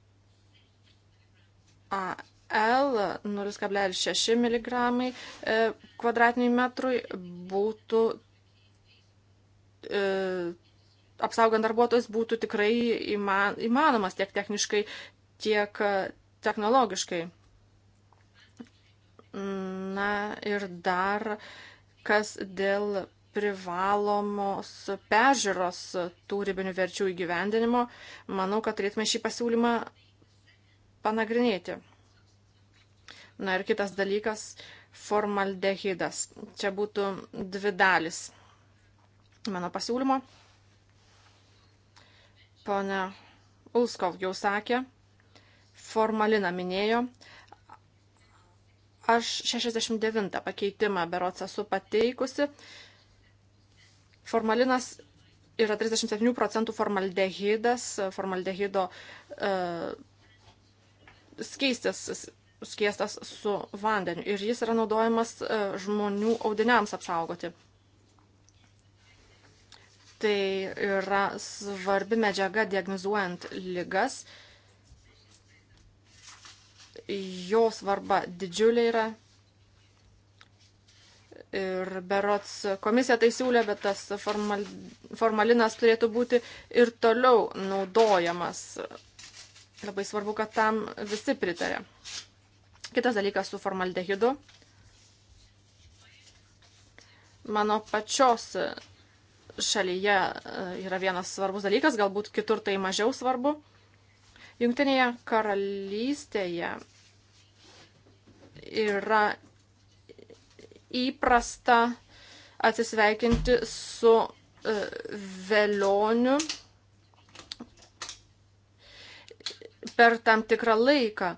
0,6 mg kvadratiniai metrui būtų e, apsaugant darbuotojus būtų tikrai įmanomas tiek techniškai, tiek e, technologiškai. Na ir dar kas dėl privalomos pežiūros tų ribinių verčių įgyvendinimo, manau, kad turėtume šį pasiūlymą panagrinėti. Na ir kitas dalykas - formaldehidas. Čia būtų dvi dalis mano pasiūlymo. Pone Ulskov jau sakė, formalina minėjo, aš 69 pakeitimą berots esu pateikusi Formalinas yra 37 procentų formaldehidas, formaldehido uh, e, skeistis skiestas su vandeniu ir jis yra naudojamas uh, žmonių audiniams apsaugoti. Tai yra svarbi medžiaga diagnozuojant ligas. Jo svarba didžiulė yra Ir berots komisija tai siūlė, bet tas formal, formalinas turėtų būti ir toliau naudojamas. Labai svarbu, kad tam visi pritarė. Kitas dalykas su formaldehidu. Mano pačios šalyje e, yra vienas svarbus dalykas, galbūt kitur tai mažiau svarbu. Jungtinėje karalystėje yra įprasta atsisveikinti su e, vėlioniu per tam tikrą laiką.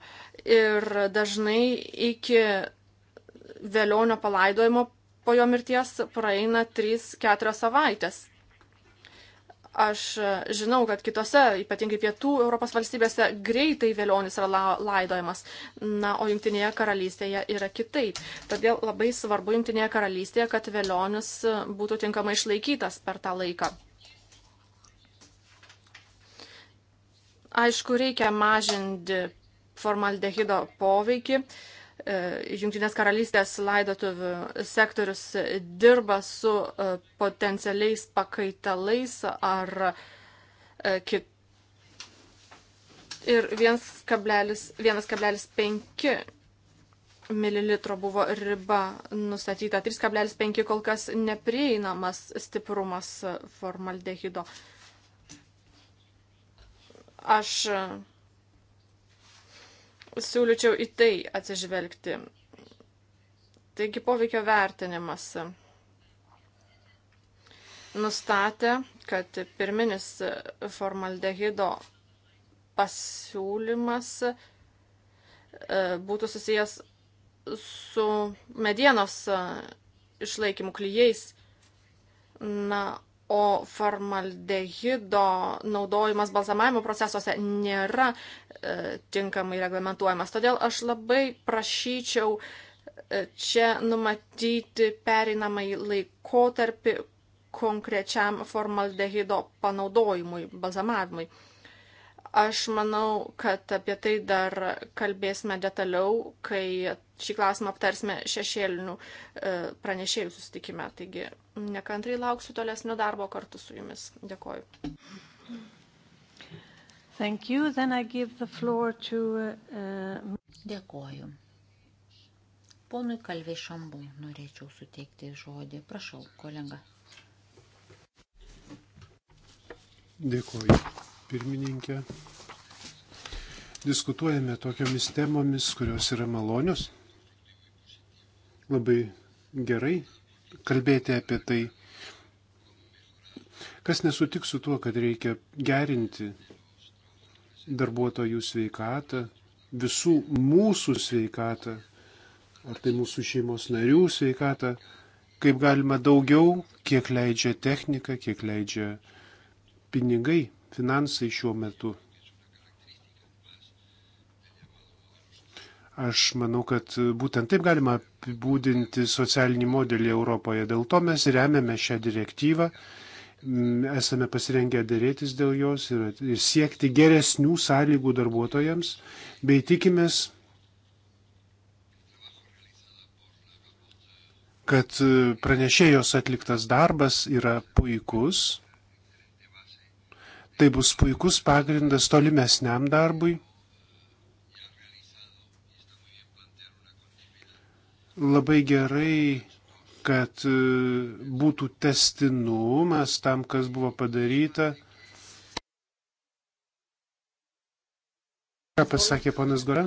Ir dažnai iki vėlionio palaidojimo po jo mirties praeina 3-4 savaitės. Aš e, žinau, kad kitose, ypatingai pietų Europos valstybėse, greitai vėlionis yra laidojamas, na, o Junktinėje karalystėje yra kitaip. Todėl labai svarbu Junktinėje karalystėje, kad vėlionis e, būtų tinkamai išlaikytas per tą laiką. Aišku, reikia mažinti formaldehido poveikį. Uh, E, Junktinės karalystės laidotuvių sektorius dirba su e, potencialiais pakaitalais ar e, kit. Ir 1,5 ml buvo riba nustatyta, 3,5 kol kas neprieinamas stiprumas formaldehido. Aš siūlyčiau į tai atsižvelgti. Taigi poveikio vertinimas nustatė, kad pirminis formaldehido pasiūlymas e, būtų susijęs su medienos e, išlaikymų klyjais. Na, o formaldehido naudojimas balsamavimo procesuose nėra e, tinkamai reglamentuojamas. Todėl aš labai prašyčiau e, čia numatyti pereinamąjį laikotarpį konkrečiam formaldehido panaudojimui, balsamavimui. Aš manau, kad apie tai dar kalbėsime detaliau, kai šį klausimą aptarsime šešėlinių e, pranešėjų susitikime. Taigi nekantrai lauksiu tolesnio darbo kartu su jumis. Dėkoju.
Thank you. Then I give the floor to... Uh... uh Dėkoju. Ponui Kalvė Šambui norėčiau suteikti žodį. Prašau, kolega.
Dėkoju, pirmininkė. Diskutuojame tokiamis temomis, kurios yra malonios labai gerai kalbėti apie tai. Kas nesutiks su tuo, kad reikia gerinti darbuotojų sveikatą, visų mūsų sveikatą, ar tai mūsų šeimos narių sveikatą, kaip galima daugiau, kiek leidžia technika, kiek leidžia pinigai, finansai šiuo metu Aš manau, kad būtent taip galima apibūdinti socialinį modelį Europoje. Dėl to mes remiame šią direktyvą, mm, esame pasirengę dėrėtis dėl jos ir, ir siekti geresnių sąlygų darbuotojams, bei tikimės, kad pranešėjos atliktas darbas yra puikus. Tai bus puikus pagrindas tolimesniam darbui Labai gerai, kad e, būtų testinumas tam, kas buvo padaryta. Ką pasakė ponas Gora?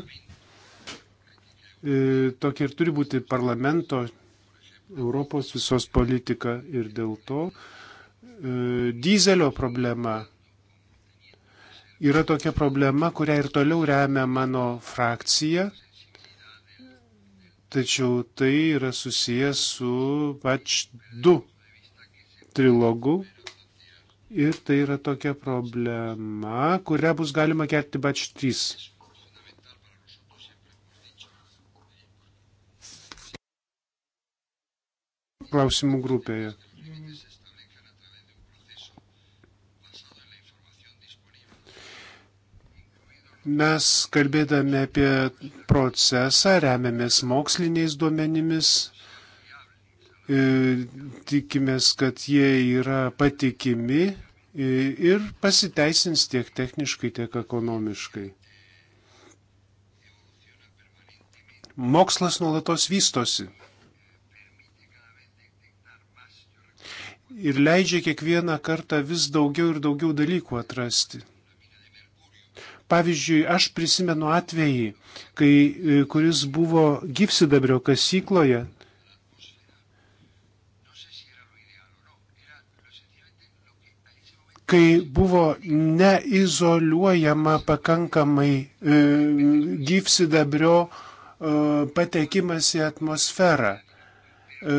E, tokia ir turi būti parlamento Europos visos politika ir dėl to e, dizelio problema yra tokia problema, kurią ir toliau remia mano frakcija Tačiau tai yra susijęs su pač du trilogu. Ir tai yra tokia problema, kurią bus galima kelti bač 3. Klausimų grupėje. Mes kalbėdami apie procesą remiamės moksliniais duomenimis, e, tikimės, kad jie yra patikimi e, ir pasiteisins tiek techniškai, tiek ekonomiškai. Mokslas nuolatos vystosi. ir leidžia kiekvieną kartą vis daugiau ir daugiau dalykų atrasti. Pavyzdžiui, aš prisimenu atvejį, kai, e, kuris buvo gyvsidabrio kasykloje. kai buvo neizoliuojama pakankamai e, gyvsidabrio e, patekimas į atmosferą. E,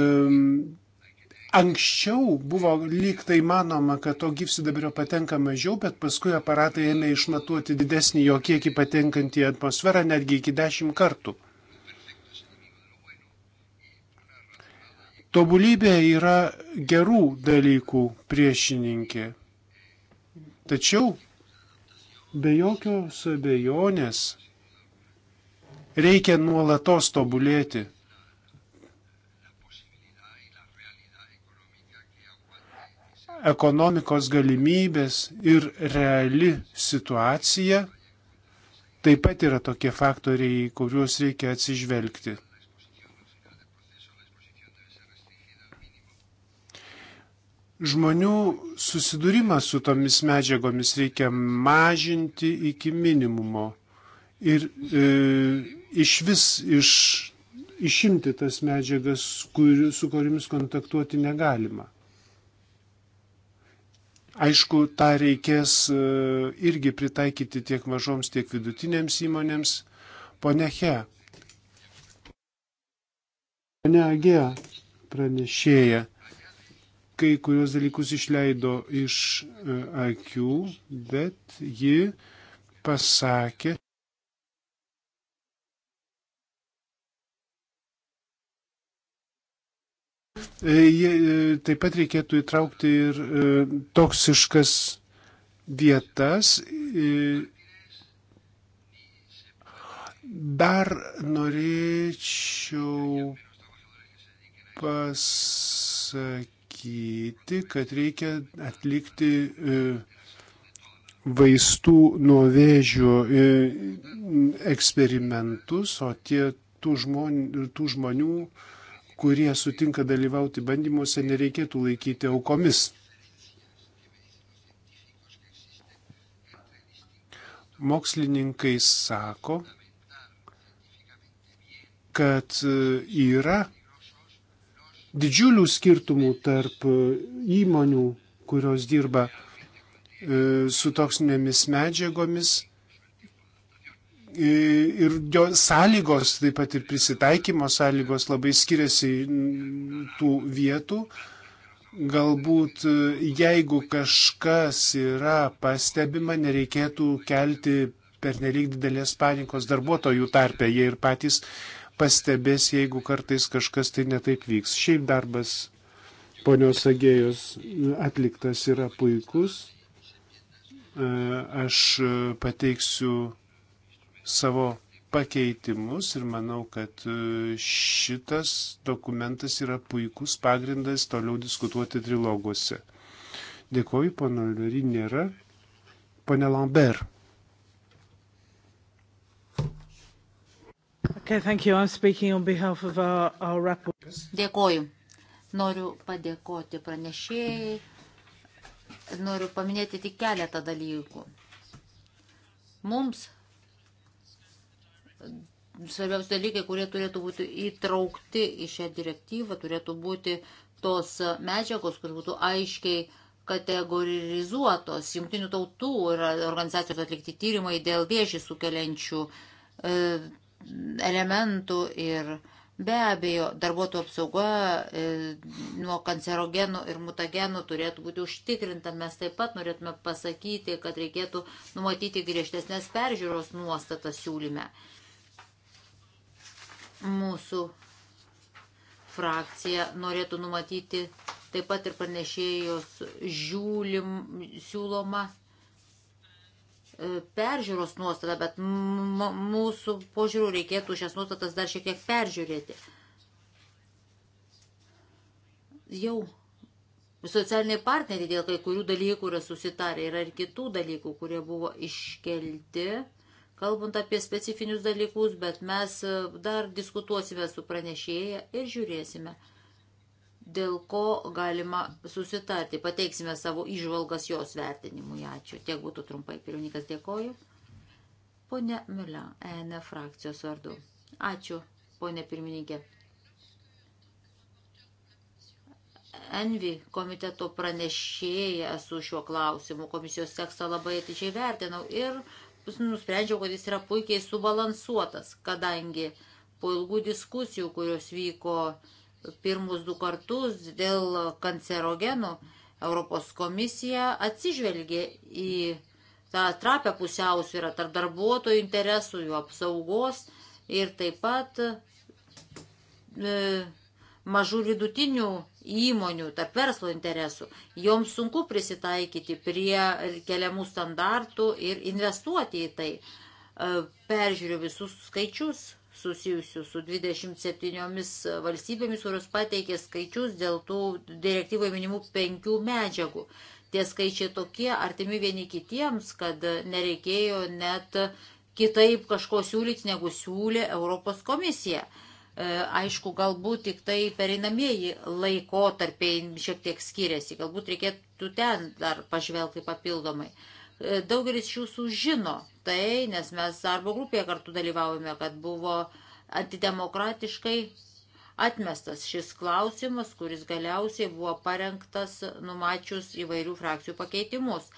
Anksčiau buvo lyg tai manoma, kad to gyvsidabrio patenka mažiau, bet paskui aparatai ėmė išmatuoti didesnį jo kiekį patenkantį į atmosferą netgi iki dešimt kartų. Tobulybė yra gerų dalykų priešininkė. Tačiau be jokios abejonės reikia nuolatos tobulėti ekonomikos galimybės ir reali situacija taip pat yra tokie faktoriai, į kuriuos reikia atsižvelgti. Žmonių susidūrimą su tomis medžiagomis reikia mažinti iki minimumo ir e, iš vis iš, išimti tas medžiagas, kur, su kuriomis kontaktuoti negalima. Aišku, tą reikės e, irgi pritaikyti tiek mažoms, tiek vidutinėms įmonėms. Pone He. Pane Age pranešėja, kai kurios dalykus išleido iš e, akių, bet ji pasakė, E, e, taip pat reikėtų įtraukti ir e, toksiškas vietas. Dar norėčiau pasakyti, kad reikia atlikti vaistų nuo vėžio eksperimentus, o tie tų žmonių, tų žmonių kurie sutinka dalyvauti bandymuose, nereikėtų laikyti aukomis. Mokslininkai sako, kad yra didžiulių skirtumų tarp įmonių, kurios dirba e, su toksinėmis medžiagomis E, ir jo sąlygos, taip pat ir prisitaikymo sąlygos labai skiriasi tų vietų. Galbūt e, jeigu kažkas yra pastebima, nereikėtų kelti pernelyg didelės panikos darbuotojų tarpe, jie ir patys pastebės, jeigu kartais kažkas tai netaip vyks. Šiaip darbas ponios Agėjos e, atliktas yra puikus. Aš pateiksiu savo pakeitimus ir manau, kad e, šitas dokumentas yra puikus pagrindas toliau diskutuoti triloguose. Dėkoju, pono Liuri nėra. Pone Lambert. Okay, thank you. I'm speaking
on behalf of our, our rapporteurs. Dėkoju. Noriu padėkoti pranešėjai. Noriu paminėti tik keletą dalykų. Mums svarbiausi dalykai, kurie turėtų būti įtraukti į šią direktyvą, turėtų būti tos medžiagos, kur būtų aiškiai kategorizuotos jungtinių tautų ir organizacijos atlikti tyrimai dėl vėžį sukeliančių e, elementų ir be abejo darbuotojų apsauga e, nuo kancerogenų ir mutagenų turėtų būti užtikrinta. Mes taip pat norėtume pasakyti, kad reikėtų numatyti griežtesnės peržiūros nuostatas siūlyme. Mūsų frakcija norėtų numatyti taip pat ir pranešėjos žiūlim, siūloma e, peržiūros nuostata, bet mūsų požiūrių reikėtų šias nuostatas dar šiek tiek peržiūrėti. Jau socialiniai partneriai dėl kai kurių dalykų yra susitarę, yra ir kitų dalykų, kurie buvo iškelti kalbant apie specifinius dalykus, bet mes e, dar diskutuosime su pranešėja ir žiūrėsime, dėl ko galima susitarti. Pateiksime savo išvalgas jos vertinimui. Ačiū. Tiek būtų trumpai. Pirmininkas dėkoju. Pone Milia, ENE frakcijos vardu. Ačiū, ponė pirmininkė. Envi komiteto pranešėja esu šiuo klausimu, komisijos tekstą labai atidžiai vertinau ir nusprendžiau, kad jis yra puikiai subalansuotas, kadangi po ilgų diskusijų, kurios vyko pirmus du kartus dėl kancerogenų, Europos komisija atsižvelgė į tą trapę pusiausvyrą tarp darbuotojų interesų, jų apsaugos ir taip pat e, mažų vidutinių įmonių, tarp verslo interesų. Joms sunku prisitaikyti prie keliamų standartų ir investuoti į tai. E, peržiūriu visus skaičius susijusių su 27 valstybėmis, kurios pateikė skaičius dėl tų direktyvoje minimų penkių medžiagų. Tie skaičiai tokie artimi vieni kitiems, kad nereikėjo net kitaip kažko siūlyti, negu siūlė Europos komisija. Uh, E, aišku, galbūt tik tai pereinamieji laikotarpiai šiek tiek skiriasi, galbūt reikėtų ten dar pažvelgti papildomai. E, daugelis iš jūsų žino tai, nes mes darbo grupėje kartu dalyvaujame, kad buvo antidemokratiškai atmestas šis klausimas, kuris galiausiai buvo parengtas numačius įvairių frakcijų pakeitimus.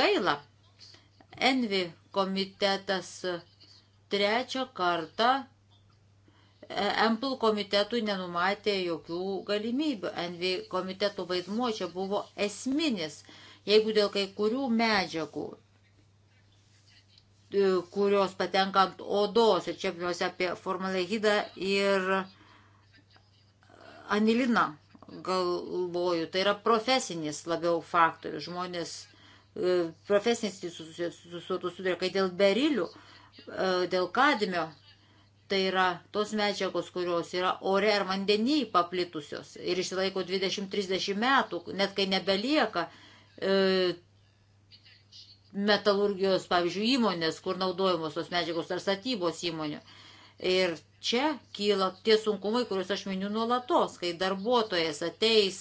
Gaila, Envi komitetas trečią kartą Ample komitetui nenumatė jokių galimybių. Envy komiteto vaidmuo čia buvo esminis. Jeigu dėl kai kurių medžiagų, e, kurios patenka ant odos, ir čia pirmiausia apie formaldehidą ir aniliną galvoju, tai yra profesinis labiau faktorius. Žmonės e, profesinis susidūrė, kai dėl berilių, e, dėl kadmio tai yra tos medžiagos, kurios yra ore ar vandeniai paplitusios ir išlaiko 20-30 metų, net kai nebelieka e, metalurgijos, pavyzdžiui, įmonės, kur naudojamos tos medžiagos ar statybos įmonių. Ir čia kyla tie sunkumai, kuriuos aš miniu nuolatos, kai darbuotojas ateis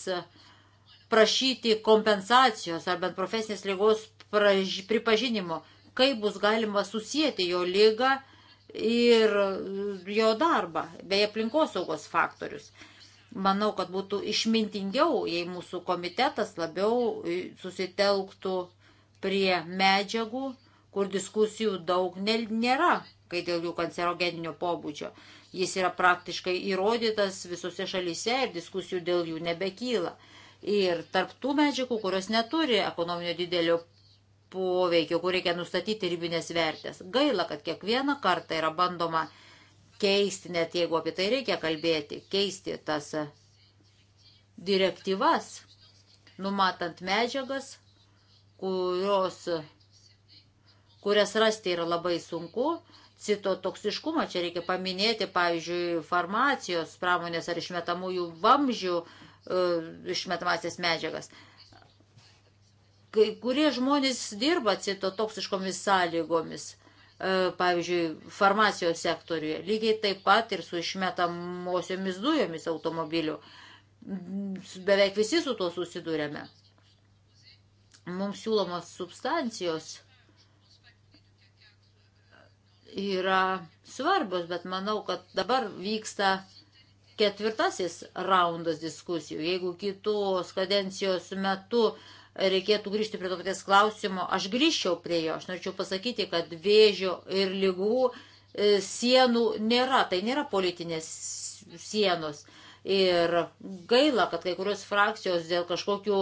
prašyti kompensacijos ar bent profesinės lygos pripažinimo, kaip bus galima susijęti jo lygą ir jo darbą, bei aplinkosaugos faktorius. Manau, kad būtų išmintingiau, jei mūsų komitetas labiau susitelktų prie medžiagų, kur diskusijų daug nėra, kai dėl jų kancerogeninio pobūdžio. Jis yra praktiškai įrodytas visose šalyse ir diskusijų dėl jų nebekyla. Ir tarptų medžiagų, kurios neturi ekonominio didelio poveikio, kur reikia nustatyti ribinės vertės. Gaila, kad kiekvieną kartą yra bandoma keisti, net jeigu apie tai reikia kalbėti, keisti tas direktyvas, numatant medžiagas, kurios, kurias rasti yra labai sunku. Citotoksiškumą čia reikia paminėti, pavyzdžiui, farmacijos pramonės ar išmetamųjų vamzdžių e, išmetamasias medžiagas. Kai kurie žmonės dirba citotoksiškomis sąlygomis, e, pavyzdžiui, farmacijos sektoriuje, lygiai taip pat ir su išmetamosiomis dujomis automobilių. Beveik visi su tuo susidūrėme. Mums siūlomos substancijos yra svarbios, bet manau, kad dabar vyksta ketvirtasis raundas diskusijų. Jeigu kitos kadencijos metu reikėtų grįžti prie to paties klausimo, aš grįžčiau prie jo. Aš norėčiau pasakyti, kad vėžio ir lygų e, sienų nėra, tai nėra politinės sienos. Ir gaila, kad kai kurios frakcijos dėl kažkokių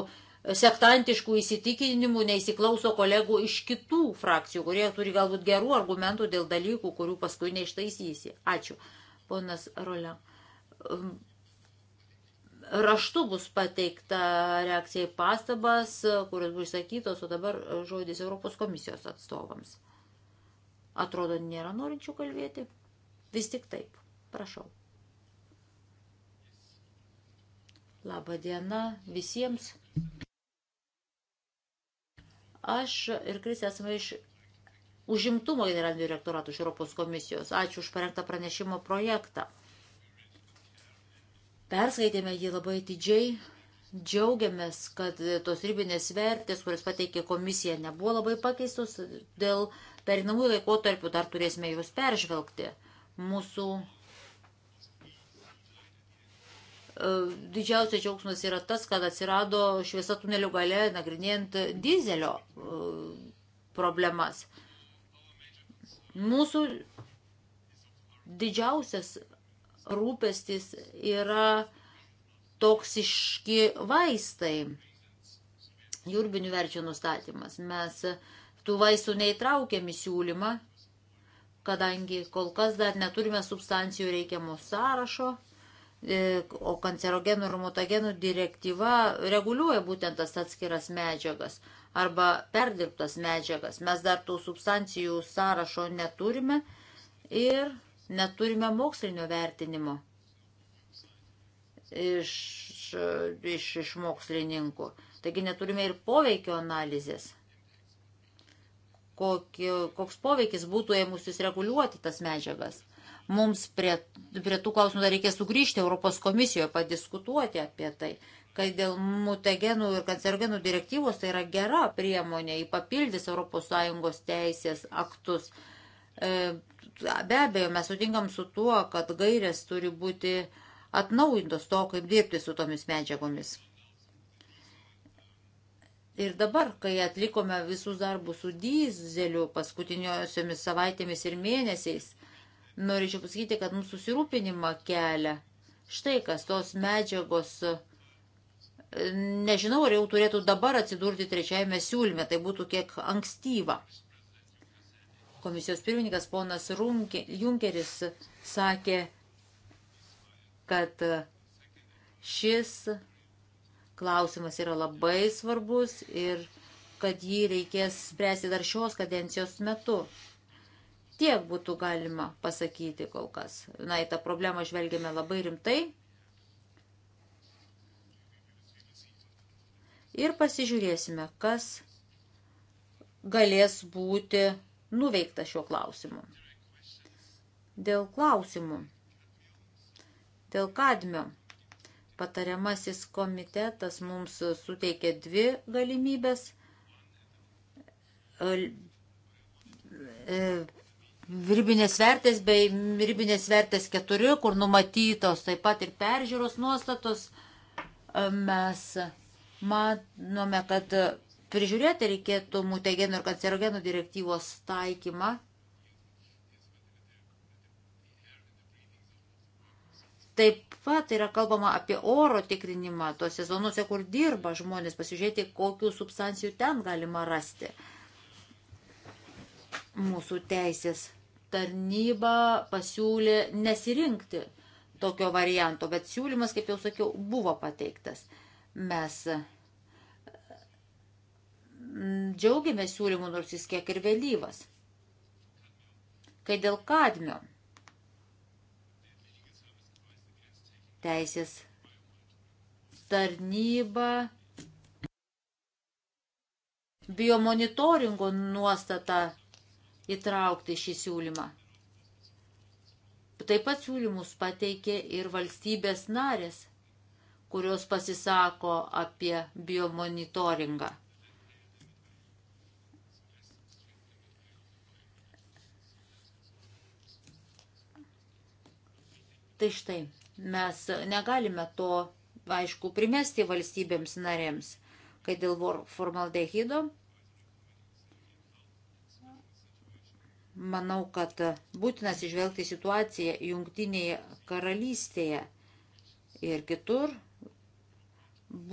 sektantiškų įsitikinimų neįsiklauso kolegų iš kitų frakcijų, kurie turi galbūt gerų argumentų dėl dalykų, kurių paskui neištaisysi. Ačiū. Ponas Rolė raštu bus pateikta reakcija į pastabas, kurios bus išsakytos, o dabar žodis Europos komisijos atstovams. Atrodo, nėra norinčių kalbėti. Vis tik taip. Prašau. Labą dieną visiems. Aš ir Kris esame iš užimtumo generalinio direktorato iš Europos komisijos. Ačiū už parengtą pranešimo projektą. Perskaitėme jį labai didžiai, džiaugiamės, kad tos ribinės vertės, kurias pateikė komisija, nebuvo labai pakeistos, dėl perinamų laikotarpių dar turėsime juos peržvelgti. Mūsų e, didžiausias džiaugsmas yra tas, kad atsirado šviesa tunelių gale nagrinėjant dizelio e, problemas. Mūsų didžiausias rūpestis yra toksiški vaistai, jūrbinių verčių nustatymas. Mes tų vaistų neįtraukėm į siūlymą, kadangi kol kas dar neturime substancijų reikiamų sąrašo, e, o kancerogenų ir mutagenų direktyva reguliuoja būtent tas atskiras medžiagas arba perdirbtas medžiagas. Mes dar tų substancijų sąrašo neturime ir neturime mokslinio vertinimo iš, iš, iš mokslininkų. Taigi neturime ir poveikio analizės. Kokį, koks poveikis būtų ėmusis reguliuoti tas medžiagas. Mums prie, prie tų klausimų dar reikės sugrįžti Europos komisijoje, padiskutuoti apie tai, kad dėl mutagenų ir kancerogenų direktyvos tai yra gera priemonė, jį papildys ES teisės aktus. E, be abejo mes sutinkam su tuo, kad gairės turi būti atnaujintos to, kaip dirbti su tomis medžiagomis. Ir dabar, kai atlikome visus darbus su dizeliu paskutiniosiomis savaitėmis ir mėnesiais, norėčiau pasakyti, kad mūsų susirūpinimą kelia štai kas tos medžiagos. E, nežinau, ar jau turėtų dabar atsidurti trečiajame siūlyme, tai būtų kiek ankstyva komisijos pirmininkas ponas Runke, Junkeris sakė, kad šis klausimas yra labai svarbus ir kad jį reikės spręsti dar šios kadencijos metu. Tiek būtų galima pasakyti kol kas. Na, į tą problemą žvelgiame labai rimtai. Ir pasižiūrėsime, kas galės būti nuveikta šiuo klausimu. Dėl klausimų, dėl kadmio patariamasis komitetas mums suteikė dvi galimybės. E, ribinės vertės bei ribinės vertės keturi, kur numatytos taip pat ir peržiūros nuostatos, mes manome, kad prižiūrėti reikėtų mutagenų ir kancerogenų direktyvos taikymą. Taip pat yra kalbama apie oro tikrinimą tose zonose, kur dirba žmonės, pasižiūrėti, kokių substancijų ten galima rasti. Mūsų teisės tarnyba pasiūlė nesirinkti tokio varianto, bet siūlymas, kaip jau sakiau, buvo pateiktas. Mes Mm, džiaugiamės siūlymų, nors jis kiek ir vėlyvas. Kai dėl kadmio teisės tarnyba biomonitoringo nuostatą įtraukti šį siūlymą. Taip pat siūlymus pateikė ir valstybės narės, kurios pasisako apie biomonitoringą. Tai štai, mes negalime to, aišku, primesti valstybėms narėms, kai dėl formaldehido, manau, kad būtinas išvelgti situaciją jungtinėje karalystėje ir kitur.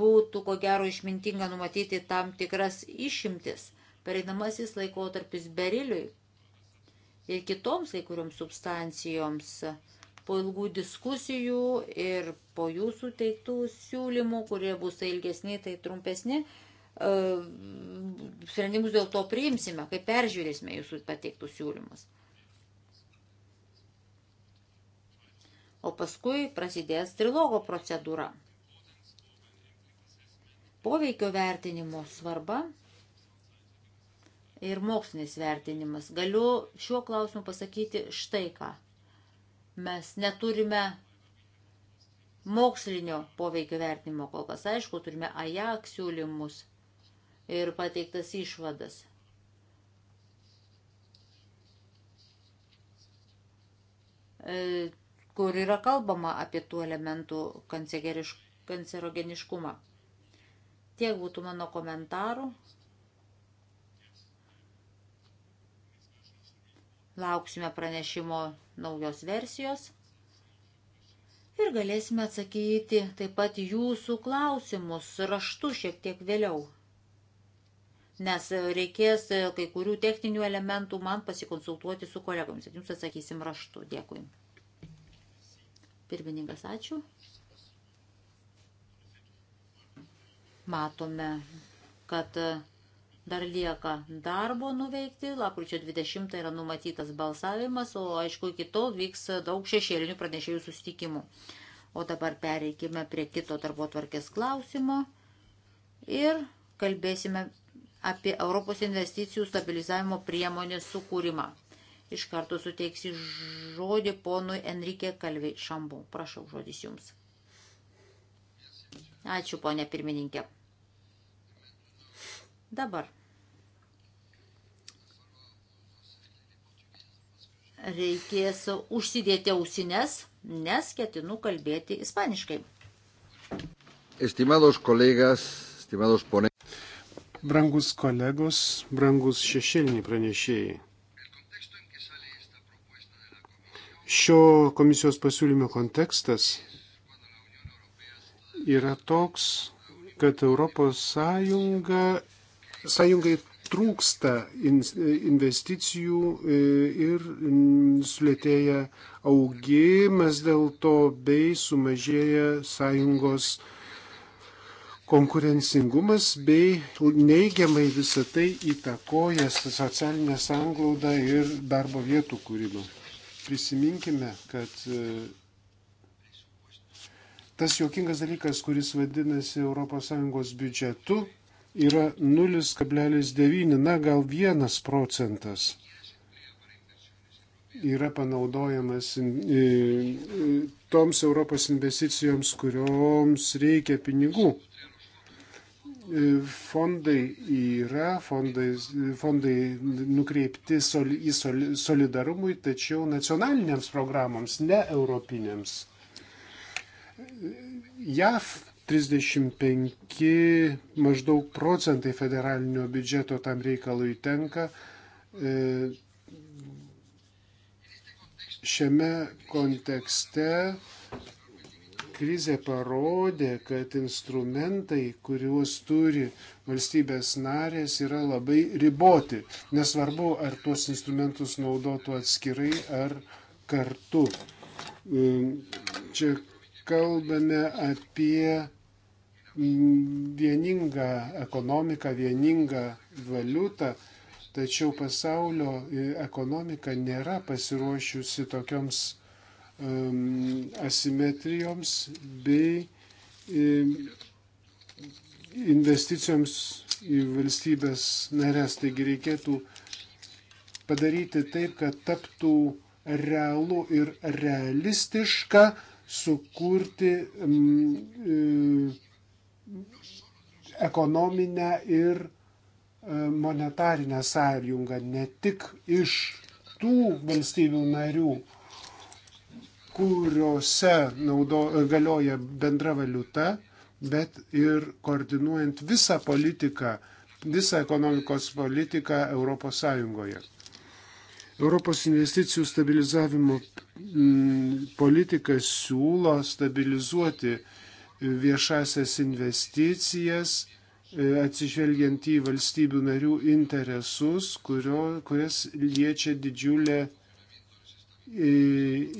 Būtų ko gero išmintinga numatyti tam tikras išimtis, pereinamasis laikotarpis beriliui ir kitoms kai kurioms substancijoms Po ilgų diskusijų ir po jūsų teiktų siūlymų, kurie bus tai ilgesni, tai trumpesni, e, sprendimus dėl to priimsime, kai peržiūrėsime jūsų pateiktus siūlymus. O paskui prasidės trilogo procedūra. Poveikio vertinimo svarba ir mokslinis vertinimas. Galiu šiuo klausimu pasakyti štai ką. Mes neturime mokslinio poveikio vertinimo kol kas. Aišku, turime AJAK siūlymus ir pateiktas išvadas. E, kur yra kalbama apie tų elementų kancerogeniškumą. Tiek būtų mano komentarų. Lauksime pranešimo naujos versijos ir galėsime atsakyti taip pat jūsų klausimus raštu šiek tiek vėliau. Nes reikės kai kurių techninių elementų man pasikonsultuoti su kolegomis. Jums atsakysim raštu. Dėkui. Pirmininkas, ačiū. Matome, kad Dar lieka darbo nuveikti, lapkričio 20 yra numatytas balsavimas, o aišku, iki tol vyks daug šešėlinių pranešėjų susitikimų. O dabar pereikime prie kito darbo tvarkės klausimo ir kalbėsime apie Europos investicijų stabilizavimo priemonės sukūrimą. Iš karto suteiksi žodį ponui Enrique Kalviai Šambu. Prašau, žodis jums. Ačiū, ponė pirmininkė. Dabar reikės užsidėti ausines, nes ketinu kalbėti ispaniškai.
Estimados kolegas, estimados ponė. Brangus kolegos, brangus šešėliniai pranešėjai. Šio komisijos pasiūlymo kontekstas yra toks, kad Europos Sąjunga sąjungai trūksta investicijų e, ir sulėtėja augimas dėl to bei sumažėja sąjungos konkurencingumas bei neigiamai visą tai įtakoja socialinę sanglaudą ir darbo vietų kūrimą. Prisiminkime, kad e, tas juokingas dalykas, kuris vadinasi ES biudžetu, yra 0,9, na gal 1 procentas yra panaudojamas toms Europos investicijoms, kurioms reikia pinigų. Fondai yra, fondai, fondai nukreipti soli, į soli, solidarumui, tačiau nacionalinėms programoms, ne europinėms. JAF 35 maždaug procentai federalinio biudžeto tam reikalui tenka. E, šiame kontekste krizė parodė, kad instrumentai, kuriuos turi valstybės narės, yra labai riboti. Nesvarbu, ar tuos instrumentus naudotų atskirai ar kartu. E, čia kalbame apie vieningą ekonomiką, vieningą valiutą, tačiau pasaulio e, ekonomika nėra pasiruošiusi tokioms um, asimetrijoms bei um, investicijoms į valstybės narės. Taigi reikėtų padaryti taip, kad taptų realu ir realistiška sukurti mm, ekonominę ir e, monetarinę sąjungą, ne tik iš tų valstybių narių, kuriuose naudo, galioja bendra valiuta, bet ir koordinuojant visą politiką, visą ekonomikos politiką Europos Sąjungoje. Europos investicijų stabilizavimo politika siūlo stabilizuoti uh, viešasias investicijas, e, atsižvelgiant į valstybių narių interesus, kurio, kurias liečia didžiulė e,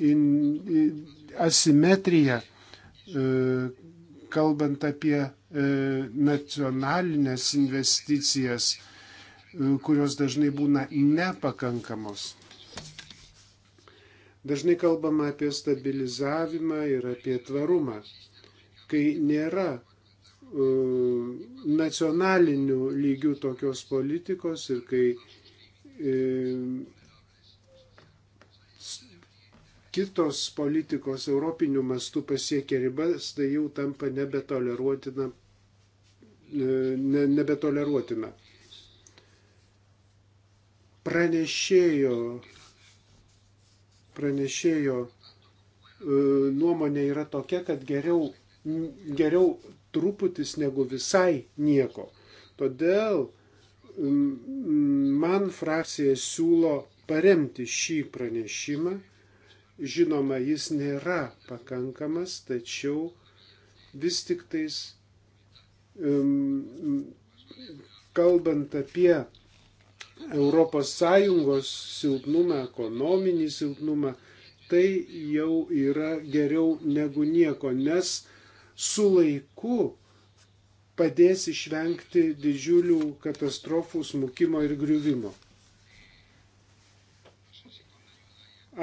in, in, asimetrija, e, kalbant apie nacionalinės investicijas, kurios dažnai būna nepakankamos. Dažnai kalbama apie stabilizavimą ir apie tvarumą kai nėra e, nacionalinių lygių tokios politikos ir kai e, kitos politikos europinių mastų pasiekia ribas, tai jau tampa nebetoleruotina. E, ne, nebetoleruotina. Pranešėjo, pranešėjo nuomonė yra tokia, kad geriau geriau truputis negu visai nieko. Todėl man frakcija siūlo paremti šį pranešimą. Žinoma, jis nėra pakankamas, tačiau vis tik tais kalbant apie ES silpnumą, ekonominį silpnumą, tai jau yra geriau negu nieko, nes su laiku padės išvengti didžiulių katastrofų, smukimo ir griuvimo.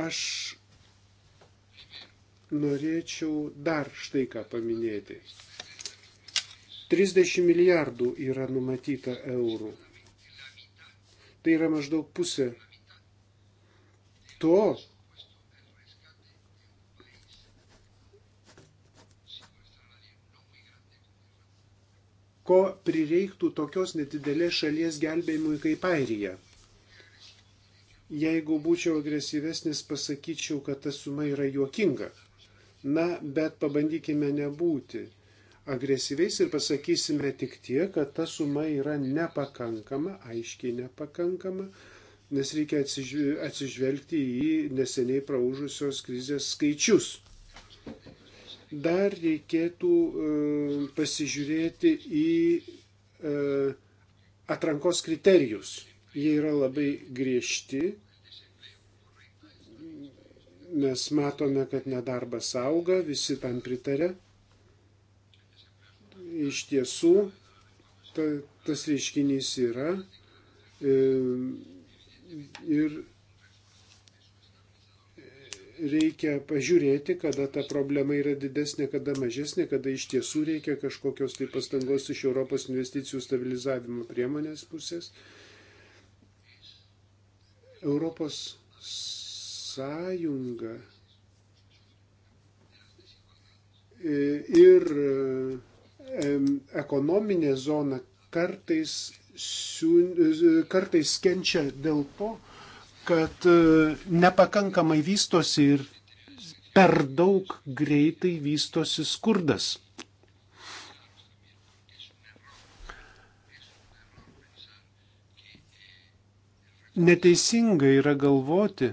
Aš norėčiau dar štai ką paminėti. 30 milijardų yra numatyta eurų. Tai yra maždaug pusė to, ko prireiktų tokios nedidelės šalies gelbėjimui kaip Airija. Jeigu būčiau agresyvesnis, pasakyčiau, kad ta suma yra juokinga. Na, bet pabandykime nebūti agresyviais ir pasakysime tik tiek, kad ta suma yra nepakankama, aiškiai nepakankama, nes reikia atsižvelgti į neseniai praužusios krizės skaičius. Dar reikėtų e, pasižiūrėti į e, atrankos kriterijus. Jie yra labai griežti. Mes matome, kad nedarbas auga, visi tam pritarė. Iš tiesų, ta, tas reiškinys yra. E, ir reikia pažiūrėti, kada ta problema yra didesnė, kada mažesnė, kada iš tiesų reikia kažkokios tai pastangos iš Europos investicijų stabilizavimo priemonės pusės. Europos sąjunga e, ir e, ekonominė zona kartais, e, kartais kenčia dėl to, kad e, nepakankamai vystosi ir per daug greitai vystosi skurdas. Neteisinga yra galvoti,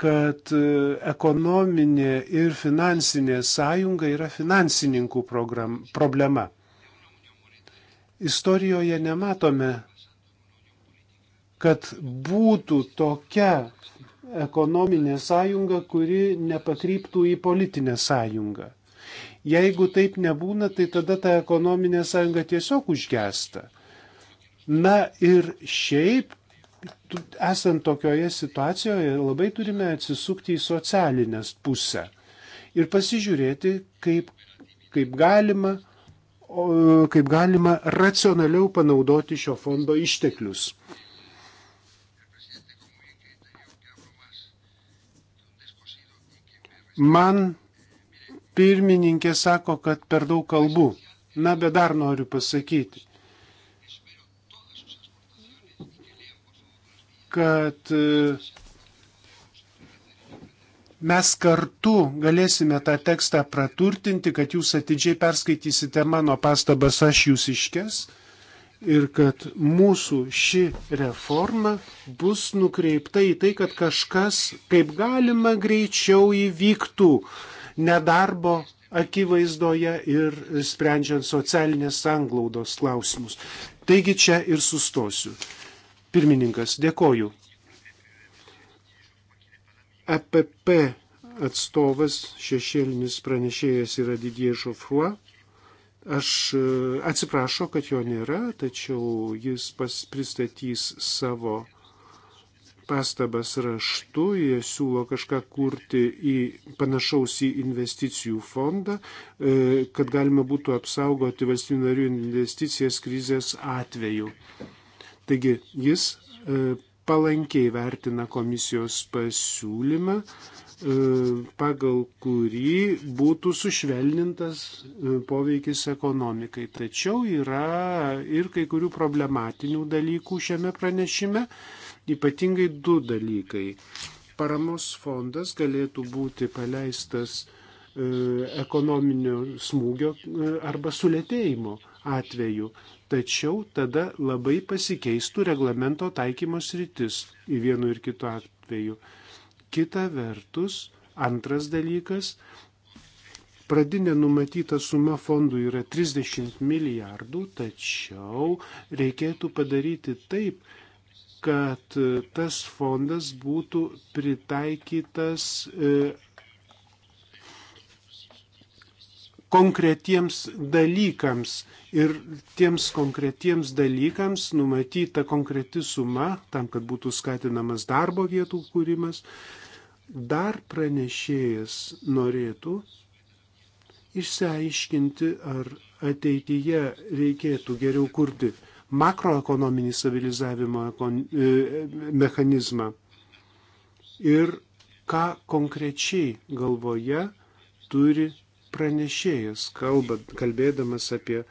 kad e, ekonominė ir finansinė sąjunga yra finansininkų program, problema. Istorijoje nematome, kad būtų tokia ekonominė sąjunga, kuri nepakryptų į politinę sąjungą. Jeigu taip nebūna, tai tada ta ekonominė sąjunga tiesiog užgesta. Na ir šiaip, esant tokioje situacijoje, labai turime atsisukti į socialinę pusę ir pasižiūrėti, kaip, kaip galima kaip galima racionaliau panaudoti šio fondo išteklius. Man pirmininkė sako, kad per daug kalbų. Na, bet dar noriu pasakyti, kad mes kartu galėsime tą tekstą praturtinti, kad jūs atidžiai perskaitysite mano pastabas, aš jūs iškes ir kad mūsų ši reforma bus nukreipta į tai, kad kažkas kaip galima greičiau įvyktų nedarbo akivaizdoje ir sprendžiant socialinės sanglaudos klausimus. Taigi čia ir sustosiu. Pirmininkas, dėkoju. EPP atstovas šešėlinis pranešėjas yra Didie Žofruo. Aš e, atsiprašau, kad jo nėra, tačiau jis pristatys savo pastabas raštu, jie siūlo kažką kurti į panašaus į investicijų fondą, e, kad galima būtų apsaugoti valstybių narių investicijas krizės atveju. Taigi jis e, palankiai vertina komisijos pasiūlymą, e, pagal kurį būtų sušvelnintas e, poveikis ekonomikai. Tačiau yra ir kai kurių problematinių dalykų šiame pranešime, ypatingai du dalykai. Paramos fondas galėtų būti paleistas e, ekonominio smūgio arba sulėtėjimo atveju. Tačiau tada labai pasikeistų reglamento taikymo sritis į vienu ir kitu atveju. Kita vertus, antras dalykas, pradinė numatyta suma fondų yra 30 milijardų, tačiau reikėtų padaryti taip, kad tas fondas būtų pritaikytas e, konkretiems dalykams ir tiems konkretiems dalykams numatyta konkreti suma tam, kad būtų skatinamas darbo vietų kūrimas. Dar pranešėjas norėtų išsiaiškinti, ar ateityje reikėtų geriau kurti makroekonominį stabilizavimo e, mechanizmą ir ką konkrečiai galvoje turi pranešėjas, kalbant, kalbėdamas apie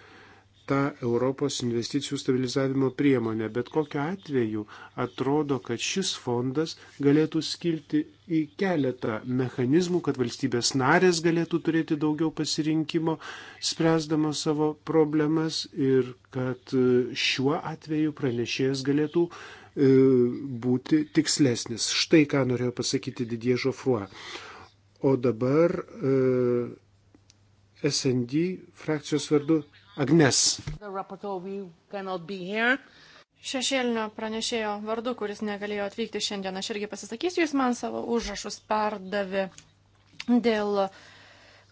tą Europos investicijų stabilizavimo priemonę, bet kokiu atveju atrodo, kad šis fondas galėtų skilti į keletą mechanizmų, kad valstybės narės galėtų turėti daugiau pasirinkimo, spręsdama savo problemas ir kad e, šiuo atveju pranešėjas galėtų e, būti tikslesnis. Štai ką norėjo pasakyti Didiežo Fruo. O dabar e, SND frakcijos vardu Agnes.
Šešėlinio pranešėjo vardu, kuris negalėjo atvykti šiandien, aš irgi pasisakysiu, jis man savo užrašus perdavė dėl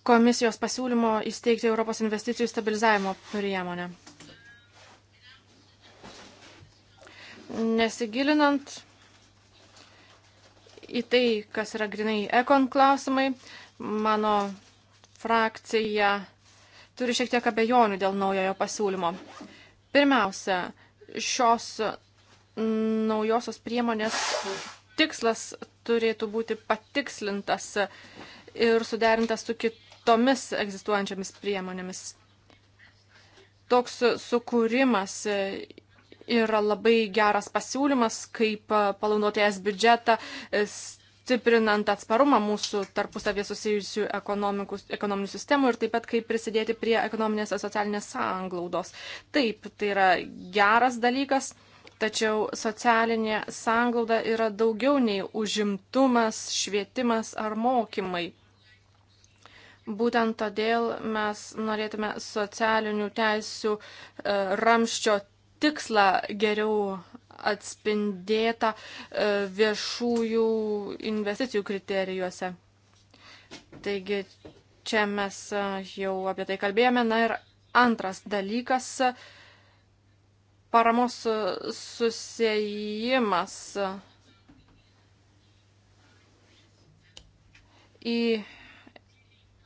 komisijos pasiūlymo įsteigti Europos investicijų stabilizavimo priemonę. Nesigilinant į tai, kas yra grinai ekon klausimai, mano frakcija turi šiek tiek abejonių dėl naujojo pasiūlymo. Pirmiausia, šios naujosios priemonės tikslas turėtų būti patikslintas ir suderintas su kitomis egzistuojančiamis priemonėmis. Toks sukūrimas yra labai geras pasiūlymas, kaip palaunoti es biudžetą, stiprinant atsparumą mūsų tarpusavė susijusių ekonominių sistemų ir taip pat kaip prisidėti prie ekonominės ir socialinės sąnglaudos. Taip, tai yra geras dalykas, tačiau socialinė sąnglauda yra daugiau nei užimtumas, švietimas ar mokymai. Būtent todėl mes norėtume socialinių teisių e, ramščio tikslą geriau atspindėta e, viešųjų investicijų kriterijuose. Taigi čia mes e, jau apie tai kalbėjome. Na ir antras dalykas - paramos e, susijimas į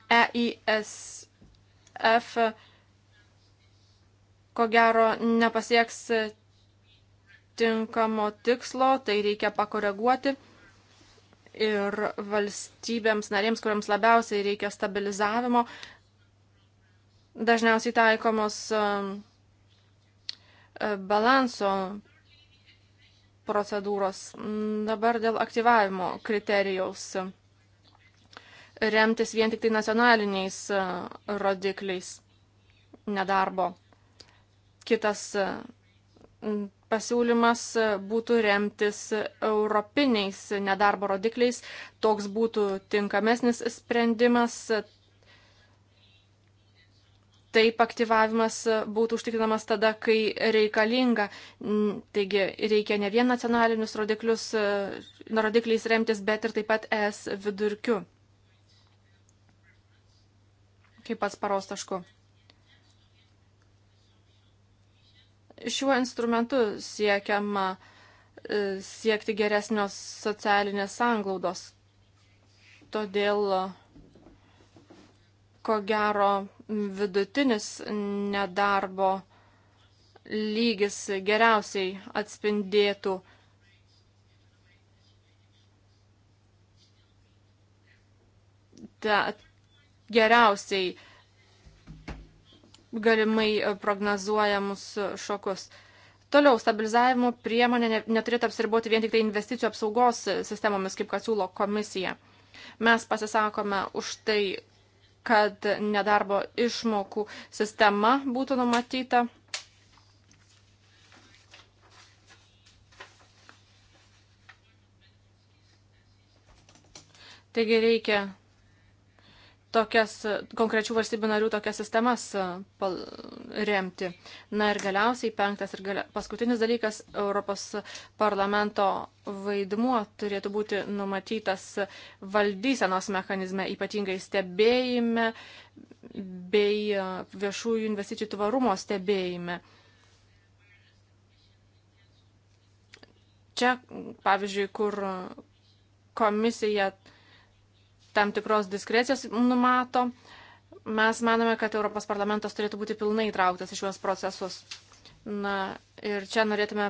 EISF ko gero nepasieks tinkamo tikslo, tai reikia pakoreguoti. Ir valstybėms narėms, kuriams labiausiai reikia stabilizavimo, dažniausiai taikomos um, e, balanso procedūros. Mm, dabar dėl aktyvavimo kriterijaus. Remtis vien tik tai nacionaliniais e, rodikliais nedarbo. Kitas e, pasiūlymas būtų remtis europiniais nedarbo rodikliais. Toks būtų tinkamesnis sprendimas. Taip aktyvavimas būtų užtikrinamas tada, kai reikalinga. Taigi reikia ne vien nacionalinius rodiklius, rodikliais remtis, bet ir taip pat es vidurkiu. Kaip pats paros tašku. Šiuo instrumentu siekiama e, siekti geresnios socialinės sanglaudos. Todėl, ko gero, vidutinis nedarbo lygis geriausiai atspindėtų ta, geriausiai galimai e, prognozuojamus e, šokus. Toliau, stabilizavimo priemonė neturėtų apsiriboti vien tik tai investicijų apsaugos e, sistemomis, kaip kad siūlo komisija. Mes pasisakome už tai, kad nedarbo išmokų sistema būtų numatyta. Taigi reikia tokias konkrečių valstybių narių tokias sistemas e, remti. Na ir galiausiai penktas ir galia, paskutinis dalykas - Europos parlamento vaidmuo turėtų būti numatytas valdysenos mechanizme, ypatingai stebėjime bei e, viešųjų investicijų tvarumo stebėjime. Čia, pavyzdžiui, kur komisija uh, tam tikros diskrecijos numato. Mes manome, kad Europos parlamentas turėtų būti pilnai įtrauktas į šiuos procesus. Na ir čia norėtume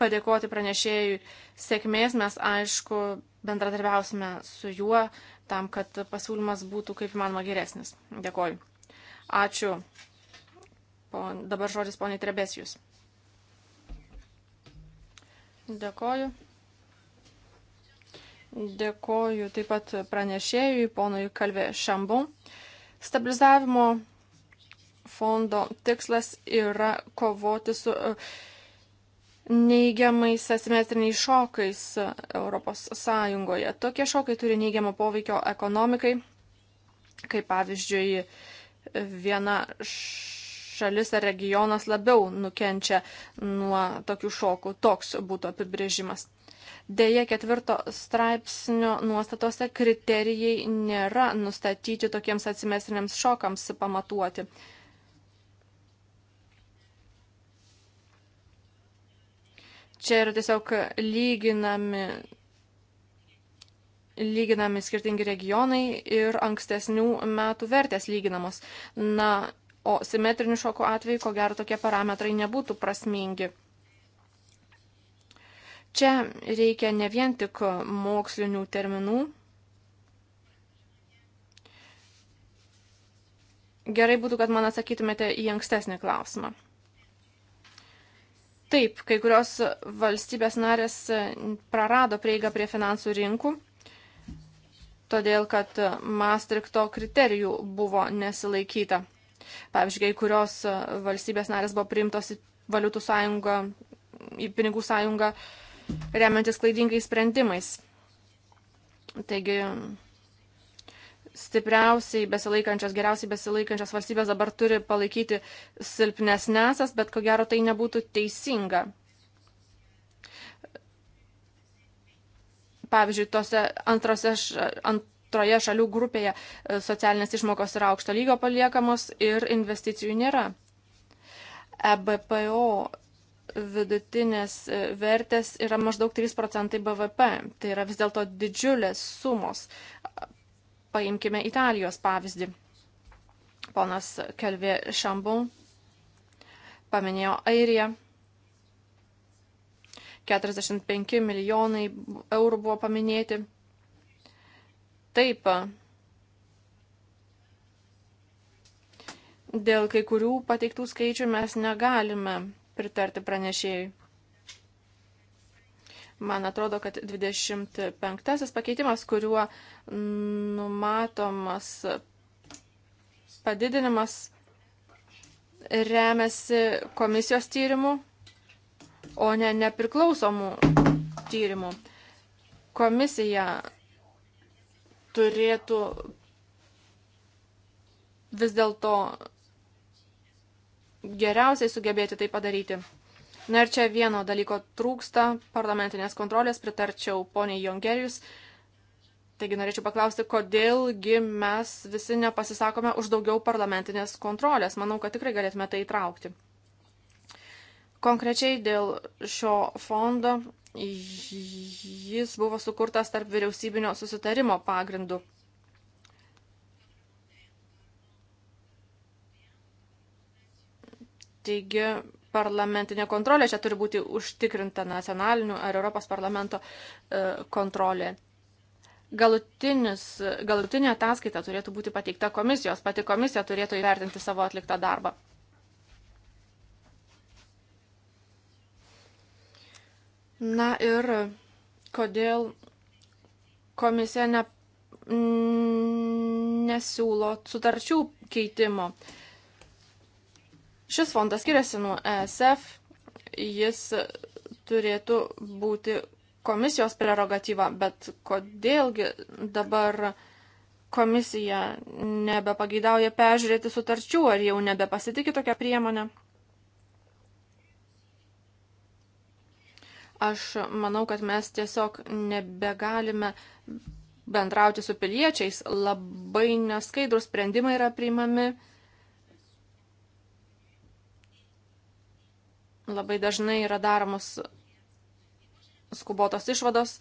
padėkoti pranešėjui sėkmės. Mes, aišku, bendradarbiausime su juo tam, kad pasiūlymas būtų kaip įmanoma geresnis. Dėkoju. Ačiū. Pon, dabar žodis poniai Trebesijus. Dėkoju. Dėkoju taip pat pranešėjui, ponui Kalvė Šambon. Stabilizavimo fondo tikslas yra kovoti su e, neigiamais asimetriniais šokais ES. Tokie šokai turi neigiamą poveikio ekonomikai, kaip pavyzdžiui viena šalis ar regionas labiau nukenčia nuo tokių šokų. Toks būtų apibrėžimas. Deja, ketvirto straipsnio nuostatose kriterijai nėra nustatyti tokiems atsimesiniams šokams pamatuoti. Čia yra tiesiog lyginami, lyginami skirtingi regionai ir ankstesnių metų vertės lyginamos. Na, o simetrinių šokų atveju, ko gero, tokie parametrai nebūtų prasmingi. Čia reikia ne vien tik mokslinių terminų. Gerai būtų, kad man atsakytumėte į ankstesnį klausimą. Taip, kai kurios valstybės narės prarado prieigą prie finansų rinkų, todėl kad Maastrichto kriterijų buvo nesilaikyta. Pavyzdžiui, kai kurios valstybės narės buvo priimtos į valiutų sąjungą, į pinigų sąjungą remiantis klaidingais sprendimais. Taigi stipriausiai besilaikančios, geriausiai besilaikančios valstybės dabar turi palaikyti silpnesnesas, bet ko gero tai nebūtų teisinga. Pavyzdžiui, tose antrose, antroje šalių grupėje e, socialinės išmokos yra aukšto lygio paliekamos ir investicijų nėra. EBPO vidutinės e, vertės yra maždaug 3 procentai BVP. Tai yra vis dėlto didžiulės sumos. Paimkime Italijos pavyzdį. Ponas Kelvė Šambon paminėjo Airiją. 45 milijonai eurų buvo paminėti. Taip, dėl kai kurių pateiktų skaičių mes negalime pritarti pranešėjai. Man atrodo, kad 25 pakeitimas, kuriuo numatomas padidinimas, remiasi komisijos tyrimų, o ne nepriklausomų tyrimų. Komisija turėtų vis dėlto geriausiai sugebėti tai padaryti. Na ir čia vieno dalyko trūksta parlamentinės kontrolės, pritarčiau poniai Jongerius. Taigi norėčiau paklausti, kodėlgi mes visi nepasisakome už daugiau parlamentinės kontrolės. Manau, kad tikrai galėtume tai įtraukti. Konkrečiai dėl šio fondo jis buvo sukurtas tarp vyriausybinio susitarimo pagrindu. Taigi parlamentinė kontrolė čia turi būti užtikrinta nacionaliniu ar Europos parlamento e, kontrolė. Galutinis, galutinė ataskaita turėtų būti pateikta komisijos, pati komisija turėtų įvertinti savo atliktą darbą. Na ir kodėl komisija ne, nesiūlo sutarčių keitimo. Uh, Šis fondas skiriasi nuo ESF, jis turėtų būti komisijos prerogatyva, bet kodėlgi dabar komisija nebepageidauja peržiūrėti sutarčių, ar jau nebepasitikė tokią priemonę? Aš manau, kad mes tiesiog nebegalime bendrauti su piliečiais, labai neskaidrus sprendimai yra priimami Labai dažnai yra daromos skubotos išvados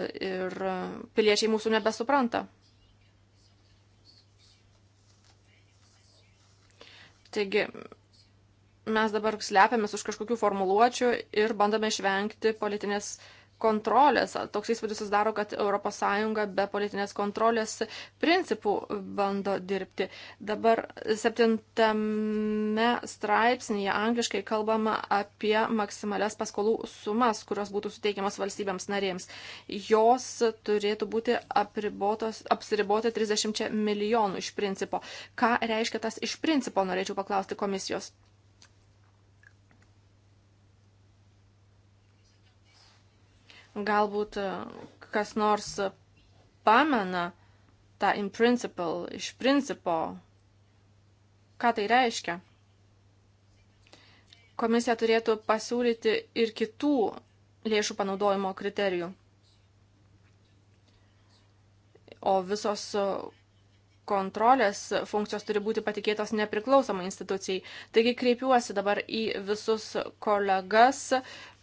e, ir piliečiai mūsų nebesupranta. Taigi mes dabar slepiamės už kažkokių formuluočių ir bandome išvengti politinės kontrolės. Toks įspūdis susidaro, kad ES be politinės kontrolės principų bando dirbti. Dabar septintame straipsnėje angliškai kalbama apie maksimalias paskolų sumas, kurios būtų suteikiamas valstybėms narėms. Jos turėtų būti apsiriboti 30 milijonų iš principo. Ką reiškia tas iš principo, norėčiau paklausti komisijos. Galbūt e, kas nors pamena tą in principle, iš principo, ką tai reiškia. Komisija turėtų pasiūlyti ir kitų lėšų panaudojimo kriterijų. O visos kontrolės funkcijos turi būti patikėtos nepriklausomai institucijai. Taigi kreipiuosi dabar į visus kolegas,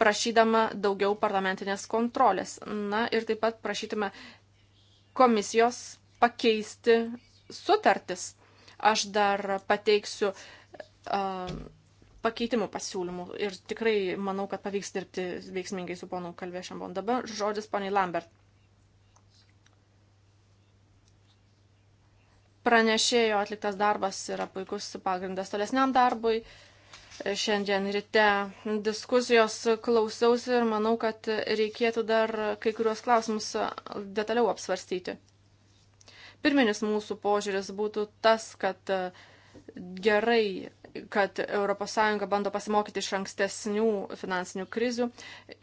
prašydama daugiau parlamentinės kontrolės. Na ir taip pat prašytume komisijos pakeisti sutartis. Aš dar pateiksiu uh, pakeitimų pasiūlymų ir tikrai manau, kad pavyks dirbti veiksmingai su ponu Kalvėšambon. Dabar žodis poniai Lambert. pranešėjo atliktas darbas yra puikus pagrindas tolesniam darbui. Šiandien ryte diskusijos klausiausi ir manau, kad reikėtų dar kai kuriuos klausimus detaliau apsvarstyti. Pirminis mūsų požiūris būtų tas, kad gerai, kad ES bando pasimokyti iš ankstesnių finansinių krizių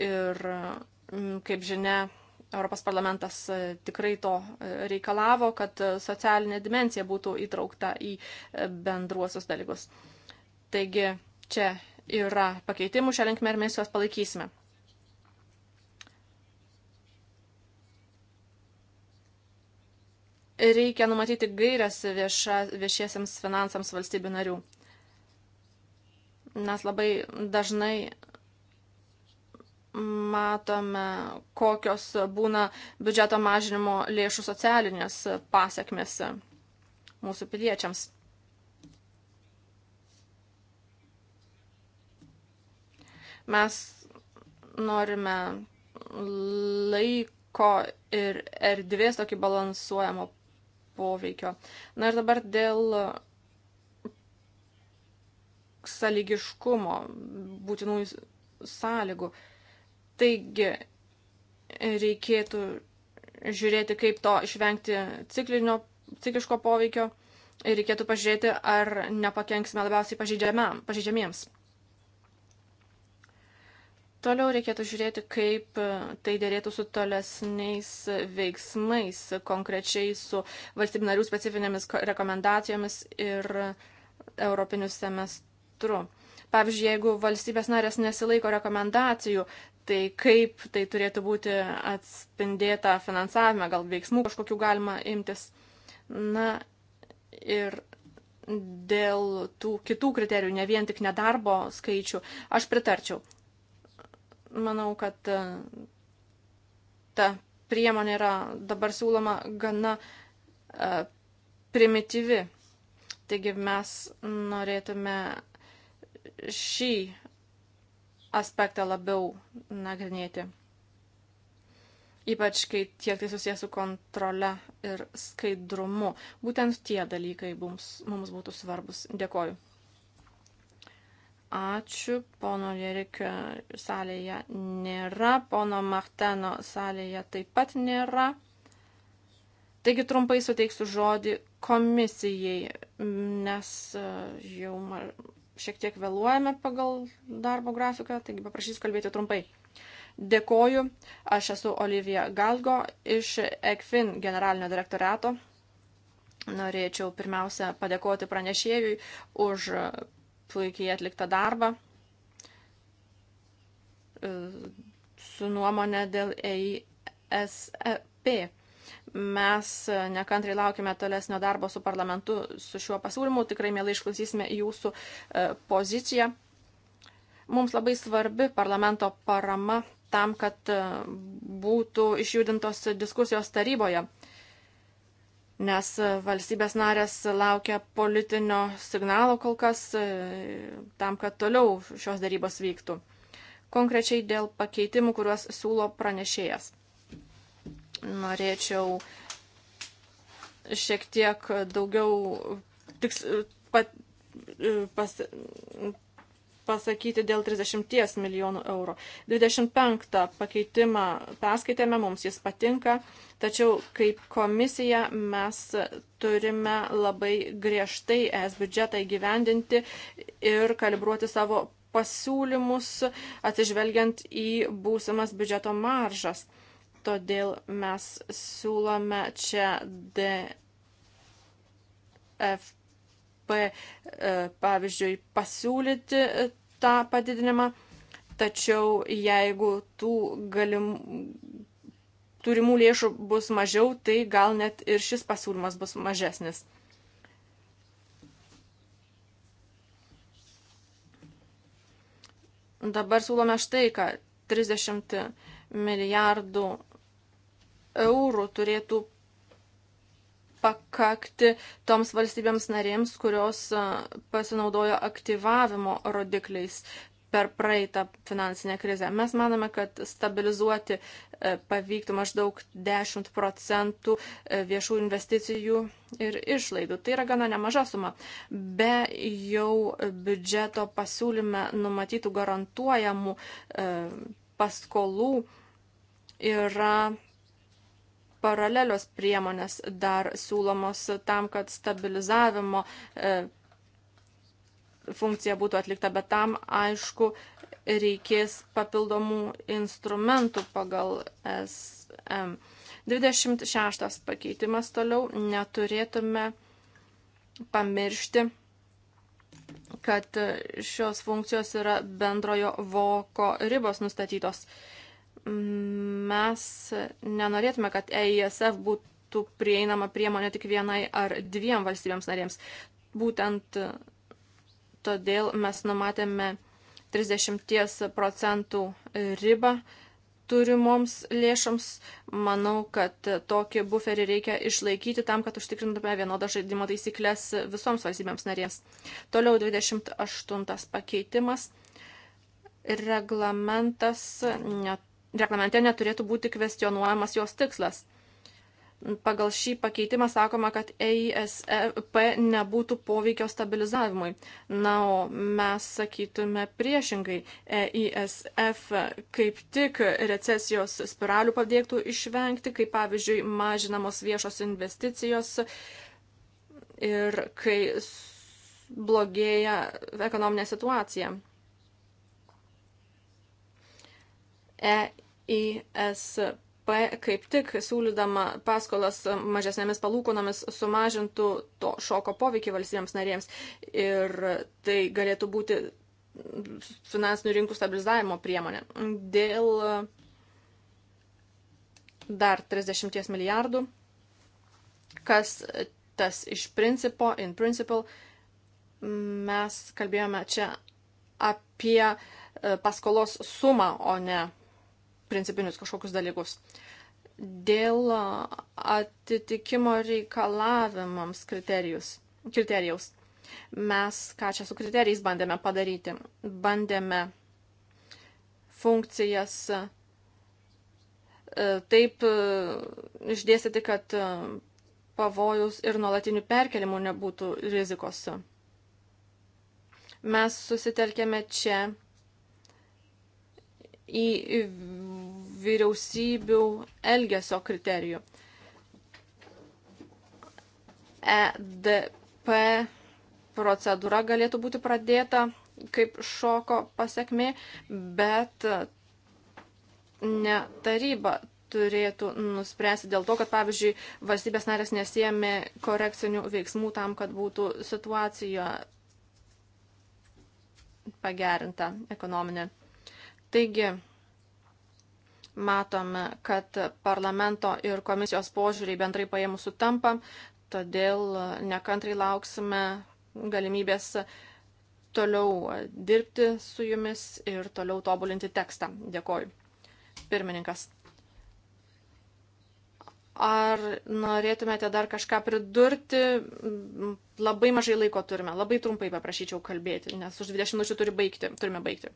ir, kaip žinia, Europos parlamentas e, tikrai to e, reikalavo, kad e, socialinė dimencija būtų įtraukta į bendruosius dalykus. Taigi čia yra pakeitimų, šią linkmę ir mes juos palaikysime. Reikia numatyti gairias vieša, viešiesiams finansams valstybių narių. Mes labai dažnai matome, kokios būna biudžeto mažinimo lėšų socialinės pasiekmes mūsų piliečiams. Mes norime laiko ir erdvės tokį balansuojamo poveikio. Na ir dabar dėl sąlygiškumo būtinųjų sąlygų. Uh, Taigi, reikėtų žiūrėti, kaip to išvengti ciklinio, cikliško poveikio ir reikėtų pažiūrėti, ar nepakenksime labiausiai pažeidžiamiems. Toliau reikėtų žiūrėti, kaip tai dėrėtų su tolesniais veiksmais, konkrečiai su valstybių narių specifinėmis rekomendacijomis ir europiniu semestru. Pavyzdžiui, jeigu valstybės narės nesilaiko rekomendacijų, tai kaip tai turėtų būti atspindėta finansavime, gal veiksmų kažkokių galima imtis. Na ir dėl tų kitų kriterijų, ne vien tik nedarbo skaičių, aš pritarčiau. Manau, kad e, ta priemonė yra dabar siūloma gana e, primityvi. Taigi mes norėtume šį aspektą labiau nagrinėti. Ypač, kai tiek tai susijęs su kontrole ir skaidrumu. Būtent tie dalykai mums, mums būtų svarbus. Dėkoju. Ačiū. Pono Jerikio salėje nėra. Pono Marteno salėje taip pat nėra. Taigi trumpai suteiksiu žodį komisijai, nes e, jau šiek tiek vėluojame pagal darbo grafiką, taigi paprašysiu kalbėti trumpai. Dėkoju, aš esu Olivija Galgo iš ECFIN generalinio direktoriato. Norėčiau pirmiausia padėkoti pranešėjui už puikiai atliktą darbą e, su nuomonė dėl EISP. E Mes nekantrai laukime tolesnio darbo su parlamentu su šiuo pasiūlymu. Tikrai mielai išklausysime jūsų e, poziciją. Mums labai svarbi parlamento parama tam, kad e, būtų išjudintos diskusijos taryboje, nes e, valstybės narės laukia politinio signalo kol kas tam, kad toliau šios darybos vyktų. Konkrečiai dėl pakeitimų, kuriuos siūlo pranešėjas norėčiau šiek tiek daugiau tiks, pat, pas, pasakyti dėl 30 milijonų eurų. 25 pakeitimą perskaitėme, mums jis patinka, tačiau kaip komisija mes turime labai griežtai es biudžetą įgyvendinti ir kalibruoti savo pasiūlymus atsižvelgiant į būsimas biudžeto maržas. Todėl mes siūlome čia DFP, e, pavyzdžiui, pasiūlyti tą padidinimą, tačiau jeigu tų galim, turimų lėšų bus mažiau, tai gal net ir šis pasiūlymas bus mažesnis. Dabar siūlome štai, kad 30 milijardų eurų turėtų pakakti toms valstybėms narėms, kurios pasinaudojo aktyvavimo rodikliais per praeitą finansinę krizę. Mes manome, kad stabilizuoti e, pavyktų maždaug 10 procentų e, viešų investicijų ir išlaidų. Tai yra gana nemaža suma. Be jau biudžeto pasiūlyme numatytų garantuojamų e, paskolų yra paralelios priemonės dar siūlomos tam, kad stabilizavimo e, funkcija būtų atlikta, bet tam, aišku, reikės papildomų instrumentų pagal SM. 26 pakeitimas toliau neturėtume pamiršti, kad šios funkcijos yra bendrojo voko ribos nustatytos. Mes nenorėtume, kad EISF būtų prieinama priemonė tik vienai ar dviem valstybėms narėms. Būtent todėl mes numatėme 30 procentų ribą turimoms lėšoms. Manau, kad tokį buferį reikia išlaikyti tam, kad užtikrintume vienodas žaidimo taisyklės visoms valstybėms narės. Toliau 28 pakeitimas. Reglamentas net reglamente neturėtų būti kvestionuojamas jos tikslas. Pagal šį pakeitimą sakoma, kad EISP nebūtų poveikio stabilizavimui. Na, o mes sakytume priešingai, EISF kaip tik recesijos spiralių padėktų išvengti, kaip pavyzdžiui mažinamos viešos investicijos ir kai blogėja ekonominė situacija. EISP kaip tik siūlydama paskolas mažesnėmis palūkonomis sumažintų to šoko poveikį valstybėms narėms ir tai galėtų būti finansinių rinkų stabilizavimo priemonė. Dėl dar 30 milijardų, kas tas iš principo, in principle, mes kalbėjome čia apie paskolos sumą, o ne principinius kažkokius dalykus. Dėl atitikimo reikalavimams kriterijaus. Mes ką čia su kriterijais bandėme padaryti? Bandėme funkcijas taip išdėstyti, kad pavojus ir nuolatinių perkelimų nebūtų rizikos. Mes susitelkėme čia į vyriausybių elgesio kriterijų. EDP procedūra galėtų būti pradėta kaip šoko pasiekmė, bet ne taryba turėtų nuspręsti dėl to, kad, pavyzdžiui, valstybės narės nesėmė korekcinių veiksmų tam, kad būtų situacija pagerinta ekonominė. Taigi, Matome, kad parlamento ir komisijos požiūriai bendrai paėmų sutampa, todėl nekantrai lauksime galimybės toliau dirbti su jumis ir toliau tobulinti tekstą. Dėkoju. Pirmininkas. Ar norėtumėte dar kažką pridurti? Labai mažai laiko turime. Labai trumpai paprašyčiau kalbėti, nes už 20 minučių turi baigti, turime baigti.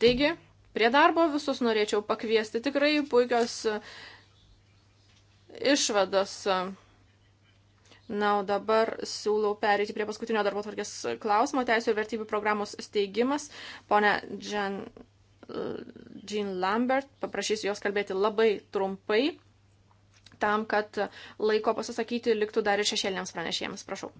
Taigi, prie darbo visus norėčiau pakviesti. Tikrai puikios išvados. Na, o dabar siūlau perėti prie paskutinio darbo tvarkės klausimo. Teisų ir vertybių programos steigimas. Pone Jean, Jean Lambert, paprašysiu jos kalbėti labai trumpai tam, kad laiko pasisakyti liktų dar ir šešėliniams pranešėjams. Prašau.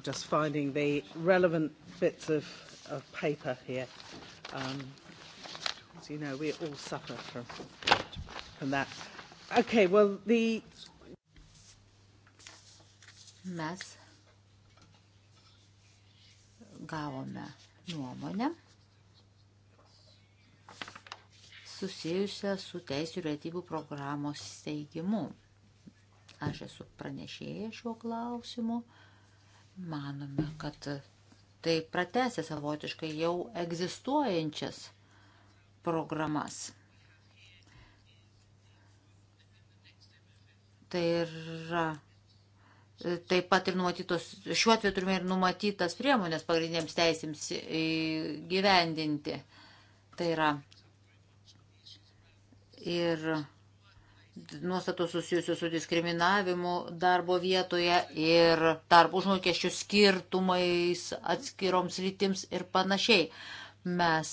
I'm just finding the relevant bits of, of paper here. Um, as you know, we all suffer
from, from that. Okay, well, the... Mes gavome nuomonę susijusią su teisų ir atybių programos steigimu. Aš esu pranešėję šiuo klausimu. Uh, Manome, kad tai pratesi savotiškai jau egzistuojančias programas. Tai yra e, taip pat ir numatytos, šiuo atveju turime ir numatytas priemonės pagrindiniams teisėms gyvendinti. Tai yra ir nuostatos susijusios su diskriminavimu darbo vietoje ir darbo užmokesčių skirtumais atskiroms rytims ir panašiai. Mes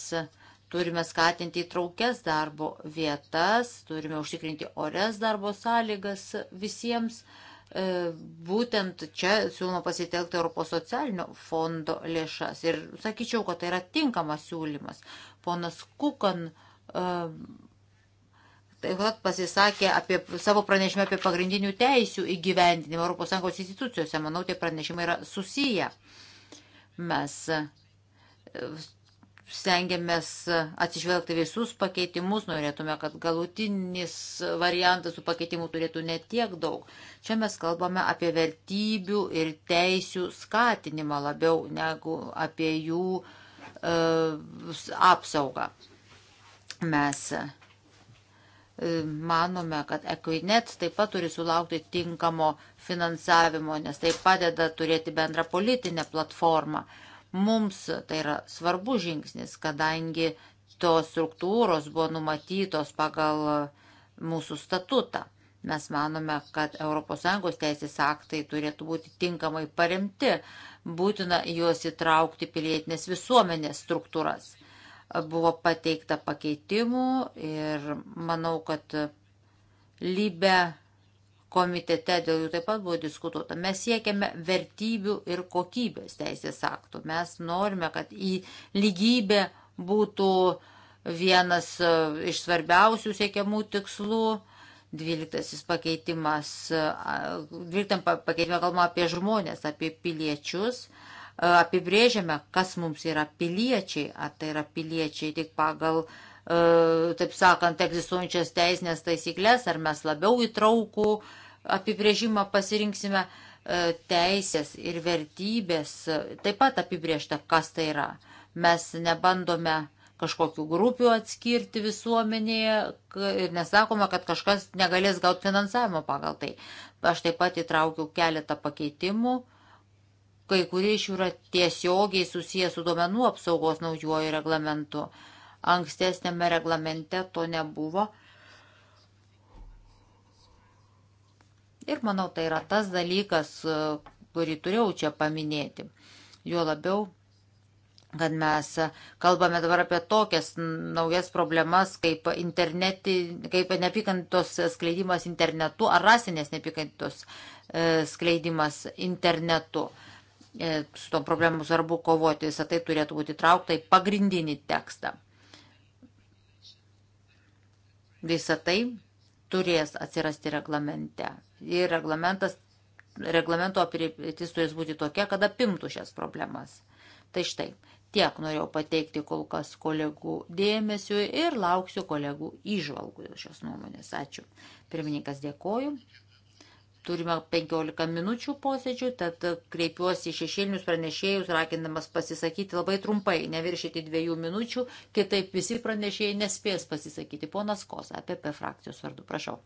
turime skatinti įtraukias darbo vietas, turime užtikrinti ores darbo sąlygas visiems. E, būtent čia siūloma pasitelkti Europos socialinio fondo lėšas. Ir sakyčiau, kad tai yra tinkamas siūlymas. Ponas Kukan e, taip pat pasisakė apie savo pranešimą apie pagrindinių teisių įgyvendinimą ES institucijose. Manau, tie pranešimai yra susiję. Mes e, stengiamės atsižvelgti visus pakeitimus, norėtume, kad galutinis variantas tų pakeitimų turėtų net tiek daug. Čia mes kalbame apie vertybių ir teisių skatinimą labiau negu apie jų e, apsaugą. Mes manome, kad Equinet taip pat turi sulaukti tinkamo finansavimo, nes tai padeda turėti bendrą politinę platformą. Mums tai yra svarbu žingsnis, kadangi tos struktūros buvo numatytos pagal mūsų statutą. Mes manome, kad ES teisės aktai turėtų būti tinkamai paremti, būtina juos įtraukti pilietinės visuomenės struktūras buvo pateikta pakeitimų ir manau, kad lybe komitete dėl jų taip pat buvo diskutuota. Mes siekiame vertybių ir kokybės teisės aktų. Mes norime, kad į lygybę būtų vienas iš svarbiausių siekiamų tikslų. Dvyliktasis pakeitimas, dvyliktam pakeitime kalbama apie žmonės, apie piliečius. E, apibrėžiame, kas mums yra piliečiai, ar tai yra piliečiai tik pagal, e, taip sakant, egzistuojančias teisinės taisyklės, ar mes labiau įtraukų apibrėžimą pasirinksime e, teisės ir vertybės, taip pat apibriešta, kas tai yra. Mes nebandome kažkokių grupių atskirti visuomenėje ir nesakoma, kad kažkas negalės gauti finansavimo pagal tai. Aš taip pat įtraukiau keletą pakeitimų, uh, Kai kurie iš jų yra tiesiogiai susijęs su duomenų apsaugos naujuoju reglamentu. Ankstesnėme reglamente to nebuvo. Ir manau, tai yra tas dalykas, kurį turėjau čia paminėti. Juo labiau, kad mes kalbame dabar apie tokias naujas problemas, kaip, interneti, kaip neapykantos skleidimas internetu ar rasinės neapykantos e, skleidimas internetu. E, E, su tom problemu svarbu kovoti, visą tai turėtų būti traukta į pagrindinį tekstą. Visą tai turės atsirasti reglamente. Ir reglamentas, reglamento apriptis turės būti tokia, kad apimtų šias problemas. Tai štai, tiek norėjau pateikti kol kas kolegų dėmesiu ir lauksiu kolegų įžvalgų dėl šios nuomonės. Ačiū. Pirmininkas dėkoju. Turime 15 minučių posėdžių, tad kreipiuosi šešėlinius pranešėjus, rakindamas pasisakyti labai trumpai, neviršyti dviejų minučių, kitaip visi pranešėjai nespės pasisakyti. Ponas Kosa, apie P frakcijos vardu, prašau.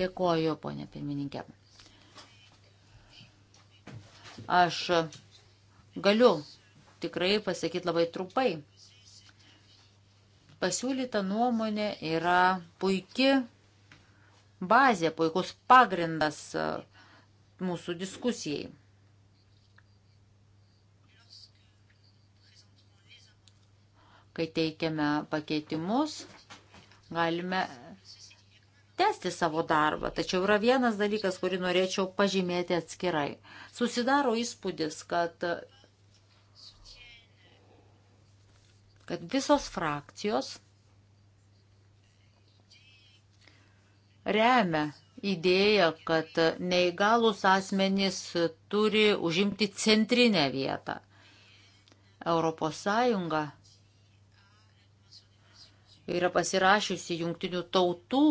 Dėkoju, ponė pirmininkė. Aš galiu tikrai pasakyti labai trumpai. Pasiūlyta nuomonė yra puikia bazė, puikus pagrindas e, mūsų diskusijai. Kai teikiame pakeitimus, galime tęsti savo darbą. Tačiau yra vienas dalykas, kurį norėčiau pažymėti atskirai. Susidaro įspūdis, kad kad visos frakcijos remia idėją, kad neįgalus asmenys turi užimti centrinę vietą. Europos Sąjunga yra pasirašiusi jungtinių tautų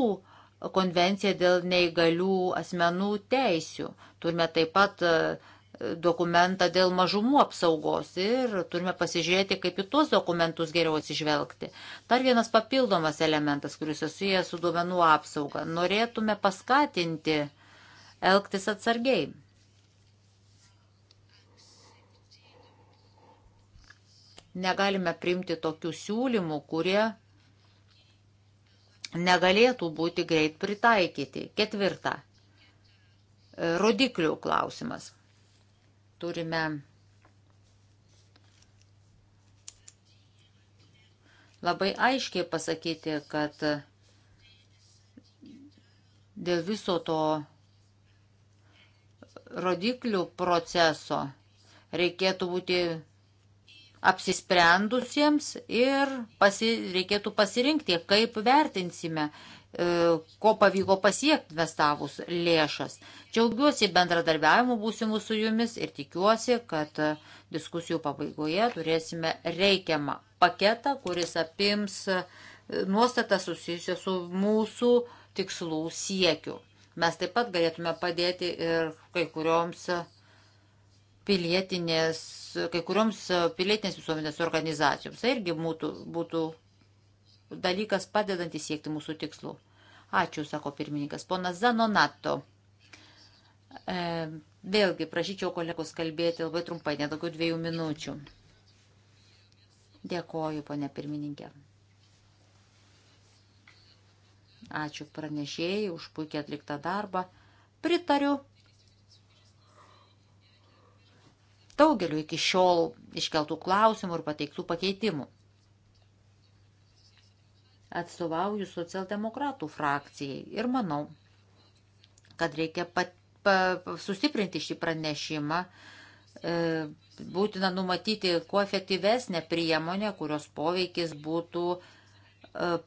konvenciją dėl neįgalių asmenų teisių. Turime taip pat uh, dokumentą dėl mažumų apsaugos ir turime pasižiūrėti, kaip į tuos dokumentus geriau atsižvelgti. Dar vienas papildomas elementas, kuris susijęs su duomenų apsauga. Norėtume paskatinti elgtis atsargiai. Negalime primti tokių siūlymų, kurie negalėtų būti greit pritaikyti. Ketvirta. Rodiklių klausimas turime labai aiškiai pasakyti, kad dėl viso to rodiklių proceso reikėtų būti apsisprendusiems ir pasi, reikėtų pasirinkti, kaip vertinsime E, ko pavyko pasiekti vestavus lėšas. Džiaugiuosi bendradarbiavimu būsimu su jumis ir tikiuosi, kad diskusijų pabaigoje turėsime reikiamą paketą, kuris apims e, nuostatą susijusią su mūsų tikslų siekiu. Mes taip pat galėtume padėti ir kai kurioms pilietinės, kai kurioms pilietinės visuomenės organizacijoms. Tai irgi būtų, būtų dalykas padedantis siekti mūsų tikslų. Ačiū, sako pirmininkas. Pona Zanonato. E, vėlgi, prašyčiau kolegos kalbėti labai trumpai, nedaugiau dviejų minučių. Dėkoju, ponė pirmininkė. Ačiū pranešėjai už puikiai atliktą darbą. Pritariu daugeliu iki šiol iškeltų klausimų ir pateiktų pakeitimų atstovauju socialdemokratų frakcijai ir manau, kad reikia pat, pa, sustiprinti šį pranešimą, e, būtina numatyti kuo efektyvesnę priemonę, kurios poveikis būtų e,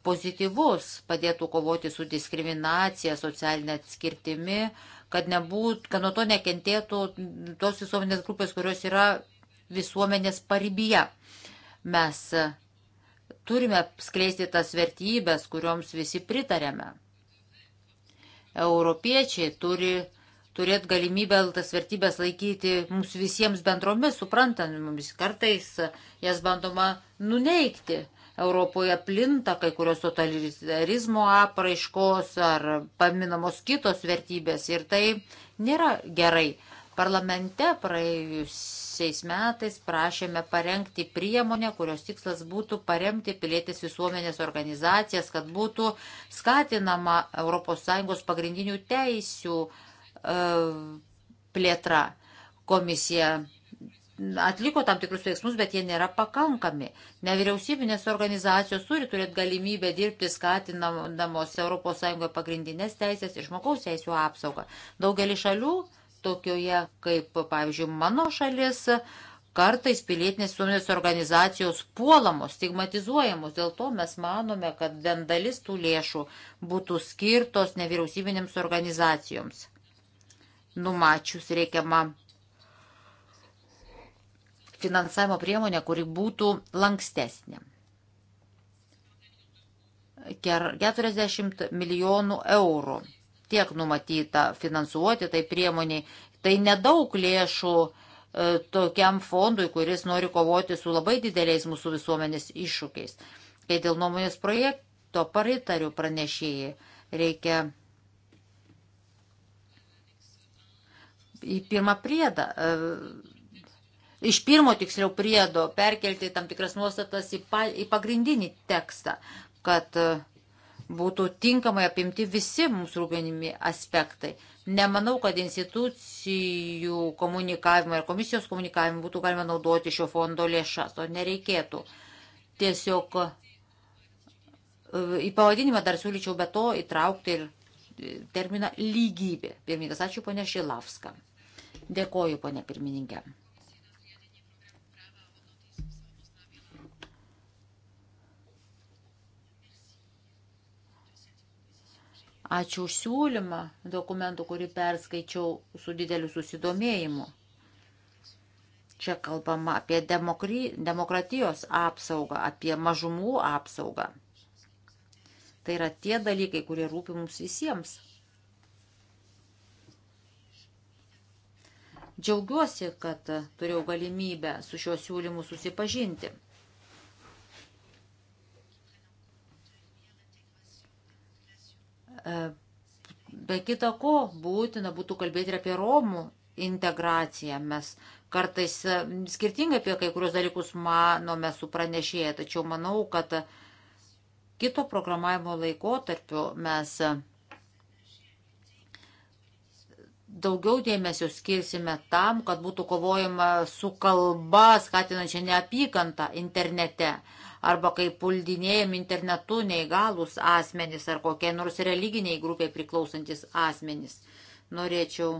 pozityvus, padėtų kovoti su diskriminacija, socialinė atskirtimi, kad, nebūt, kad nuo to nekentėtų tos visuomenės grupės, kurios yra visuomenės paribyje. Mes Turime skleisti tas vertybės, kurioms visi pritarėme. Europiečiai turi turėti galimybę tas vertybės laikyti mums visiems bendromis, suprantamomis. Kartais jas bandoma nuneikti. Europoje plinta kai kurios totalitarizmo apraiškos ar paminamos kitos vertybės ir tai nėra gerai. Parlamente praėjus 2000 metais prašėme parengti priemonę, kurios tikslas būtų paremti pilietis visuomenės organizacijas, kad būtų skatinama ES pagrindinių teisių e, plėtra. Komisija atliko tam tikrus veiksmus, bet jie nėra pakankami. Nevyriausybinės organizacijos turi turėti galimybę dirbti skatinamos ES pagrindinės teisės ir žmogaus teisų apsaugą. Daugelį šalių tokioje kaip, pavyzdžiui, mano šalis, kartais pilietinės visuomenės organizacijos puolamos, stigmatizuojamos. Dėl to mes manome, kad bent dalis tų lėšų būtų skirtos nevyriausybinėms organizacijoms. Numačius reikiamą finansavimo priemonę, kuri būtų lankstesnė. 40 milijonų eurų tiek numatyta finansuoti tai priemoniai. Tai nedaug lėšų e, tokiam fondui, kuris nori kovoti su labai dideliais mūsų visuomenės iššūkiais. Kai dėl nuomonės projekto paritariu pranešėjai, reikia į pirmą priedą, e, iš pirmo tiksliau priedo perkelti tam tikras nuostatas į, pa, į pagrindinį tekstą, kad uh, būtų tinkamai apimti visi mums rūpinimi aspektai. Nemanau, kad institucijų komunikavimą ir komisijos komunikavimą būtų galima naudoti šio fondo lėšas, to nereikėtų. Tiesiog e, į pavadinimą dar siūlyčiau be to įtraukti ir e, terminą lygybė. Pirmininkas, ačiū ponia Šilavska. Dėkoju, ponia pirmininkė. Ačiū už siūlymą dokumentų, kurį perskaičiau su dideliu susidomėjimu. Čia kalbama apie demokry, demokratijos apsaugą, apie mažumų apsaugą. Tai yra tie dalykai, kurie rūpi mums visiems. Džiaugiuosi, kad turėjau galimybę su šiuo siūlymu susipažinti. E, be kita ko, būtina būtų kalbėti ir apie Romų integraciją. Mes kartais e, skirtingai apie kai kurios dalykus manome su pranešėje, tačiau manau, kad kito programavimo laikotarpiu mes e, daugiau dėmesio skirsime tam, kad būtų kovojama su kalba, skatinančia neapykantą internete arba kaip puldinėjami internetu neįgalus asmenys ar kokie nors religiniai grupiai priklausantis asmenys. Norėčiau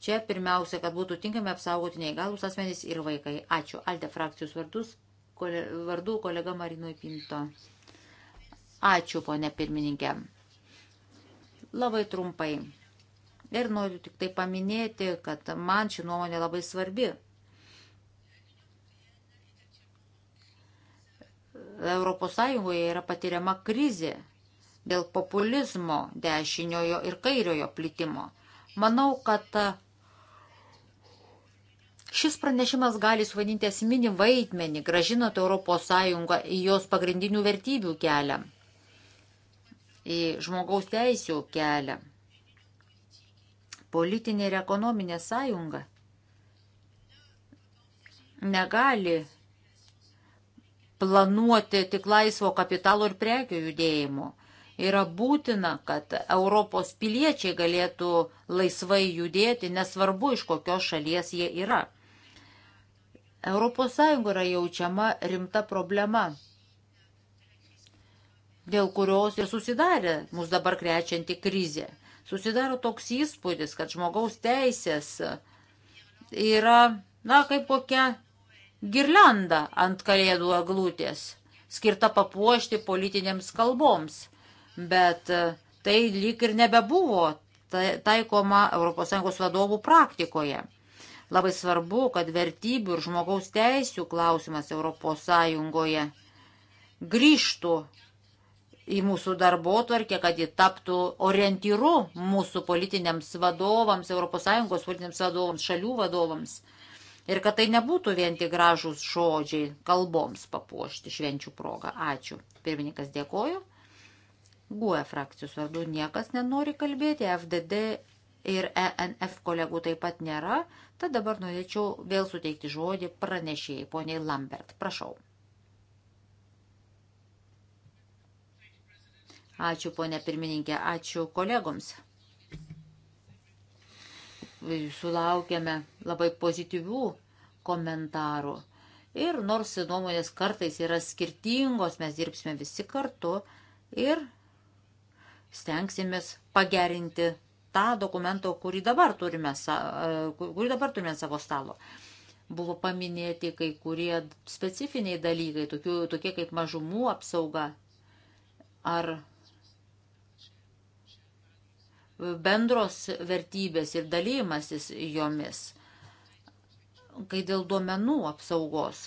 čia pirmiausia, kad būtų tinkami apsaugoti neįgalus asmenys ir vaikai. Ačiū. Alde frakcijos vardus, kole, vardų kolega Marinoj Pinto. Ačiū, ponė pirmininkė. Labai trumpai. Ir noriu tik tai paminėti, kad man ši nuomonė labai svarbi. ES yra patiriama krizė dėl populizmo dešiniojo ir kairiojo plitimo. Manau, kad e, Šis pranešimas gali suvadinti esminį vaidmenį, gražinant ES į jos pagrindinių vertybių kelią, į žmogaus teisų kelią, politinė ir ekonominė sąjunga negali planuoti tik laisvo kapitalo ir prekių judėjimo. Yra būtina, kad Europos piliečiai galėtų laisvai judėti, nesvarbu, iš kokios šalies jie yra. ES yra jaučiama rimta problema, dėl kurios ir susidarė mūsų dabar krečianti krizė. Susidaro toks įspūdis, kad žmogaus teisės yra, na, kaip kokia girliandą ant kalėdų eglutės, skirtą papuošti politinėms kalboms, bet e, tai lyg ir nebebuvo taikoma ES vadovų praktikoje. Labai svarbu, kad vertybių ir žmogaus teisių klausimas ES grįžtų į mūsų darbo tvarkę, kad ji taptų orientyru mūsų politiniams vadovams, ES politiniams vadovams, šalių vadovams ir kad tai nebūtų vien tik gražūs žodžiai kalboms papuošti švenčių progą. Ačiū. Pirmininkas dėkoju. GUE frakcijos vardu niekas nenori kalbėti, FDD ir ENF kolegų taip pat nėra, tad dabar norėčiau vėl suteikti žodį pranešėjai, poniai Lambert. Prašau. Ačiū, ponė pirmininkė, ačiū kolegoms sulaukėme labai pozityvių komentarų. Ir nors nuomonės kartais yra skirtingos, mes dirbsime visi kartu ir stengsimės pagerinti tą dokumento, kurį dabar turime, kurį dabar turime savo stalo. Buvo paminėti kai kurie specifiniai dalykai, tokių, tokie kaip mažumų apsauga ar bendros vertybės ir dalymasis jomis, kai dėl duomenų apsaugos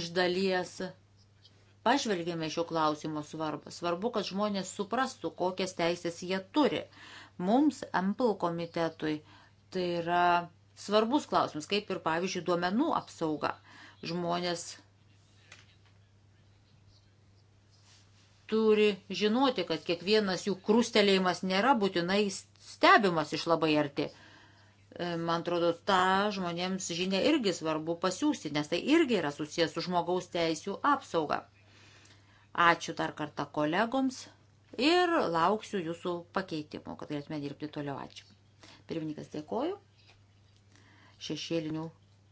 iš dalies pažvelgėme šio klausimo svarbą. Svarbu, kad žmonės suprastų, kokias teisės jie turi. Mums, MPL komitetui, tai yra svarbus klausimas, kaip ir, pavyzdžiui, duomenų apsauga. Žmonės turi žinoti, kad kiekvienas jų krustelėjimas nėra būtinai stebimas iš labai arti. E, man atrodo, tą žmonėms žinia irgi svarbu pasiūsti, nes tai irgi yra susijęs su žmogaus teisų apsauga. Ačiū dar kartą kolegoms ir lauksiu jūsų pakeitimų, kad galėtume dirbti toliau. Ačiū. Pirmininkas dėkoju. Šešėlinių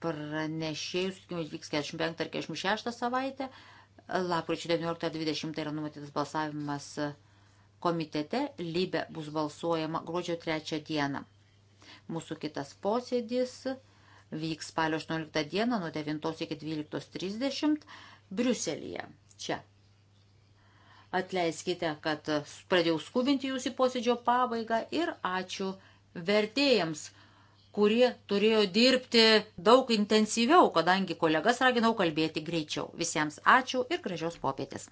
pranešėjus vyks 45 ar 46 savaitę. Lapkričio 19-20 yra numatytas balsavimas komitete, lybė bus balsuojama gruodžio 3 dieną. Mūsų kitas posėdis vyks spalio 18 dieną nuo 9 iki 12.30 Briuselėje. Čia. Atleiskite, kad pradėjau skubinti jūsų posėdžio pabaigą ir ačiū vertėjams kurie turėjo dirbti daug intensyviau, kadangi kolegas raginau kalbėti greičiau. Visiems ačiū ir gražios popietės.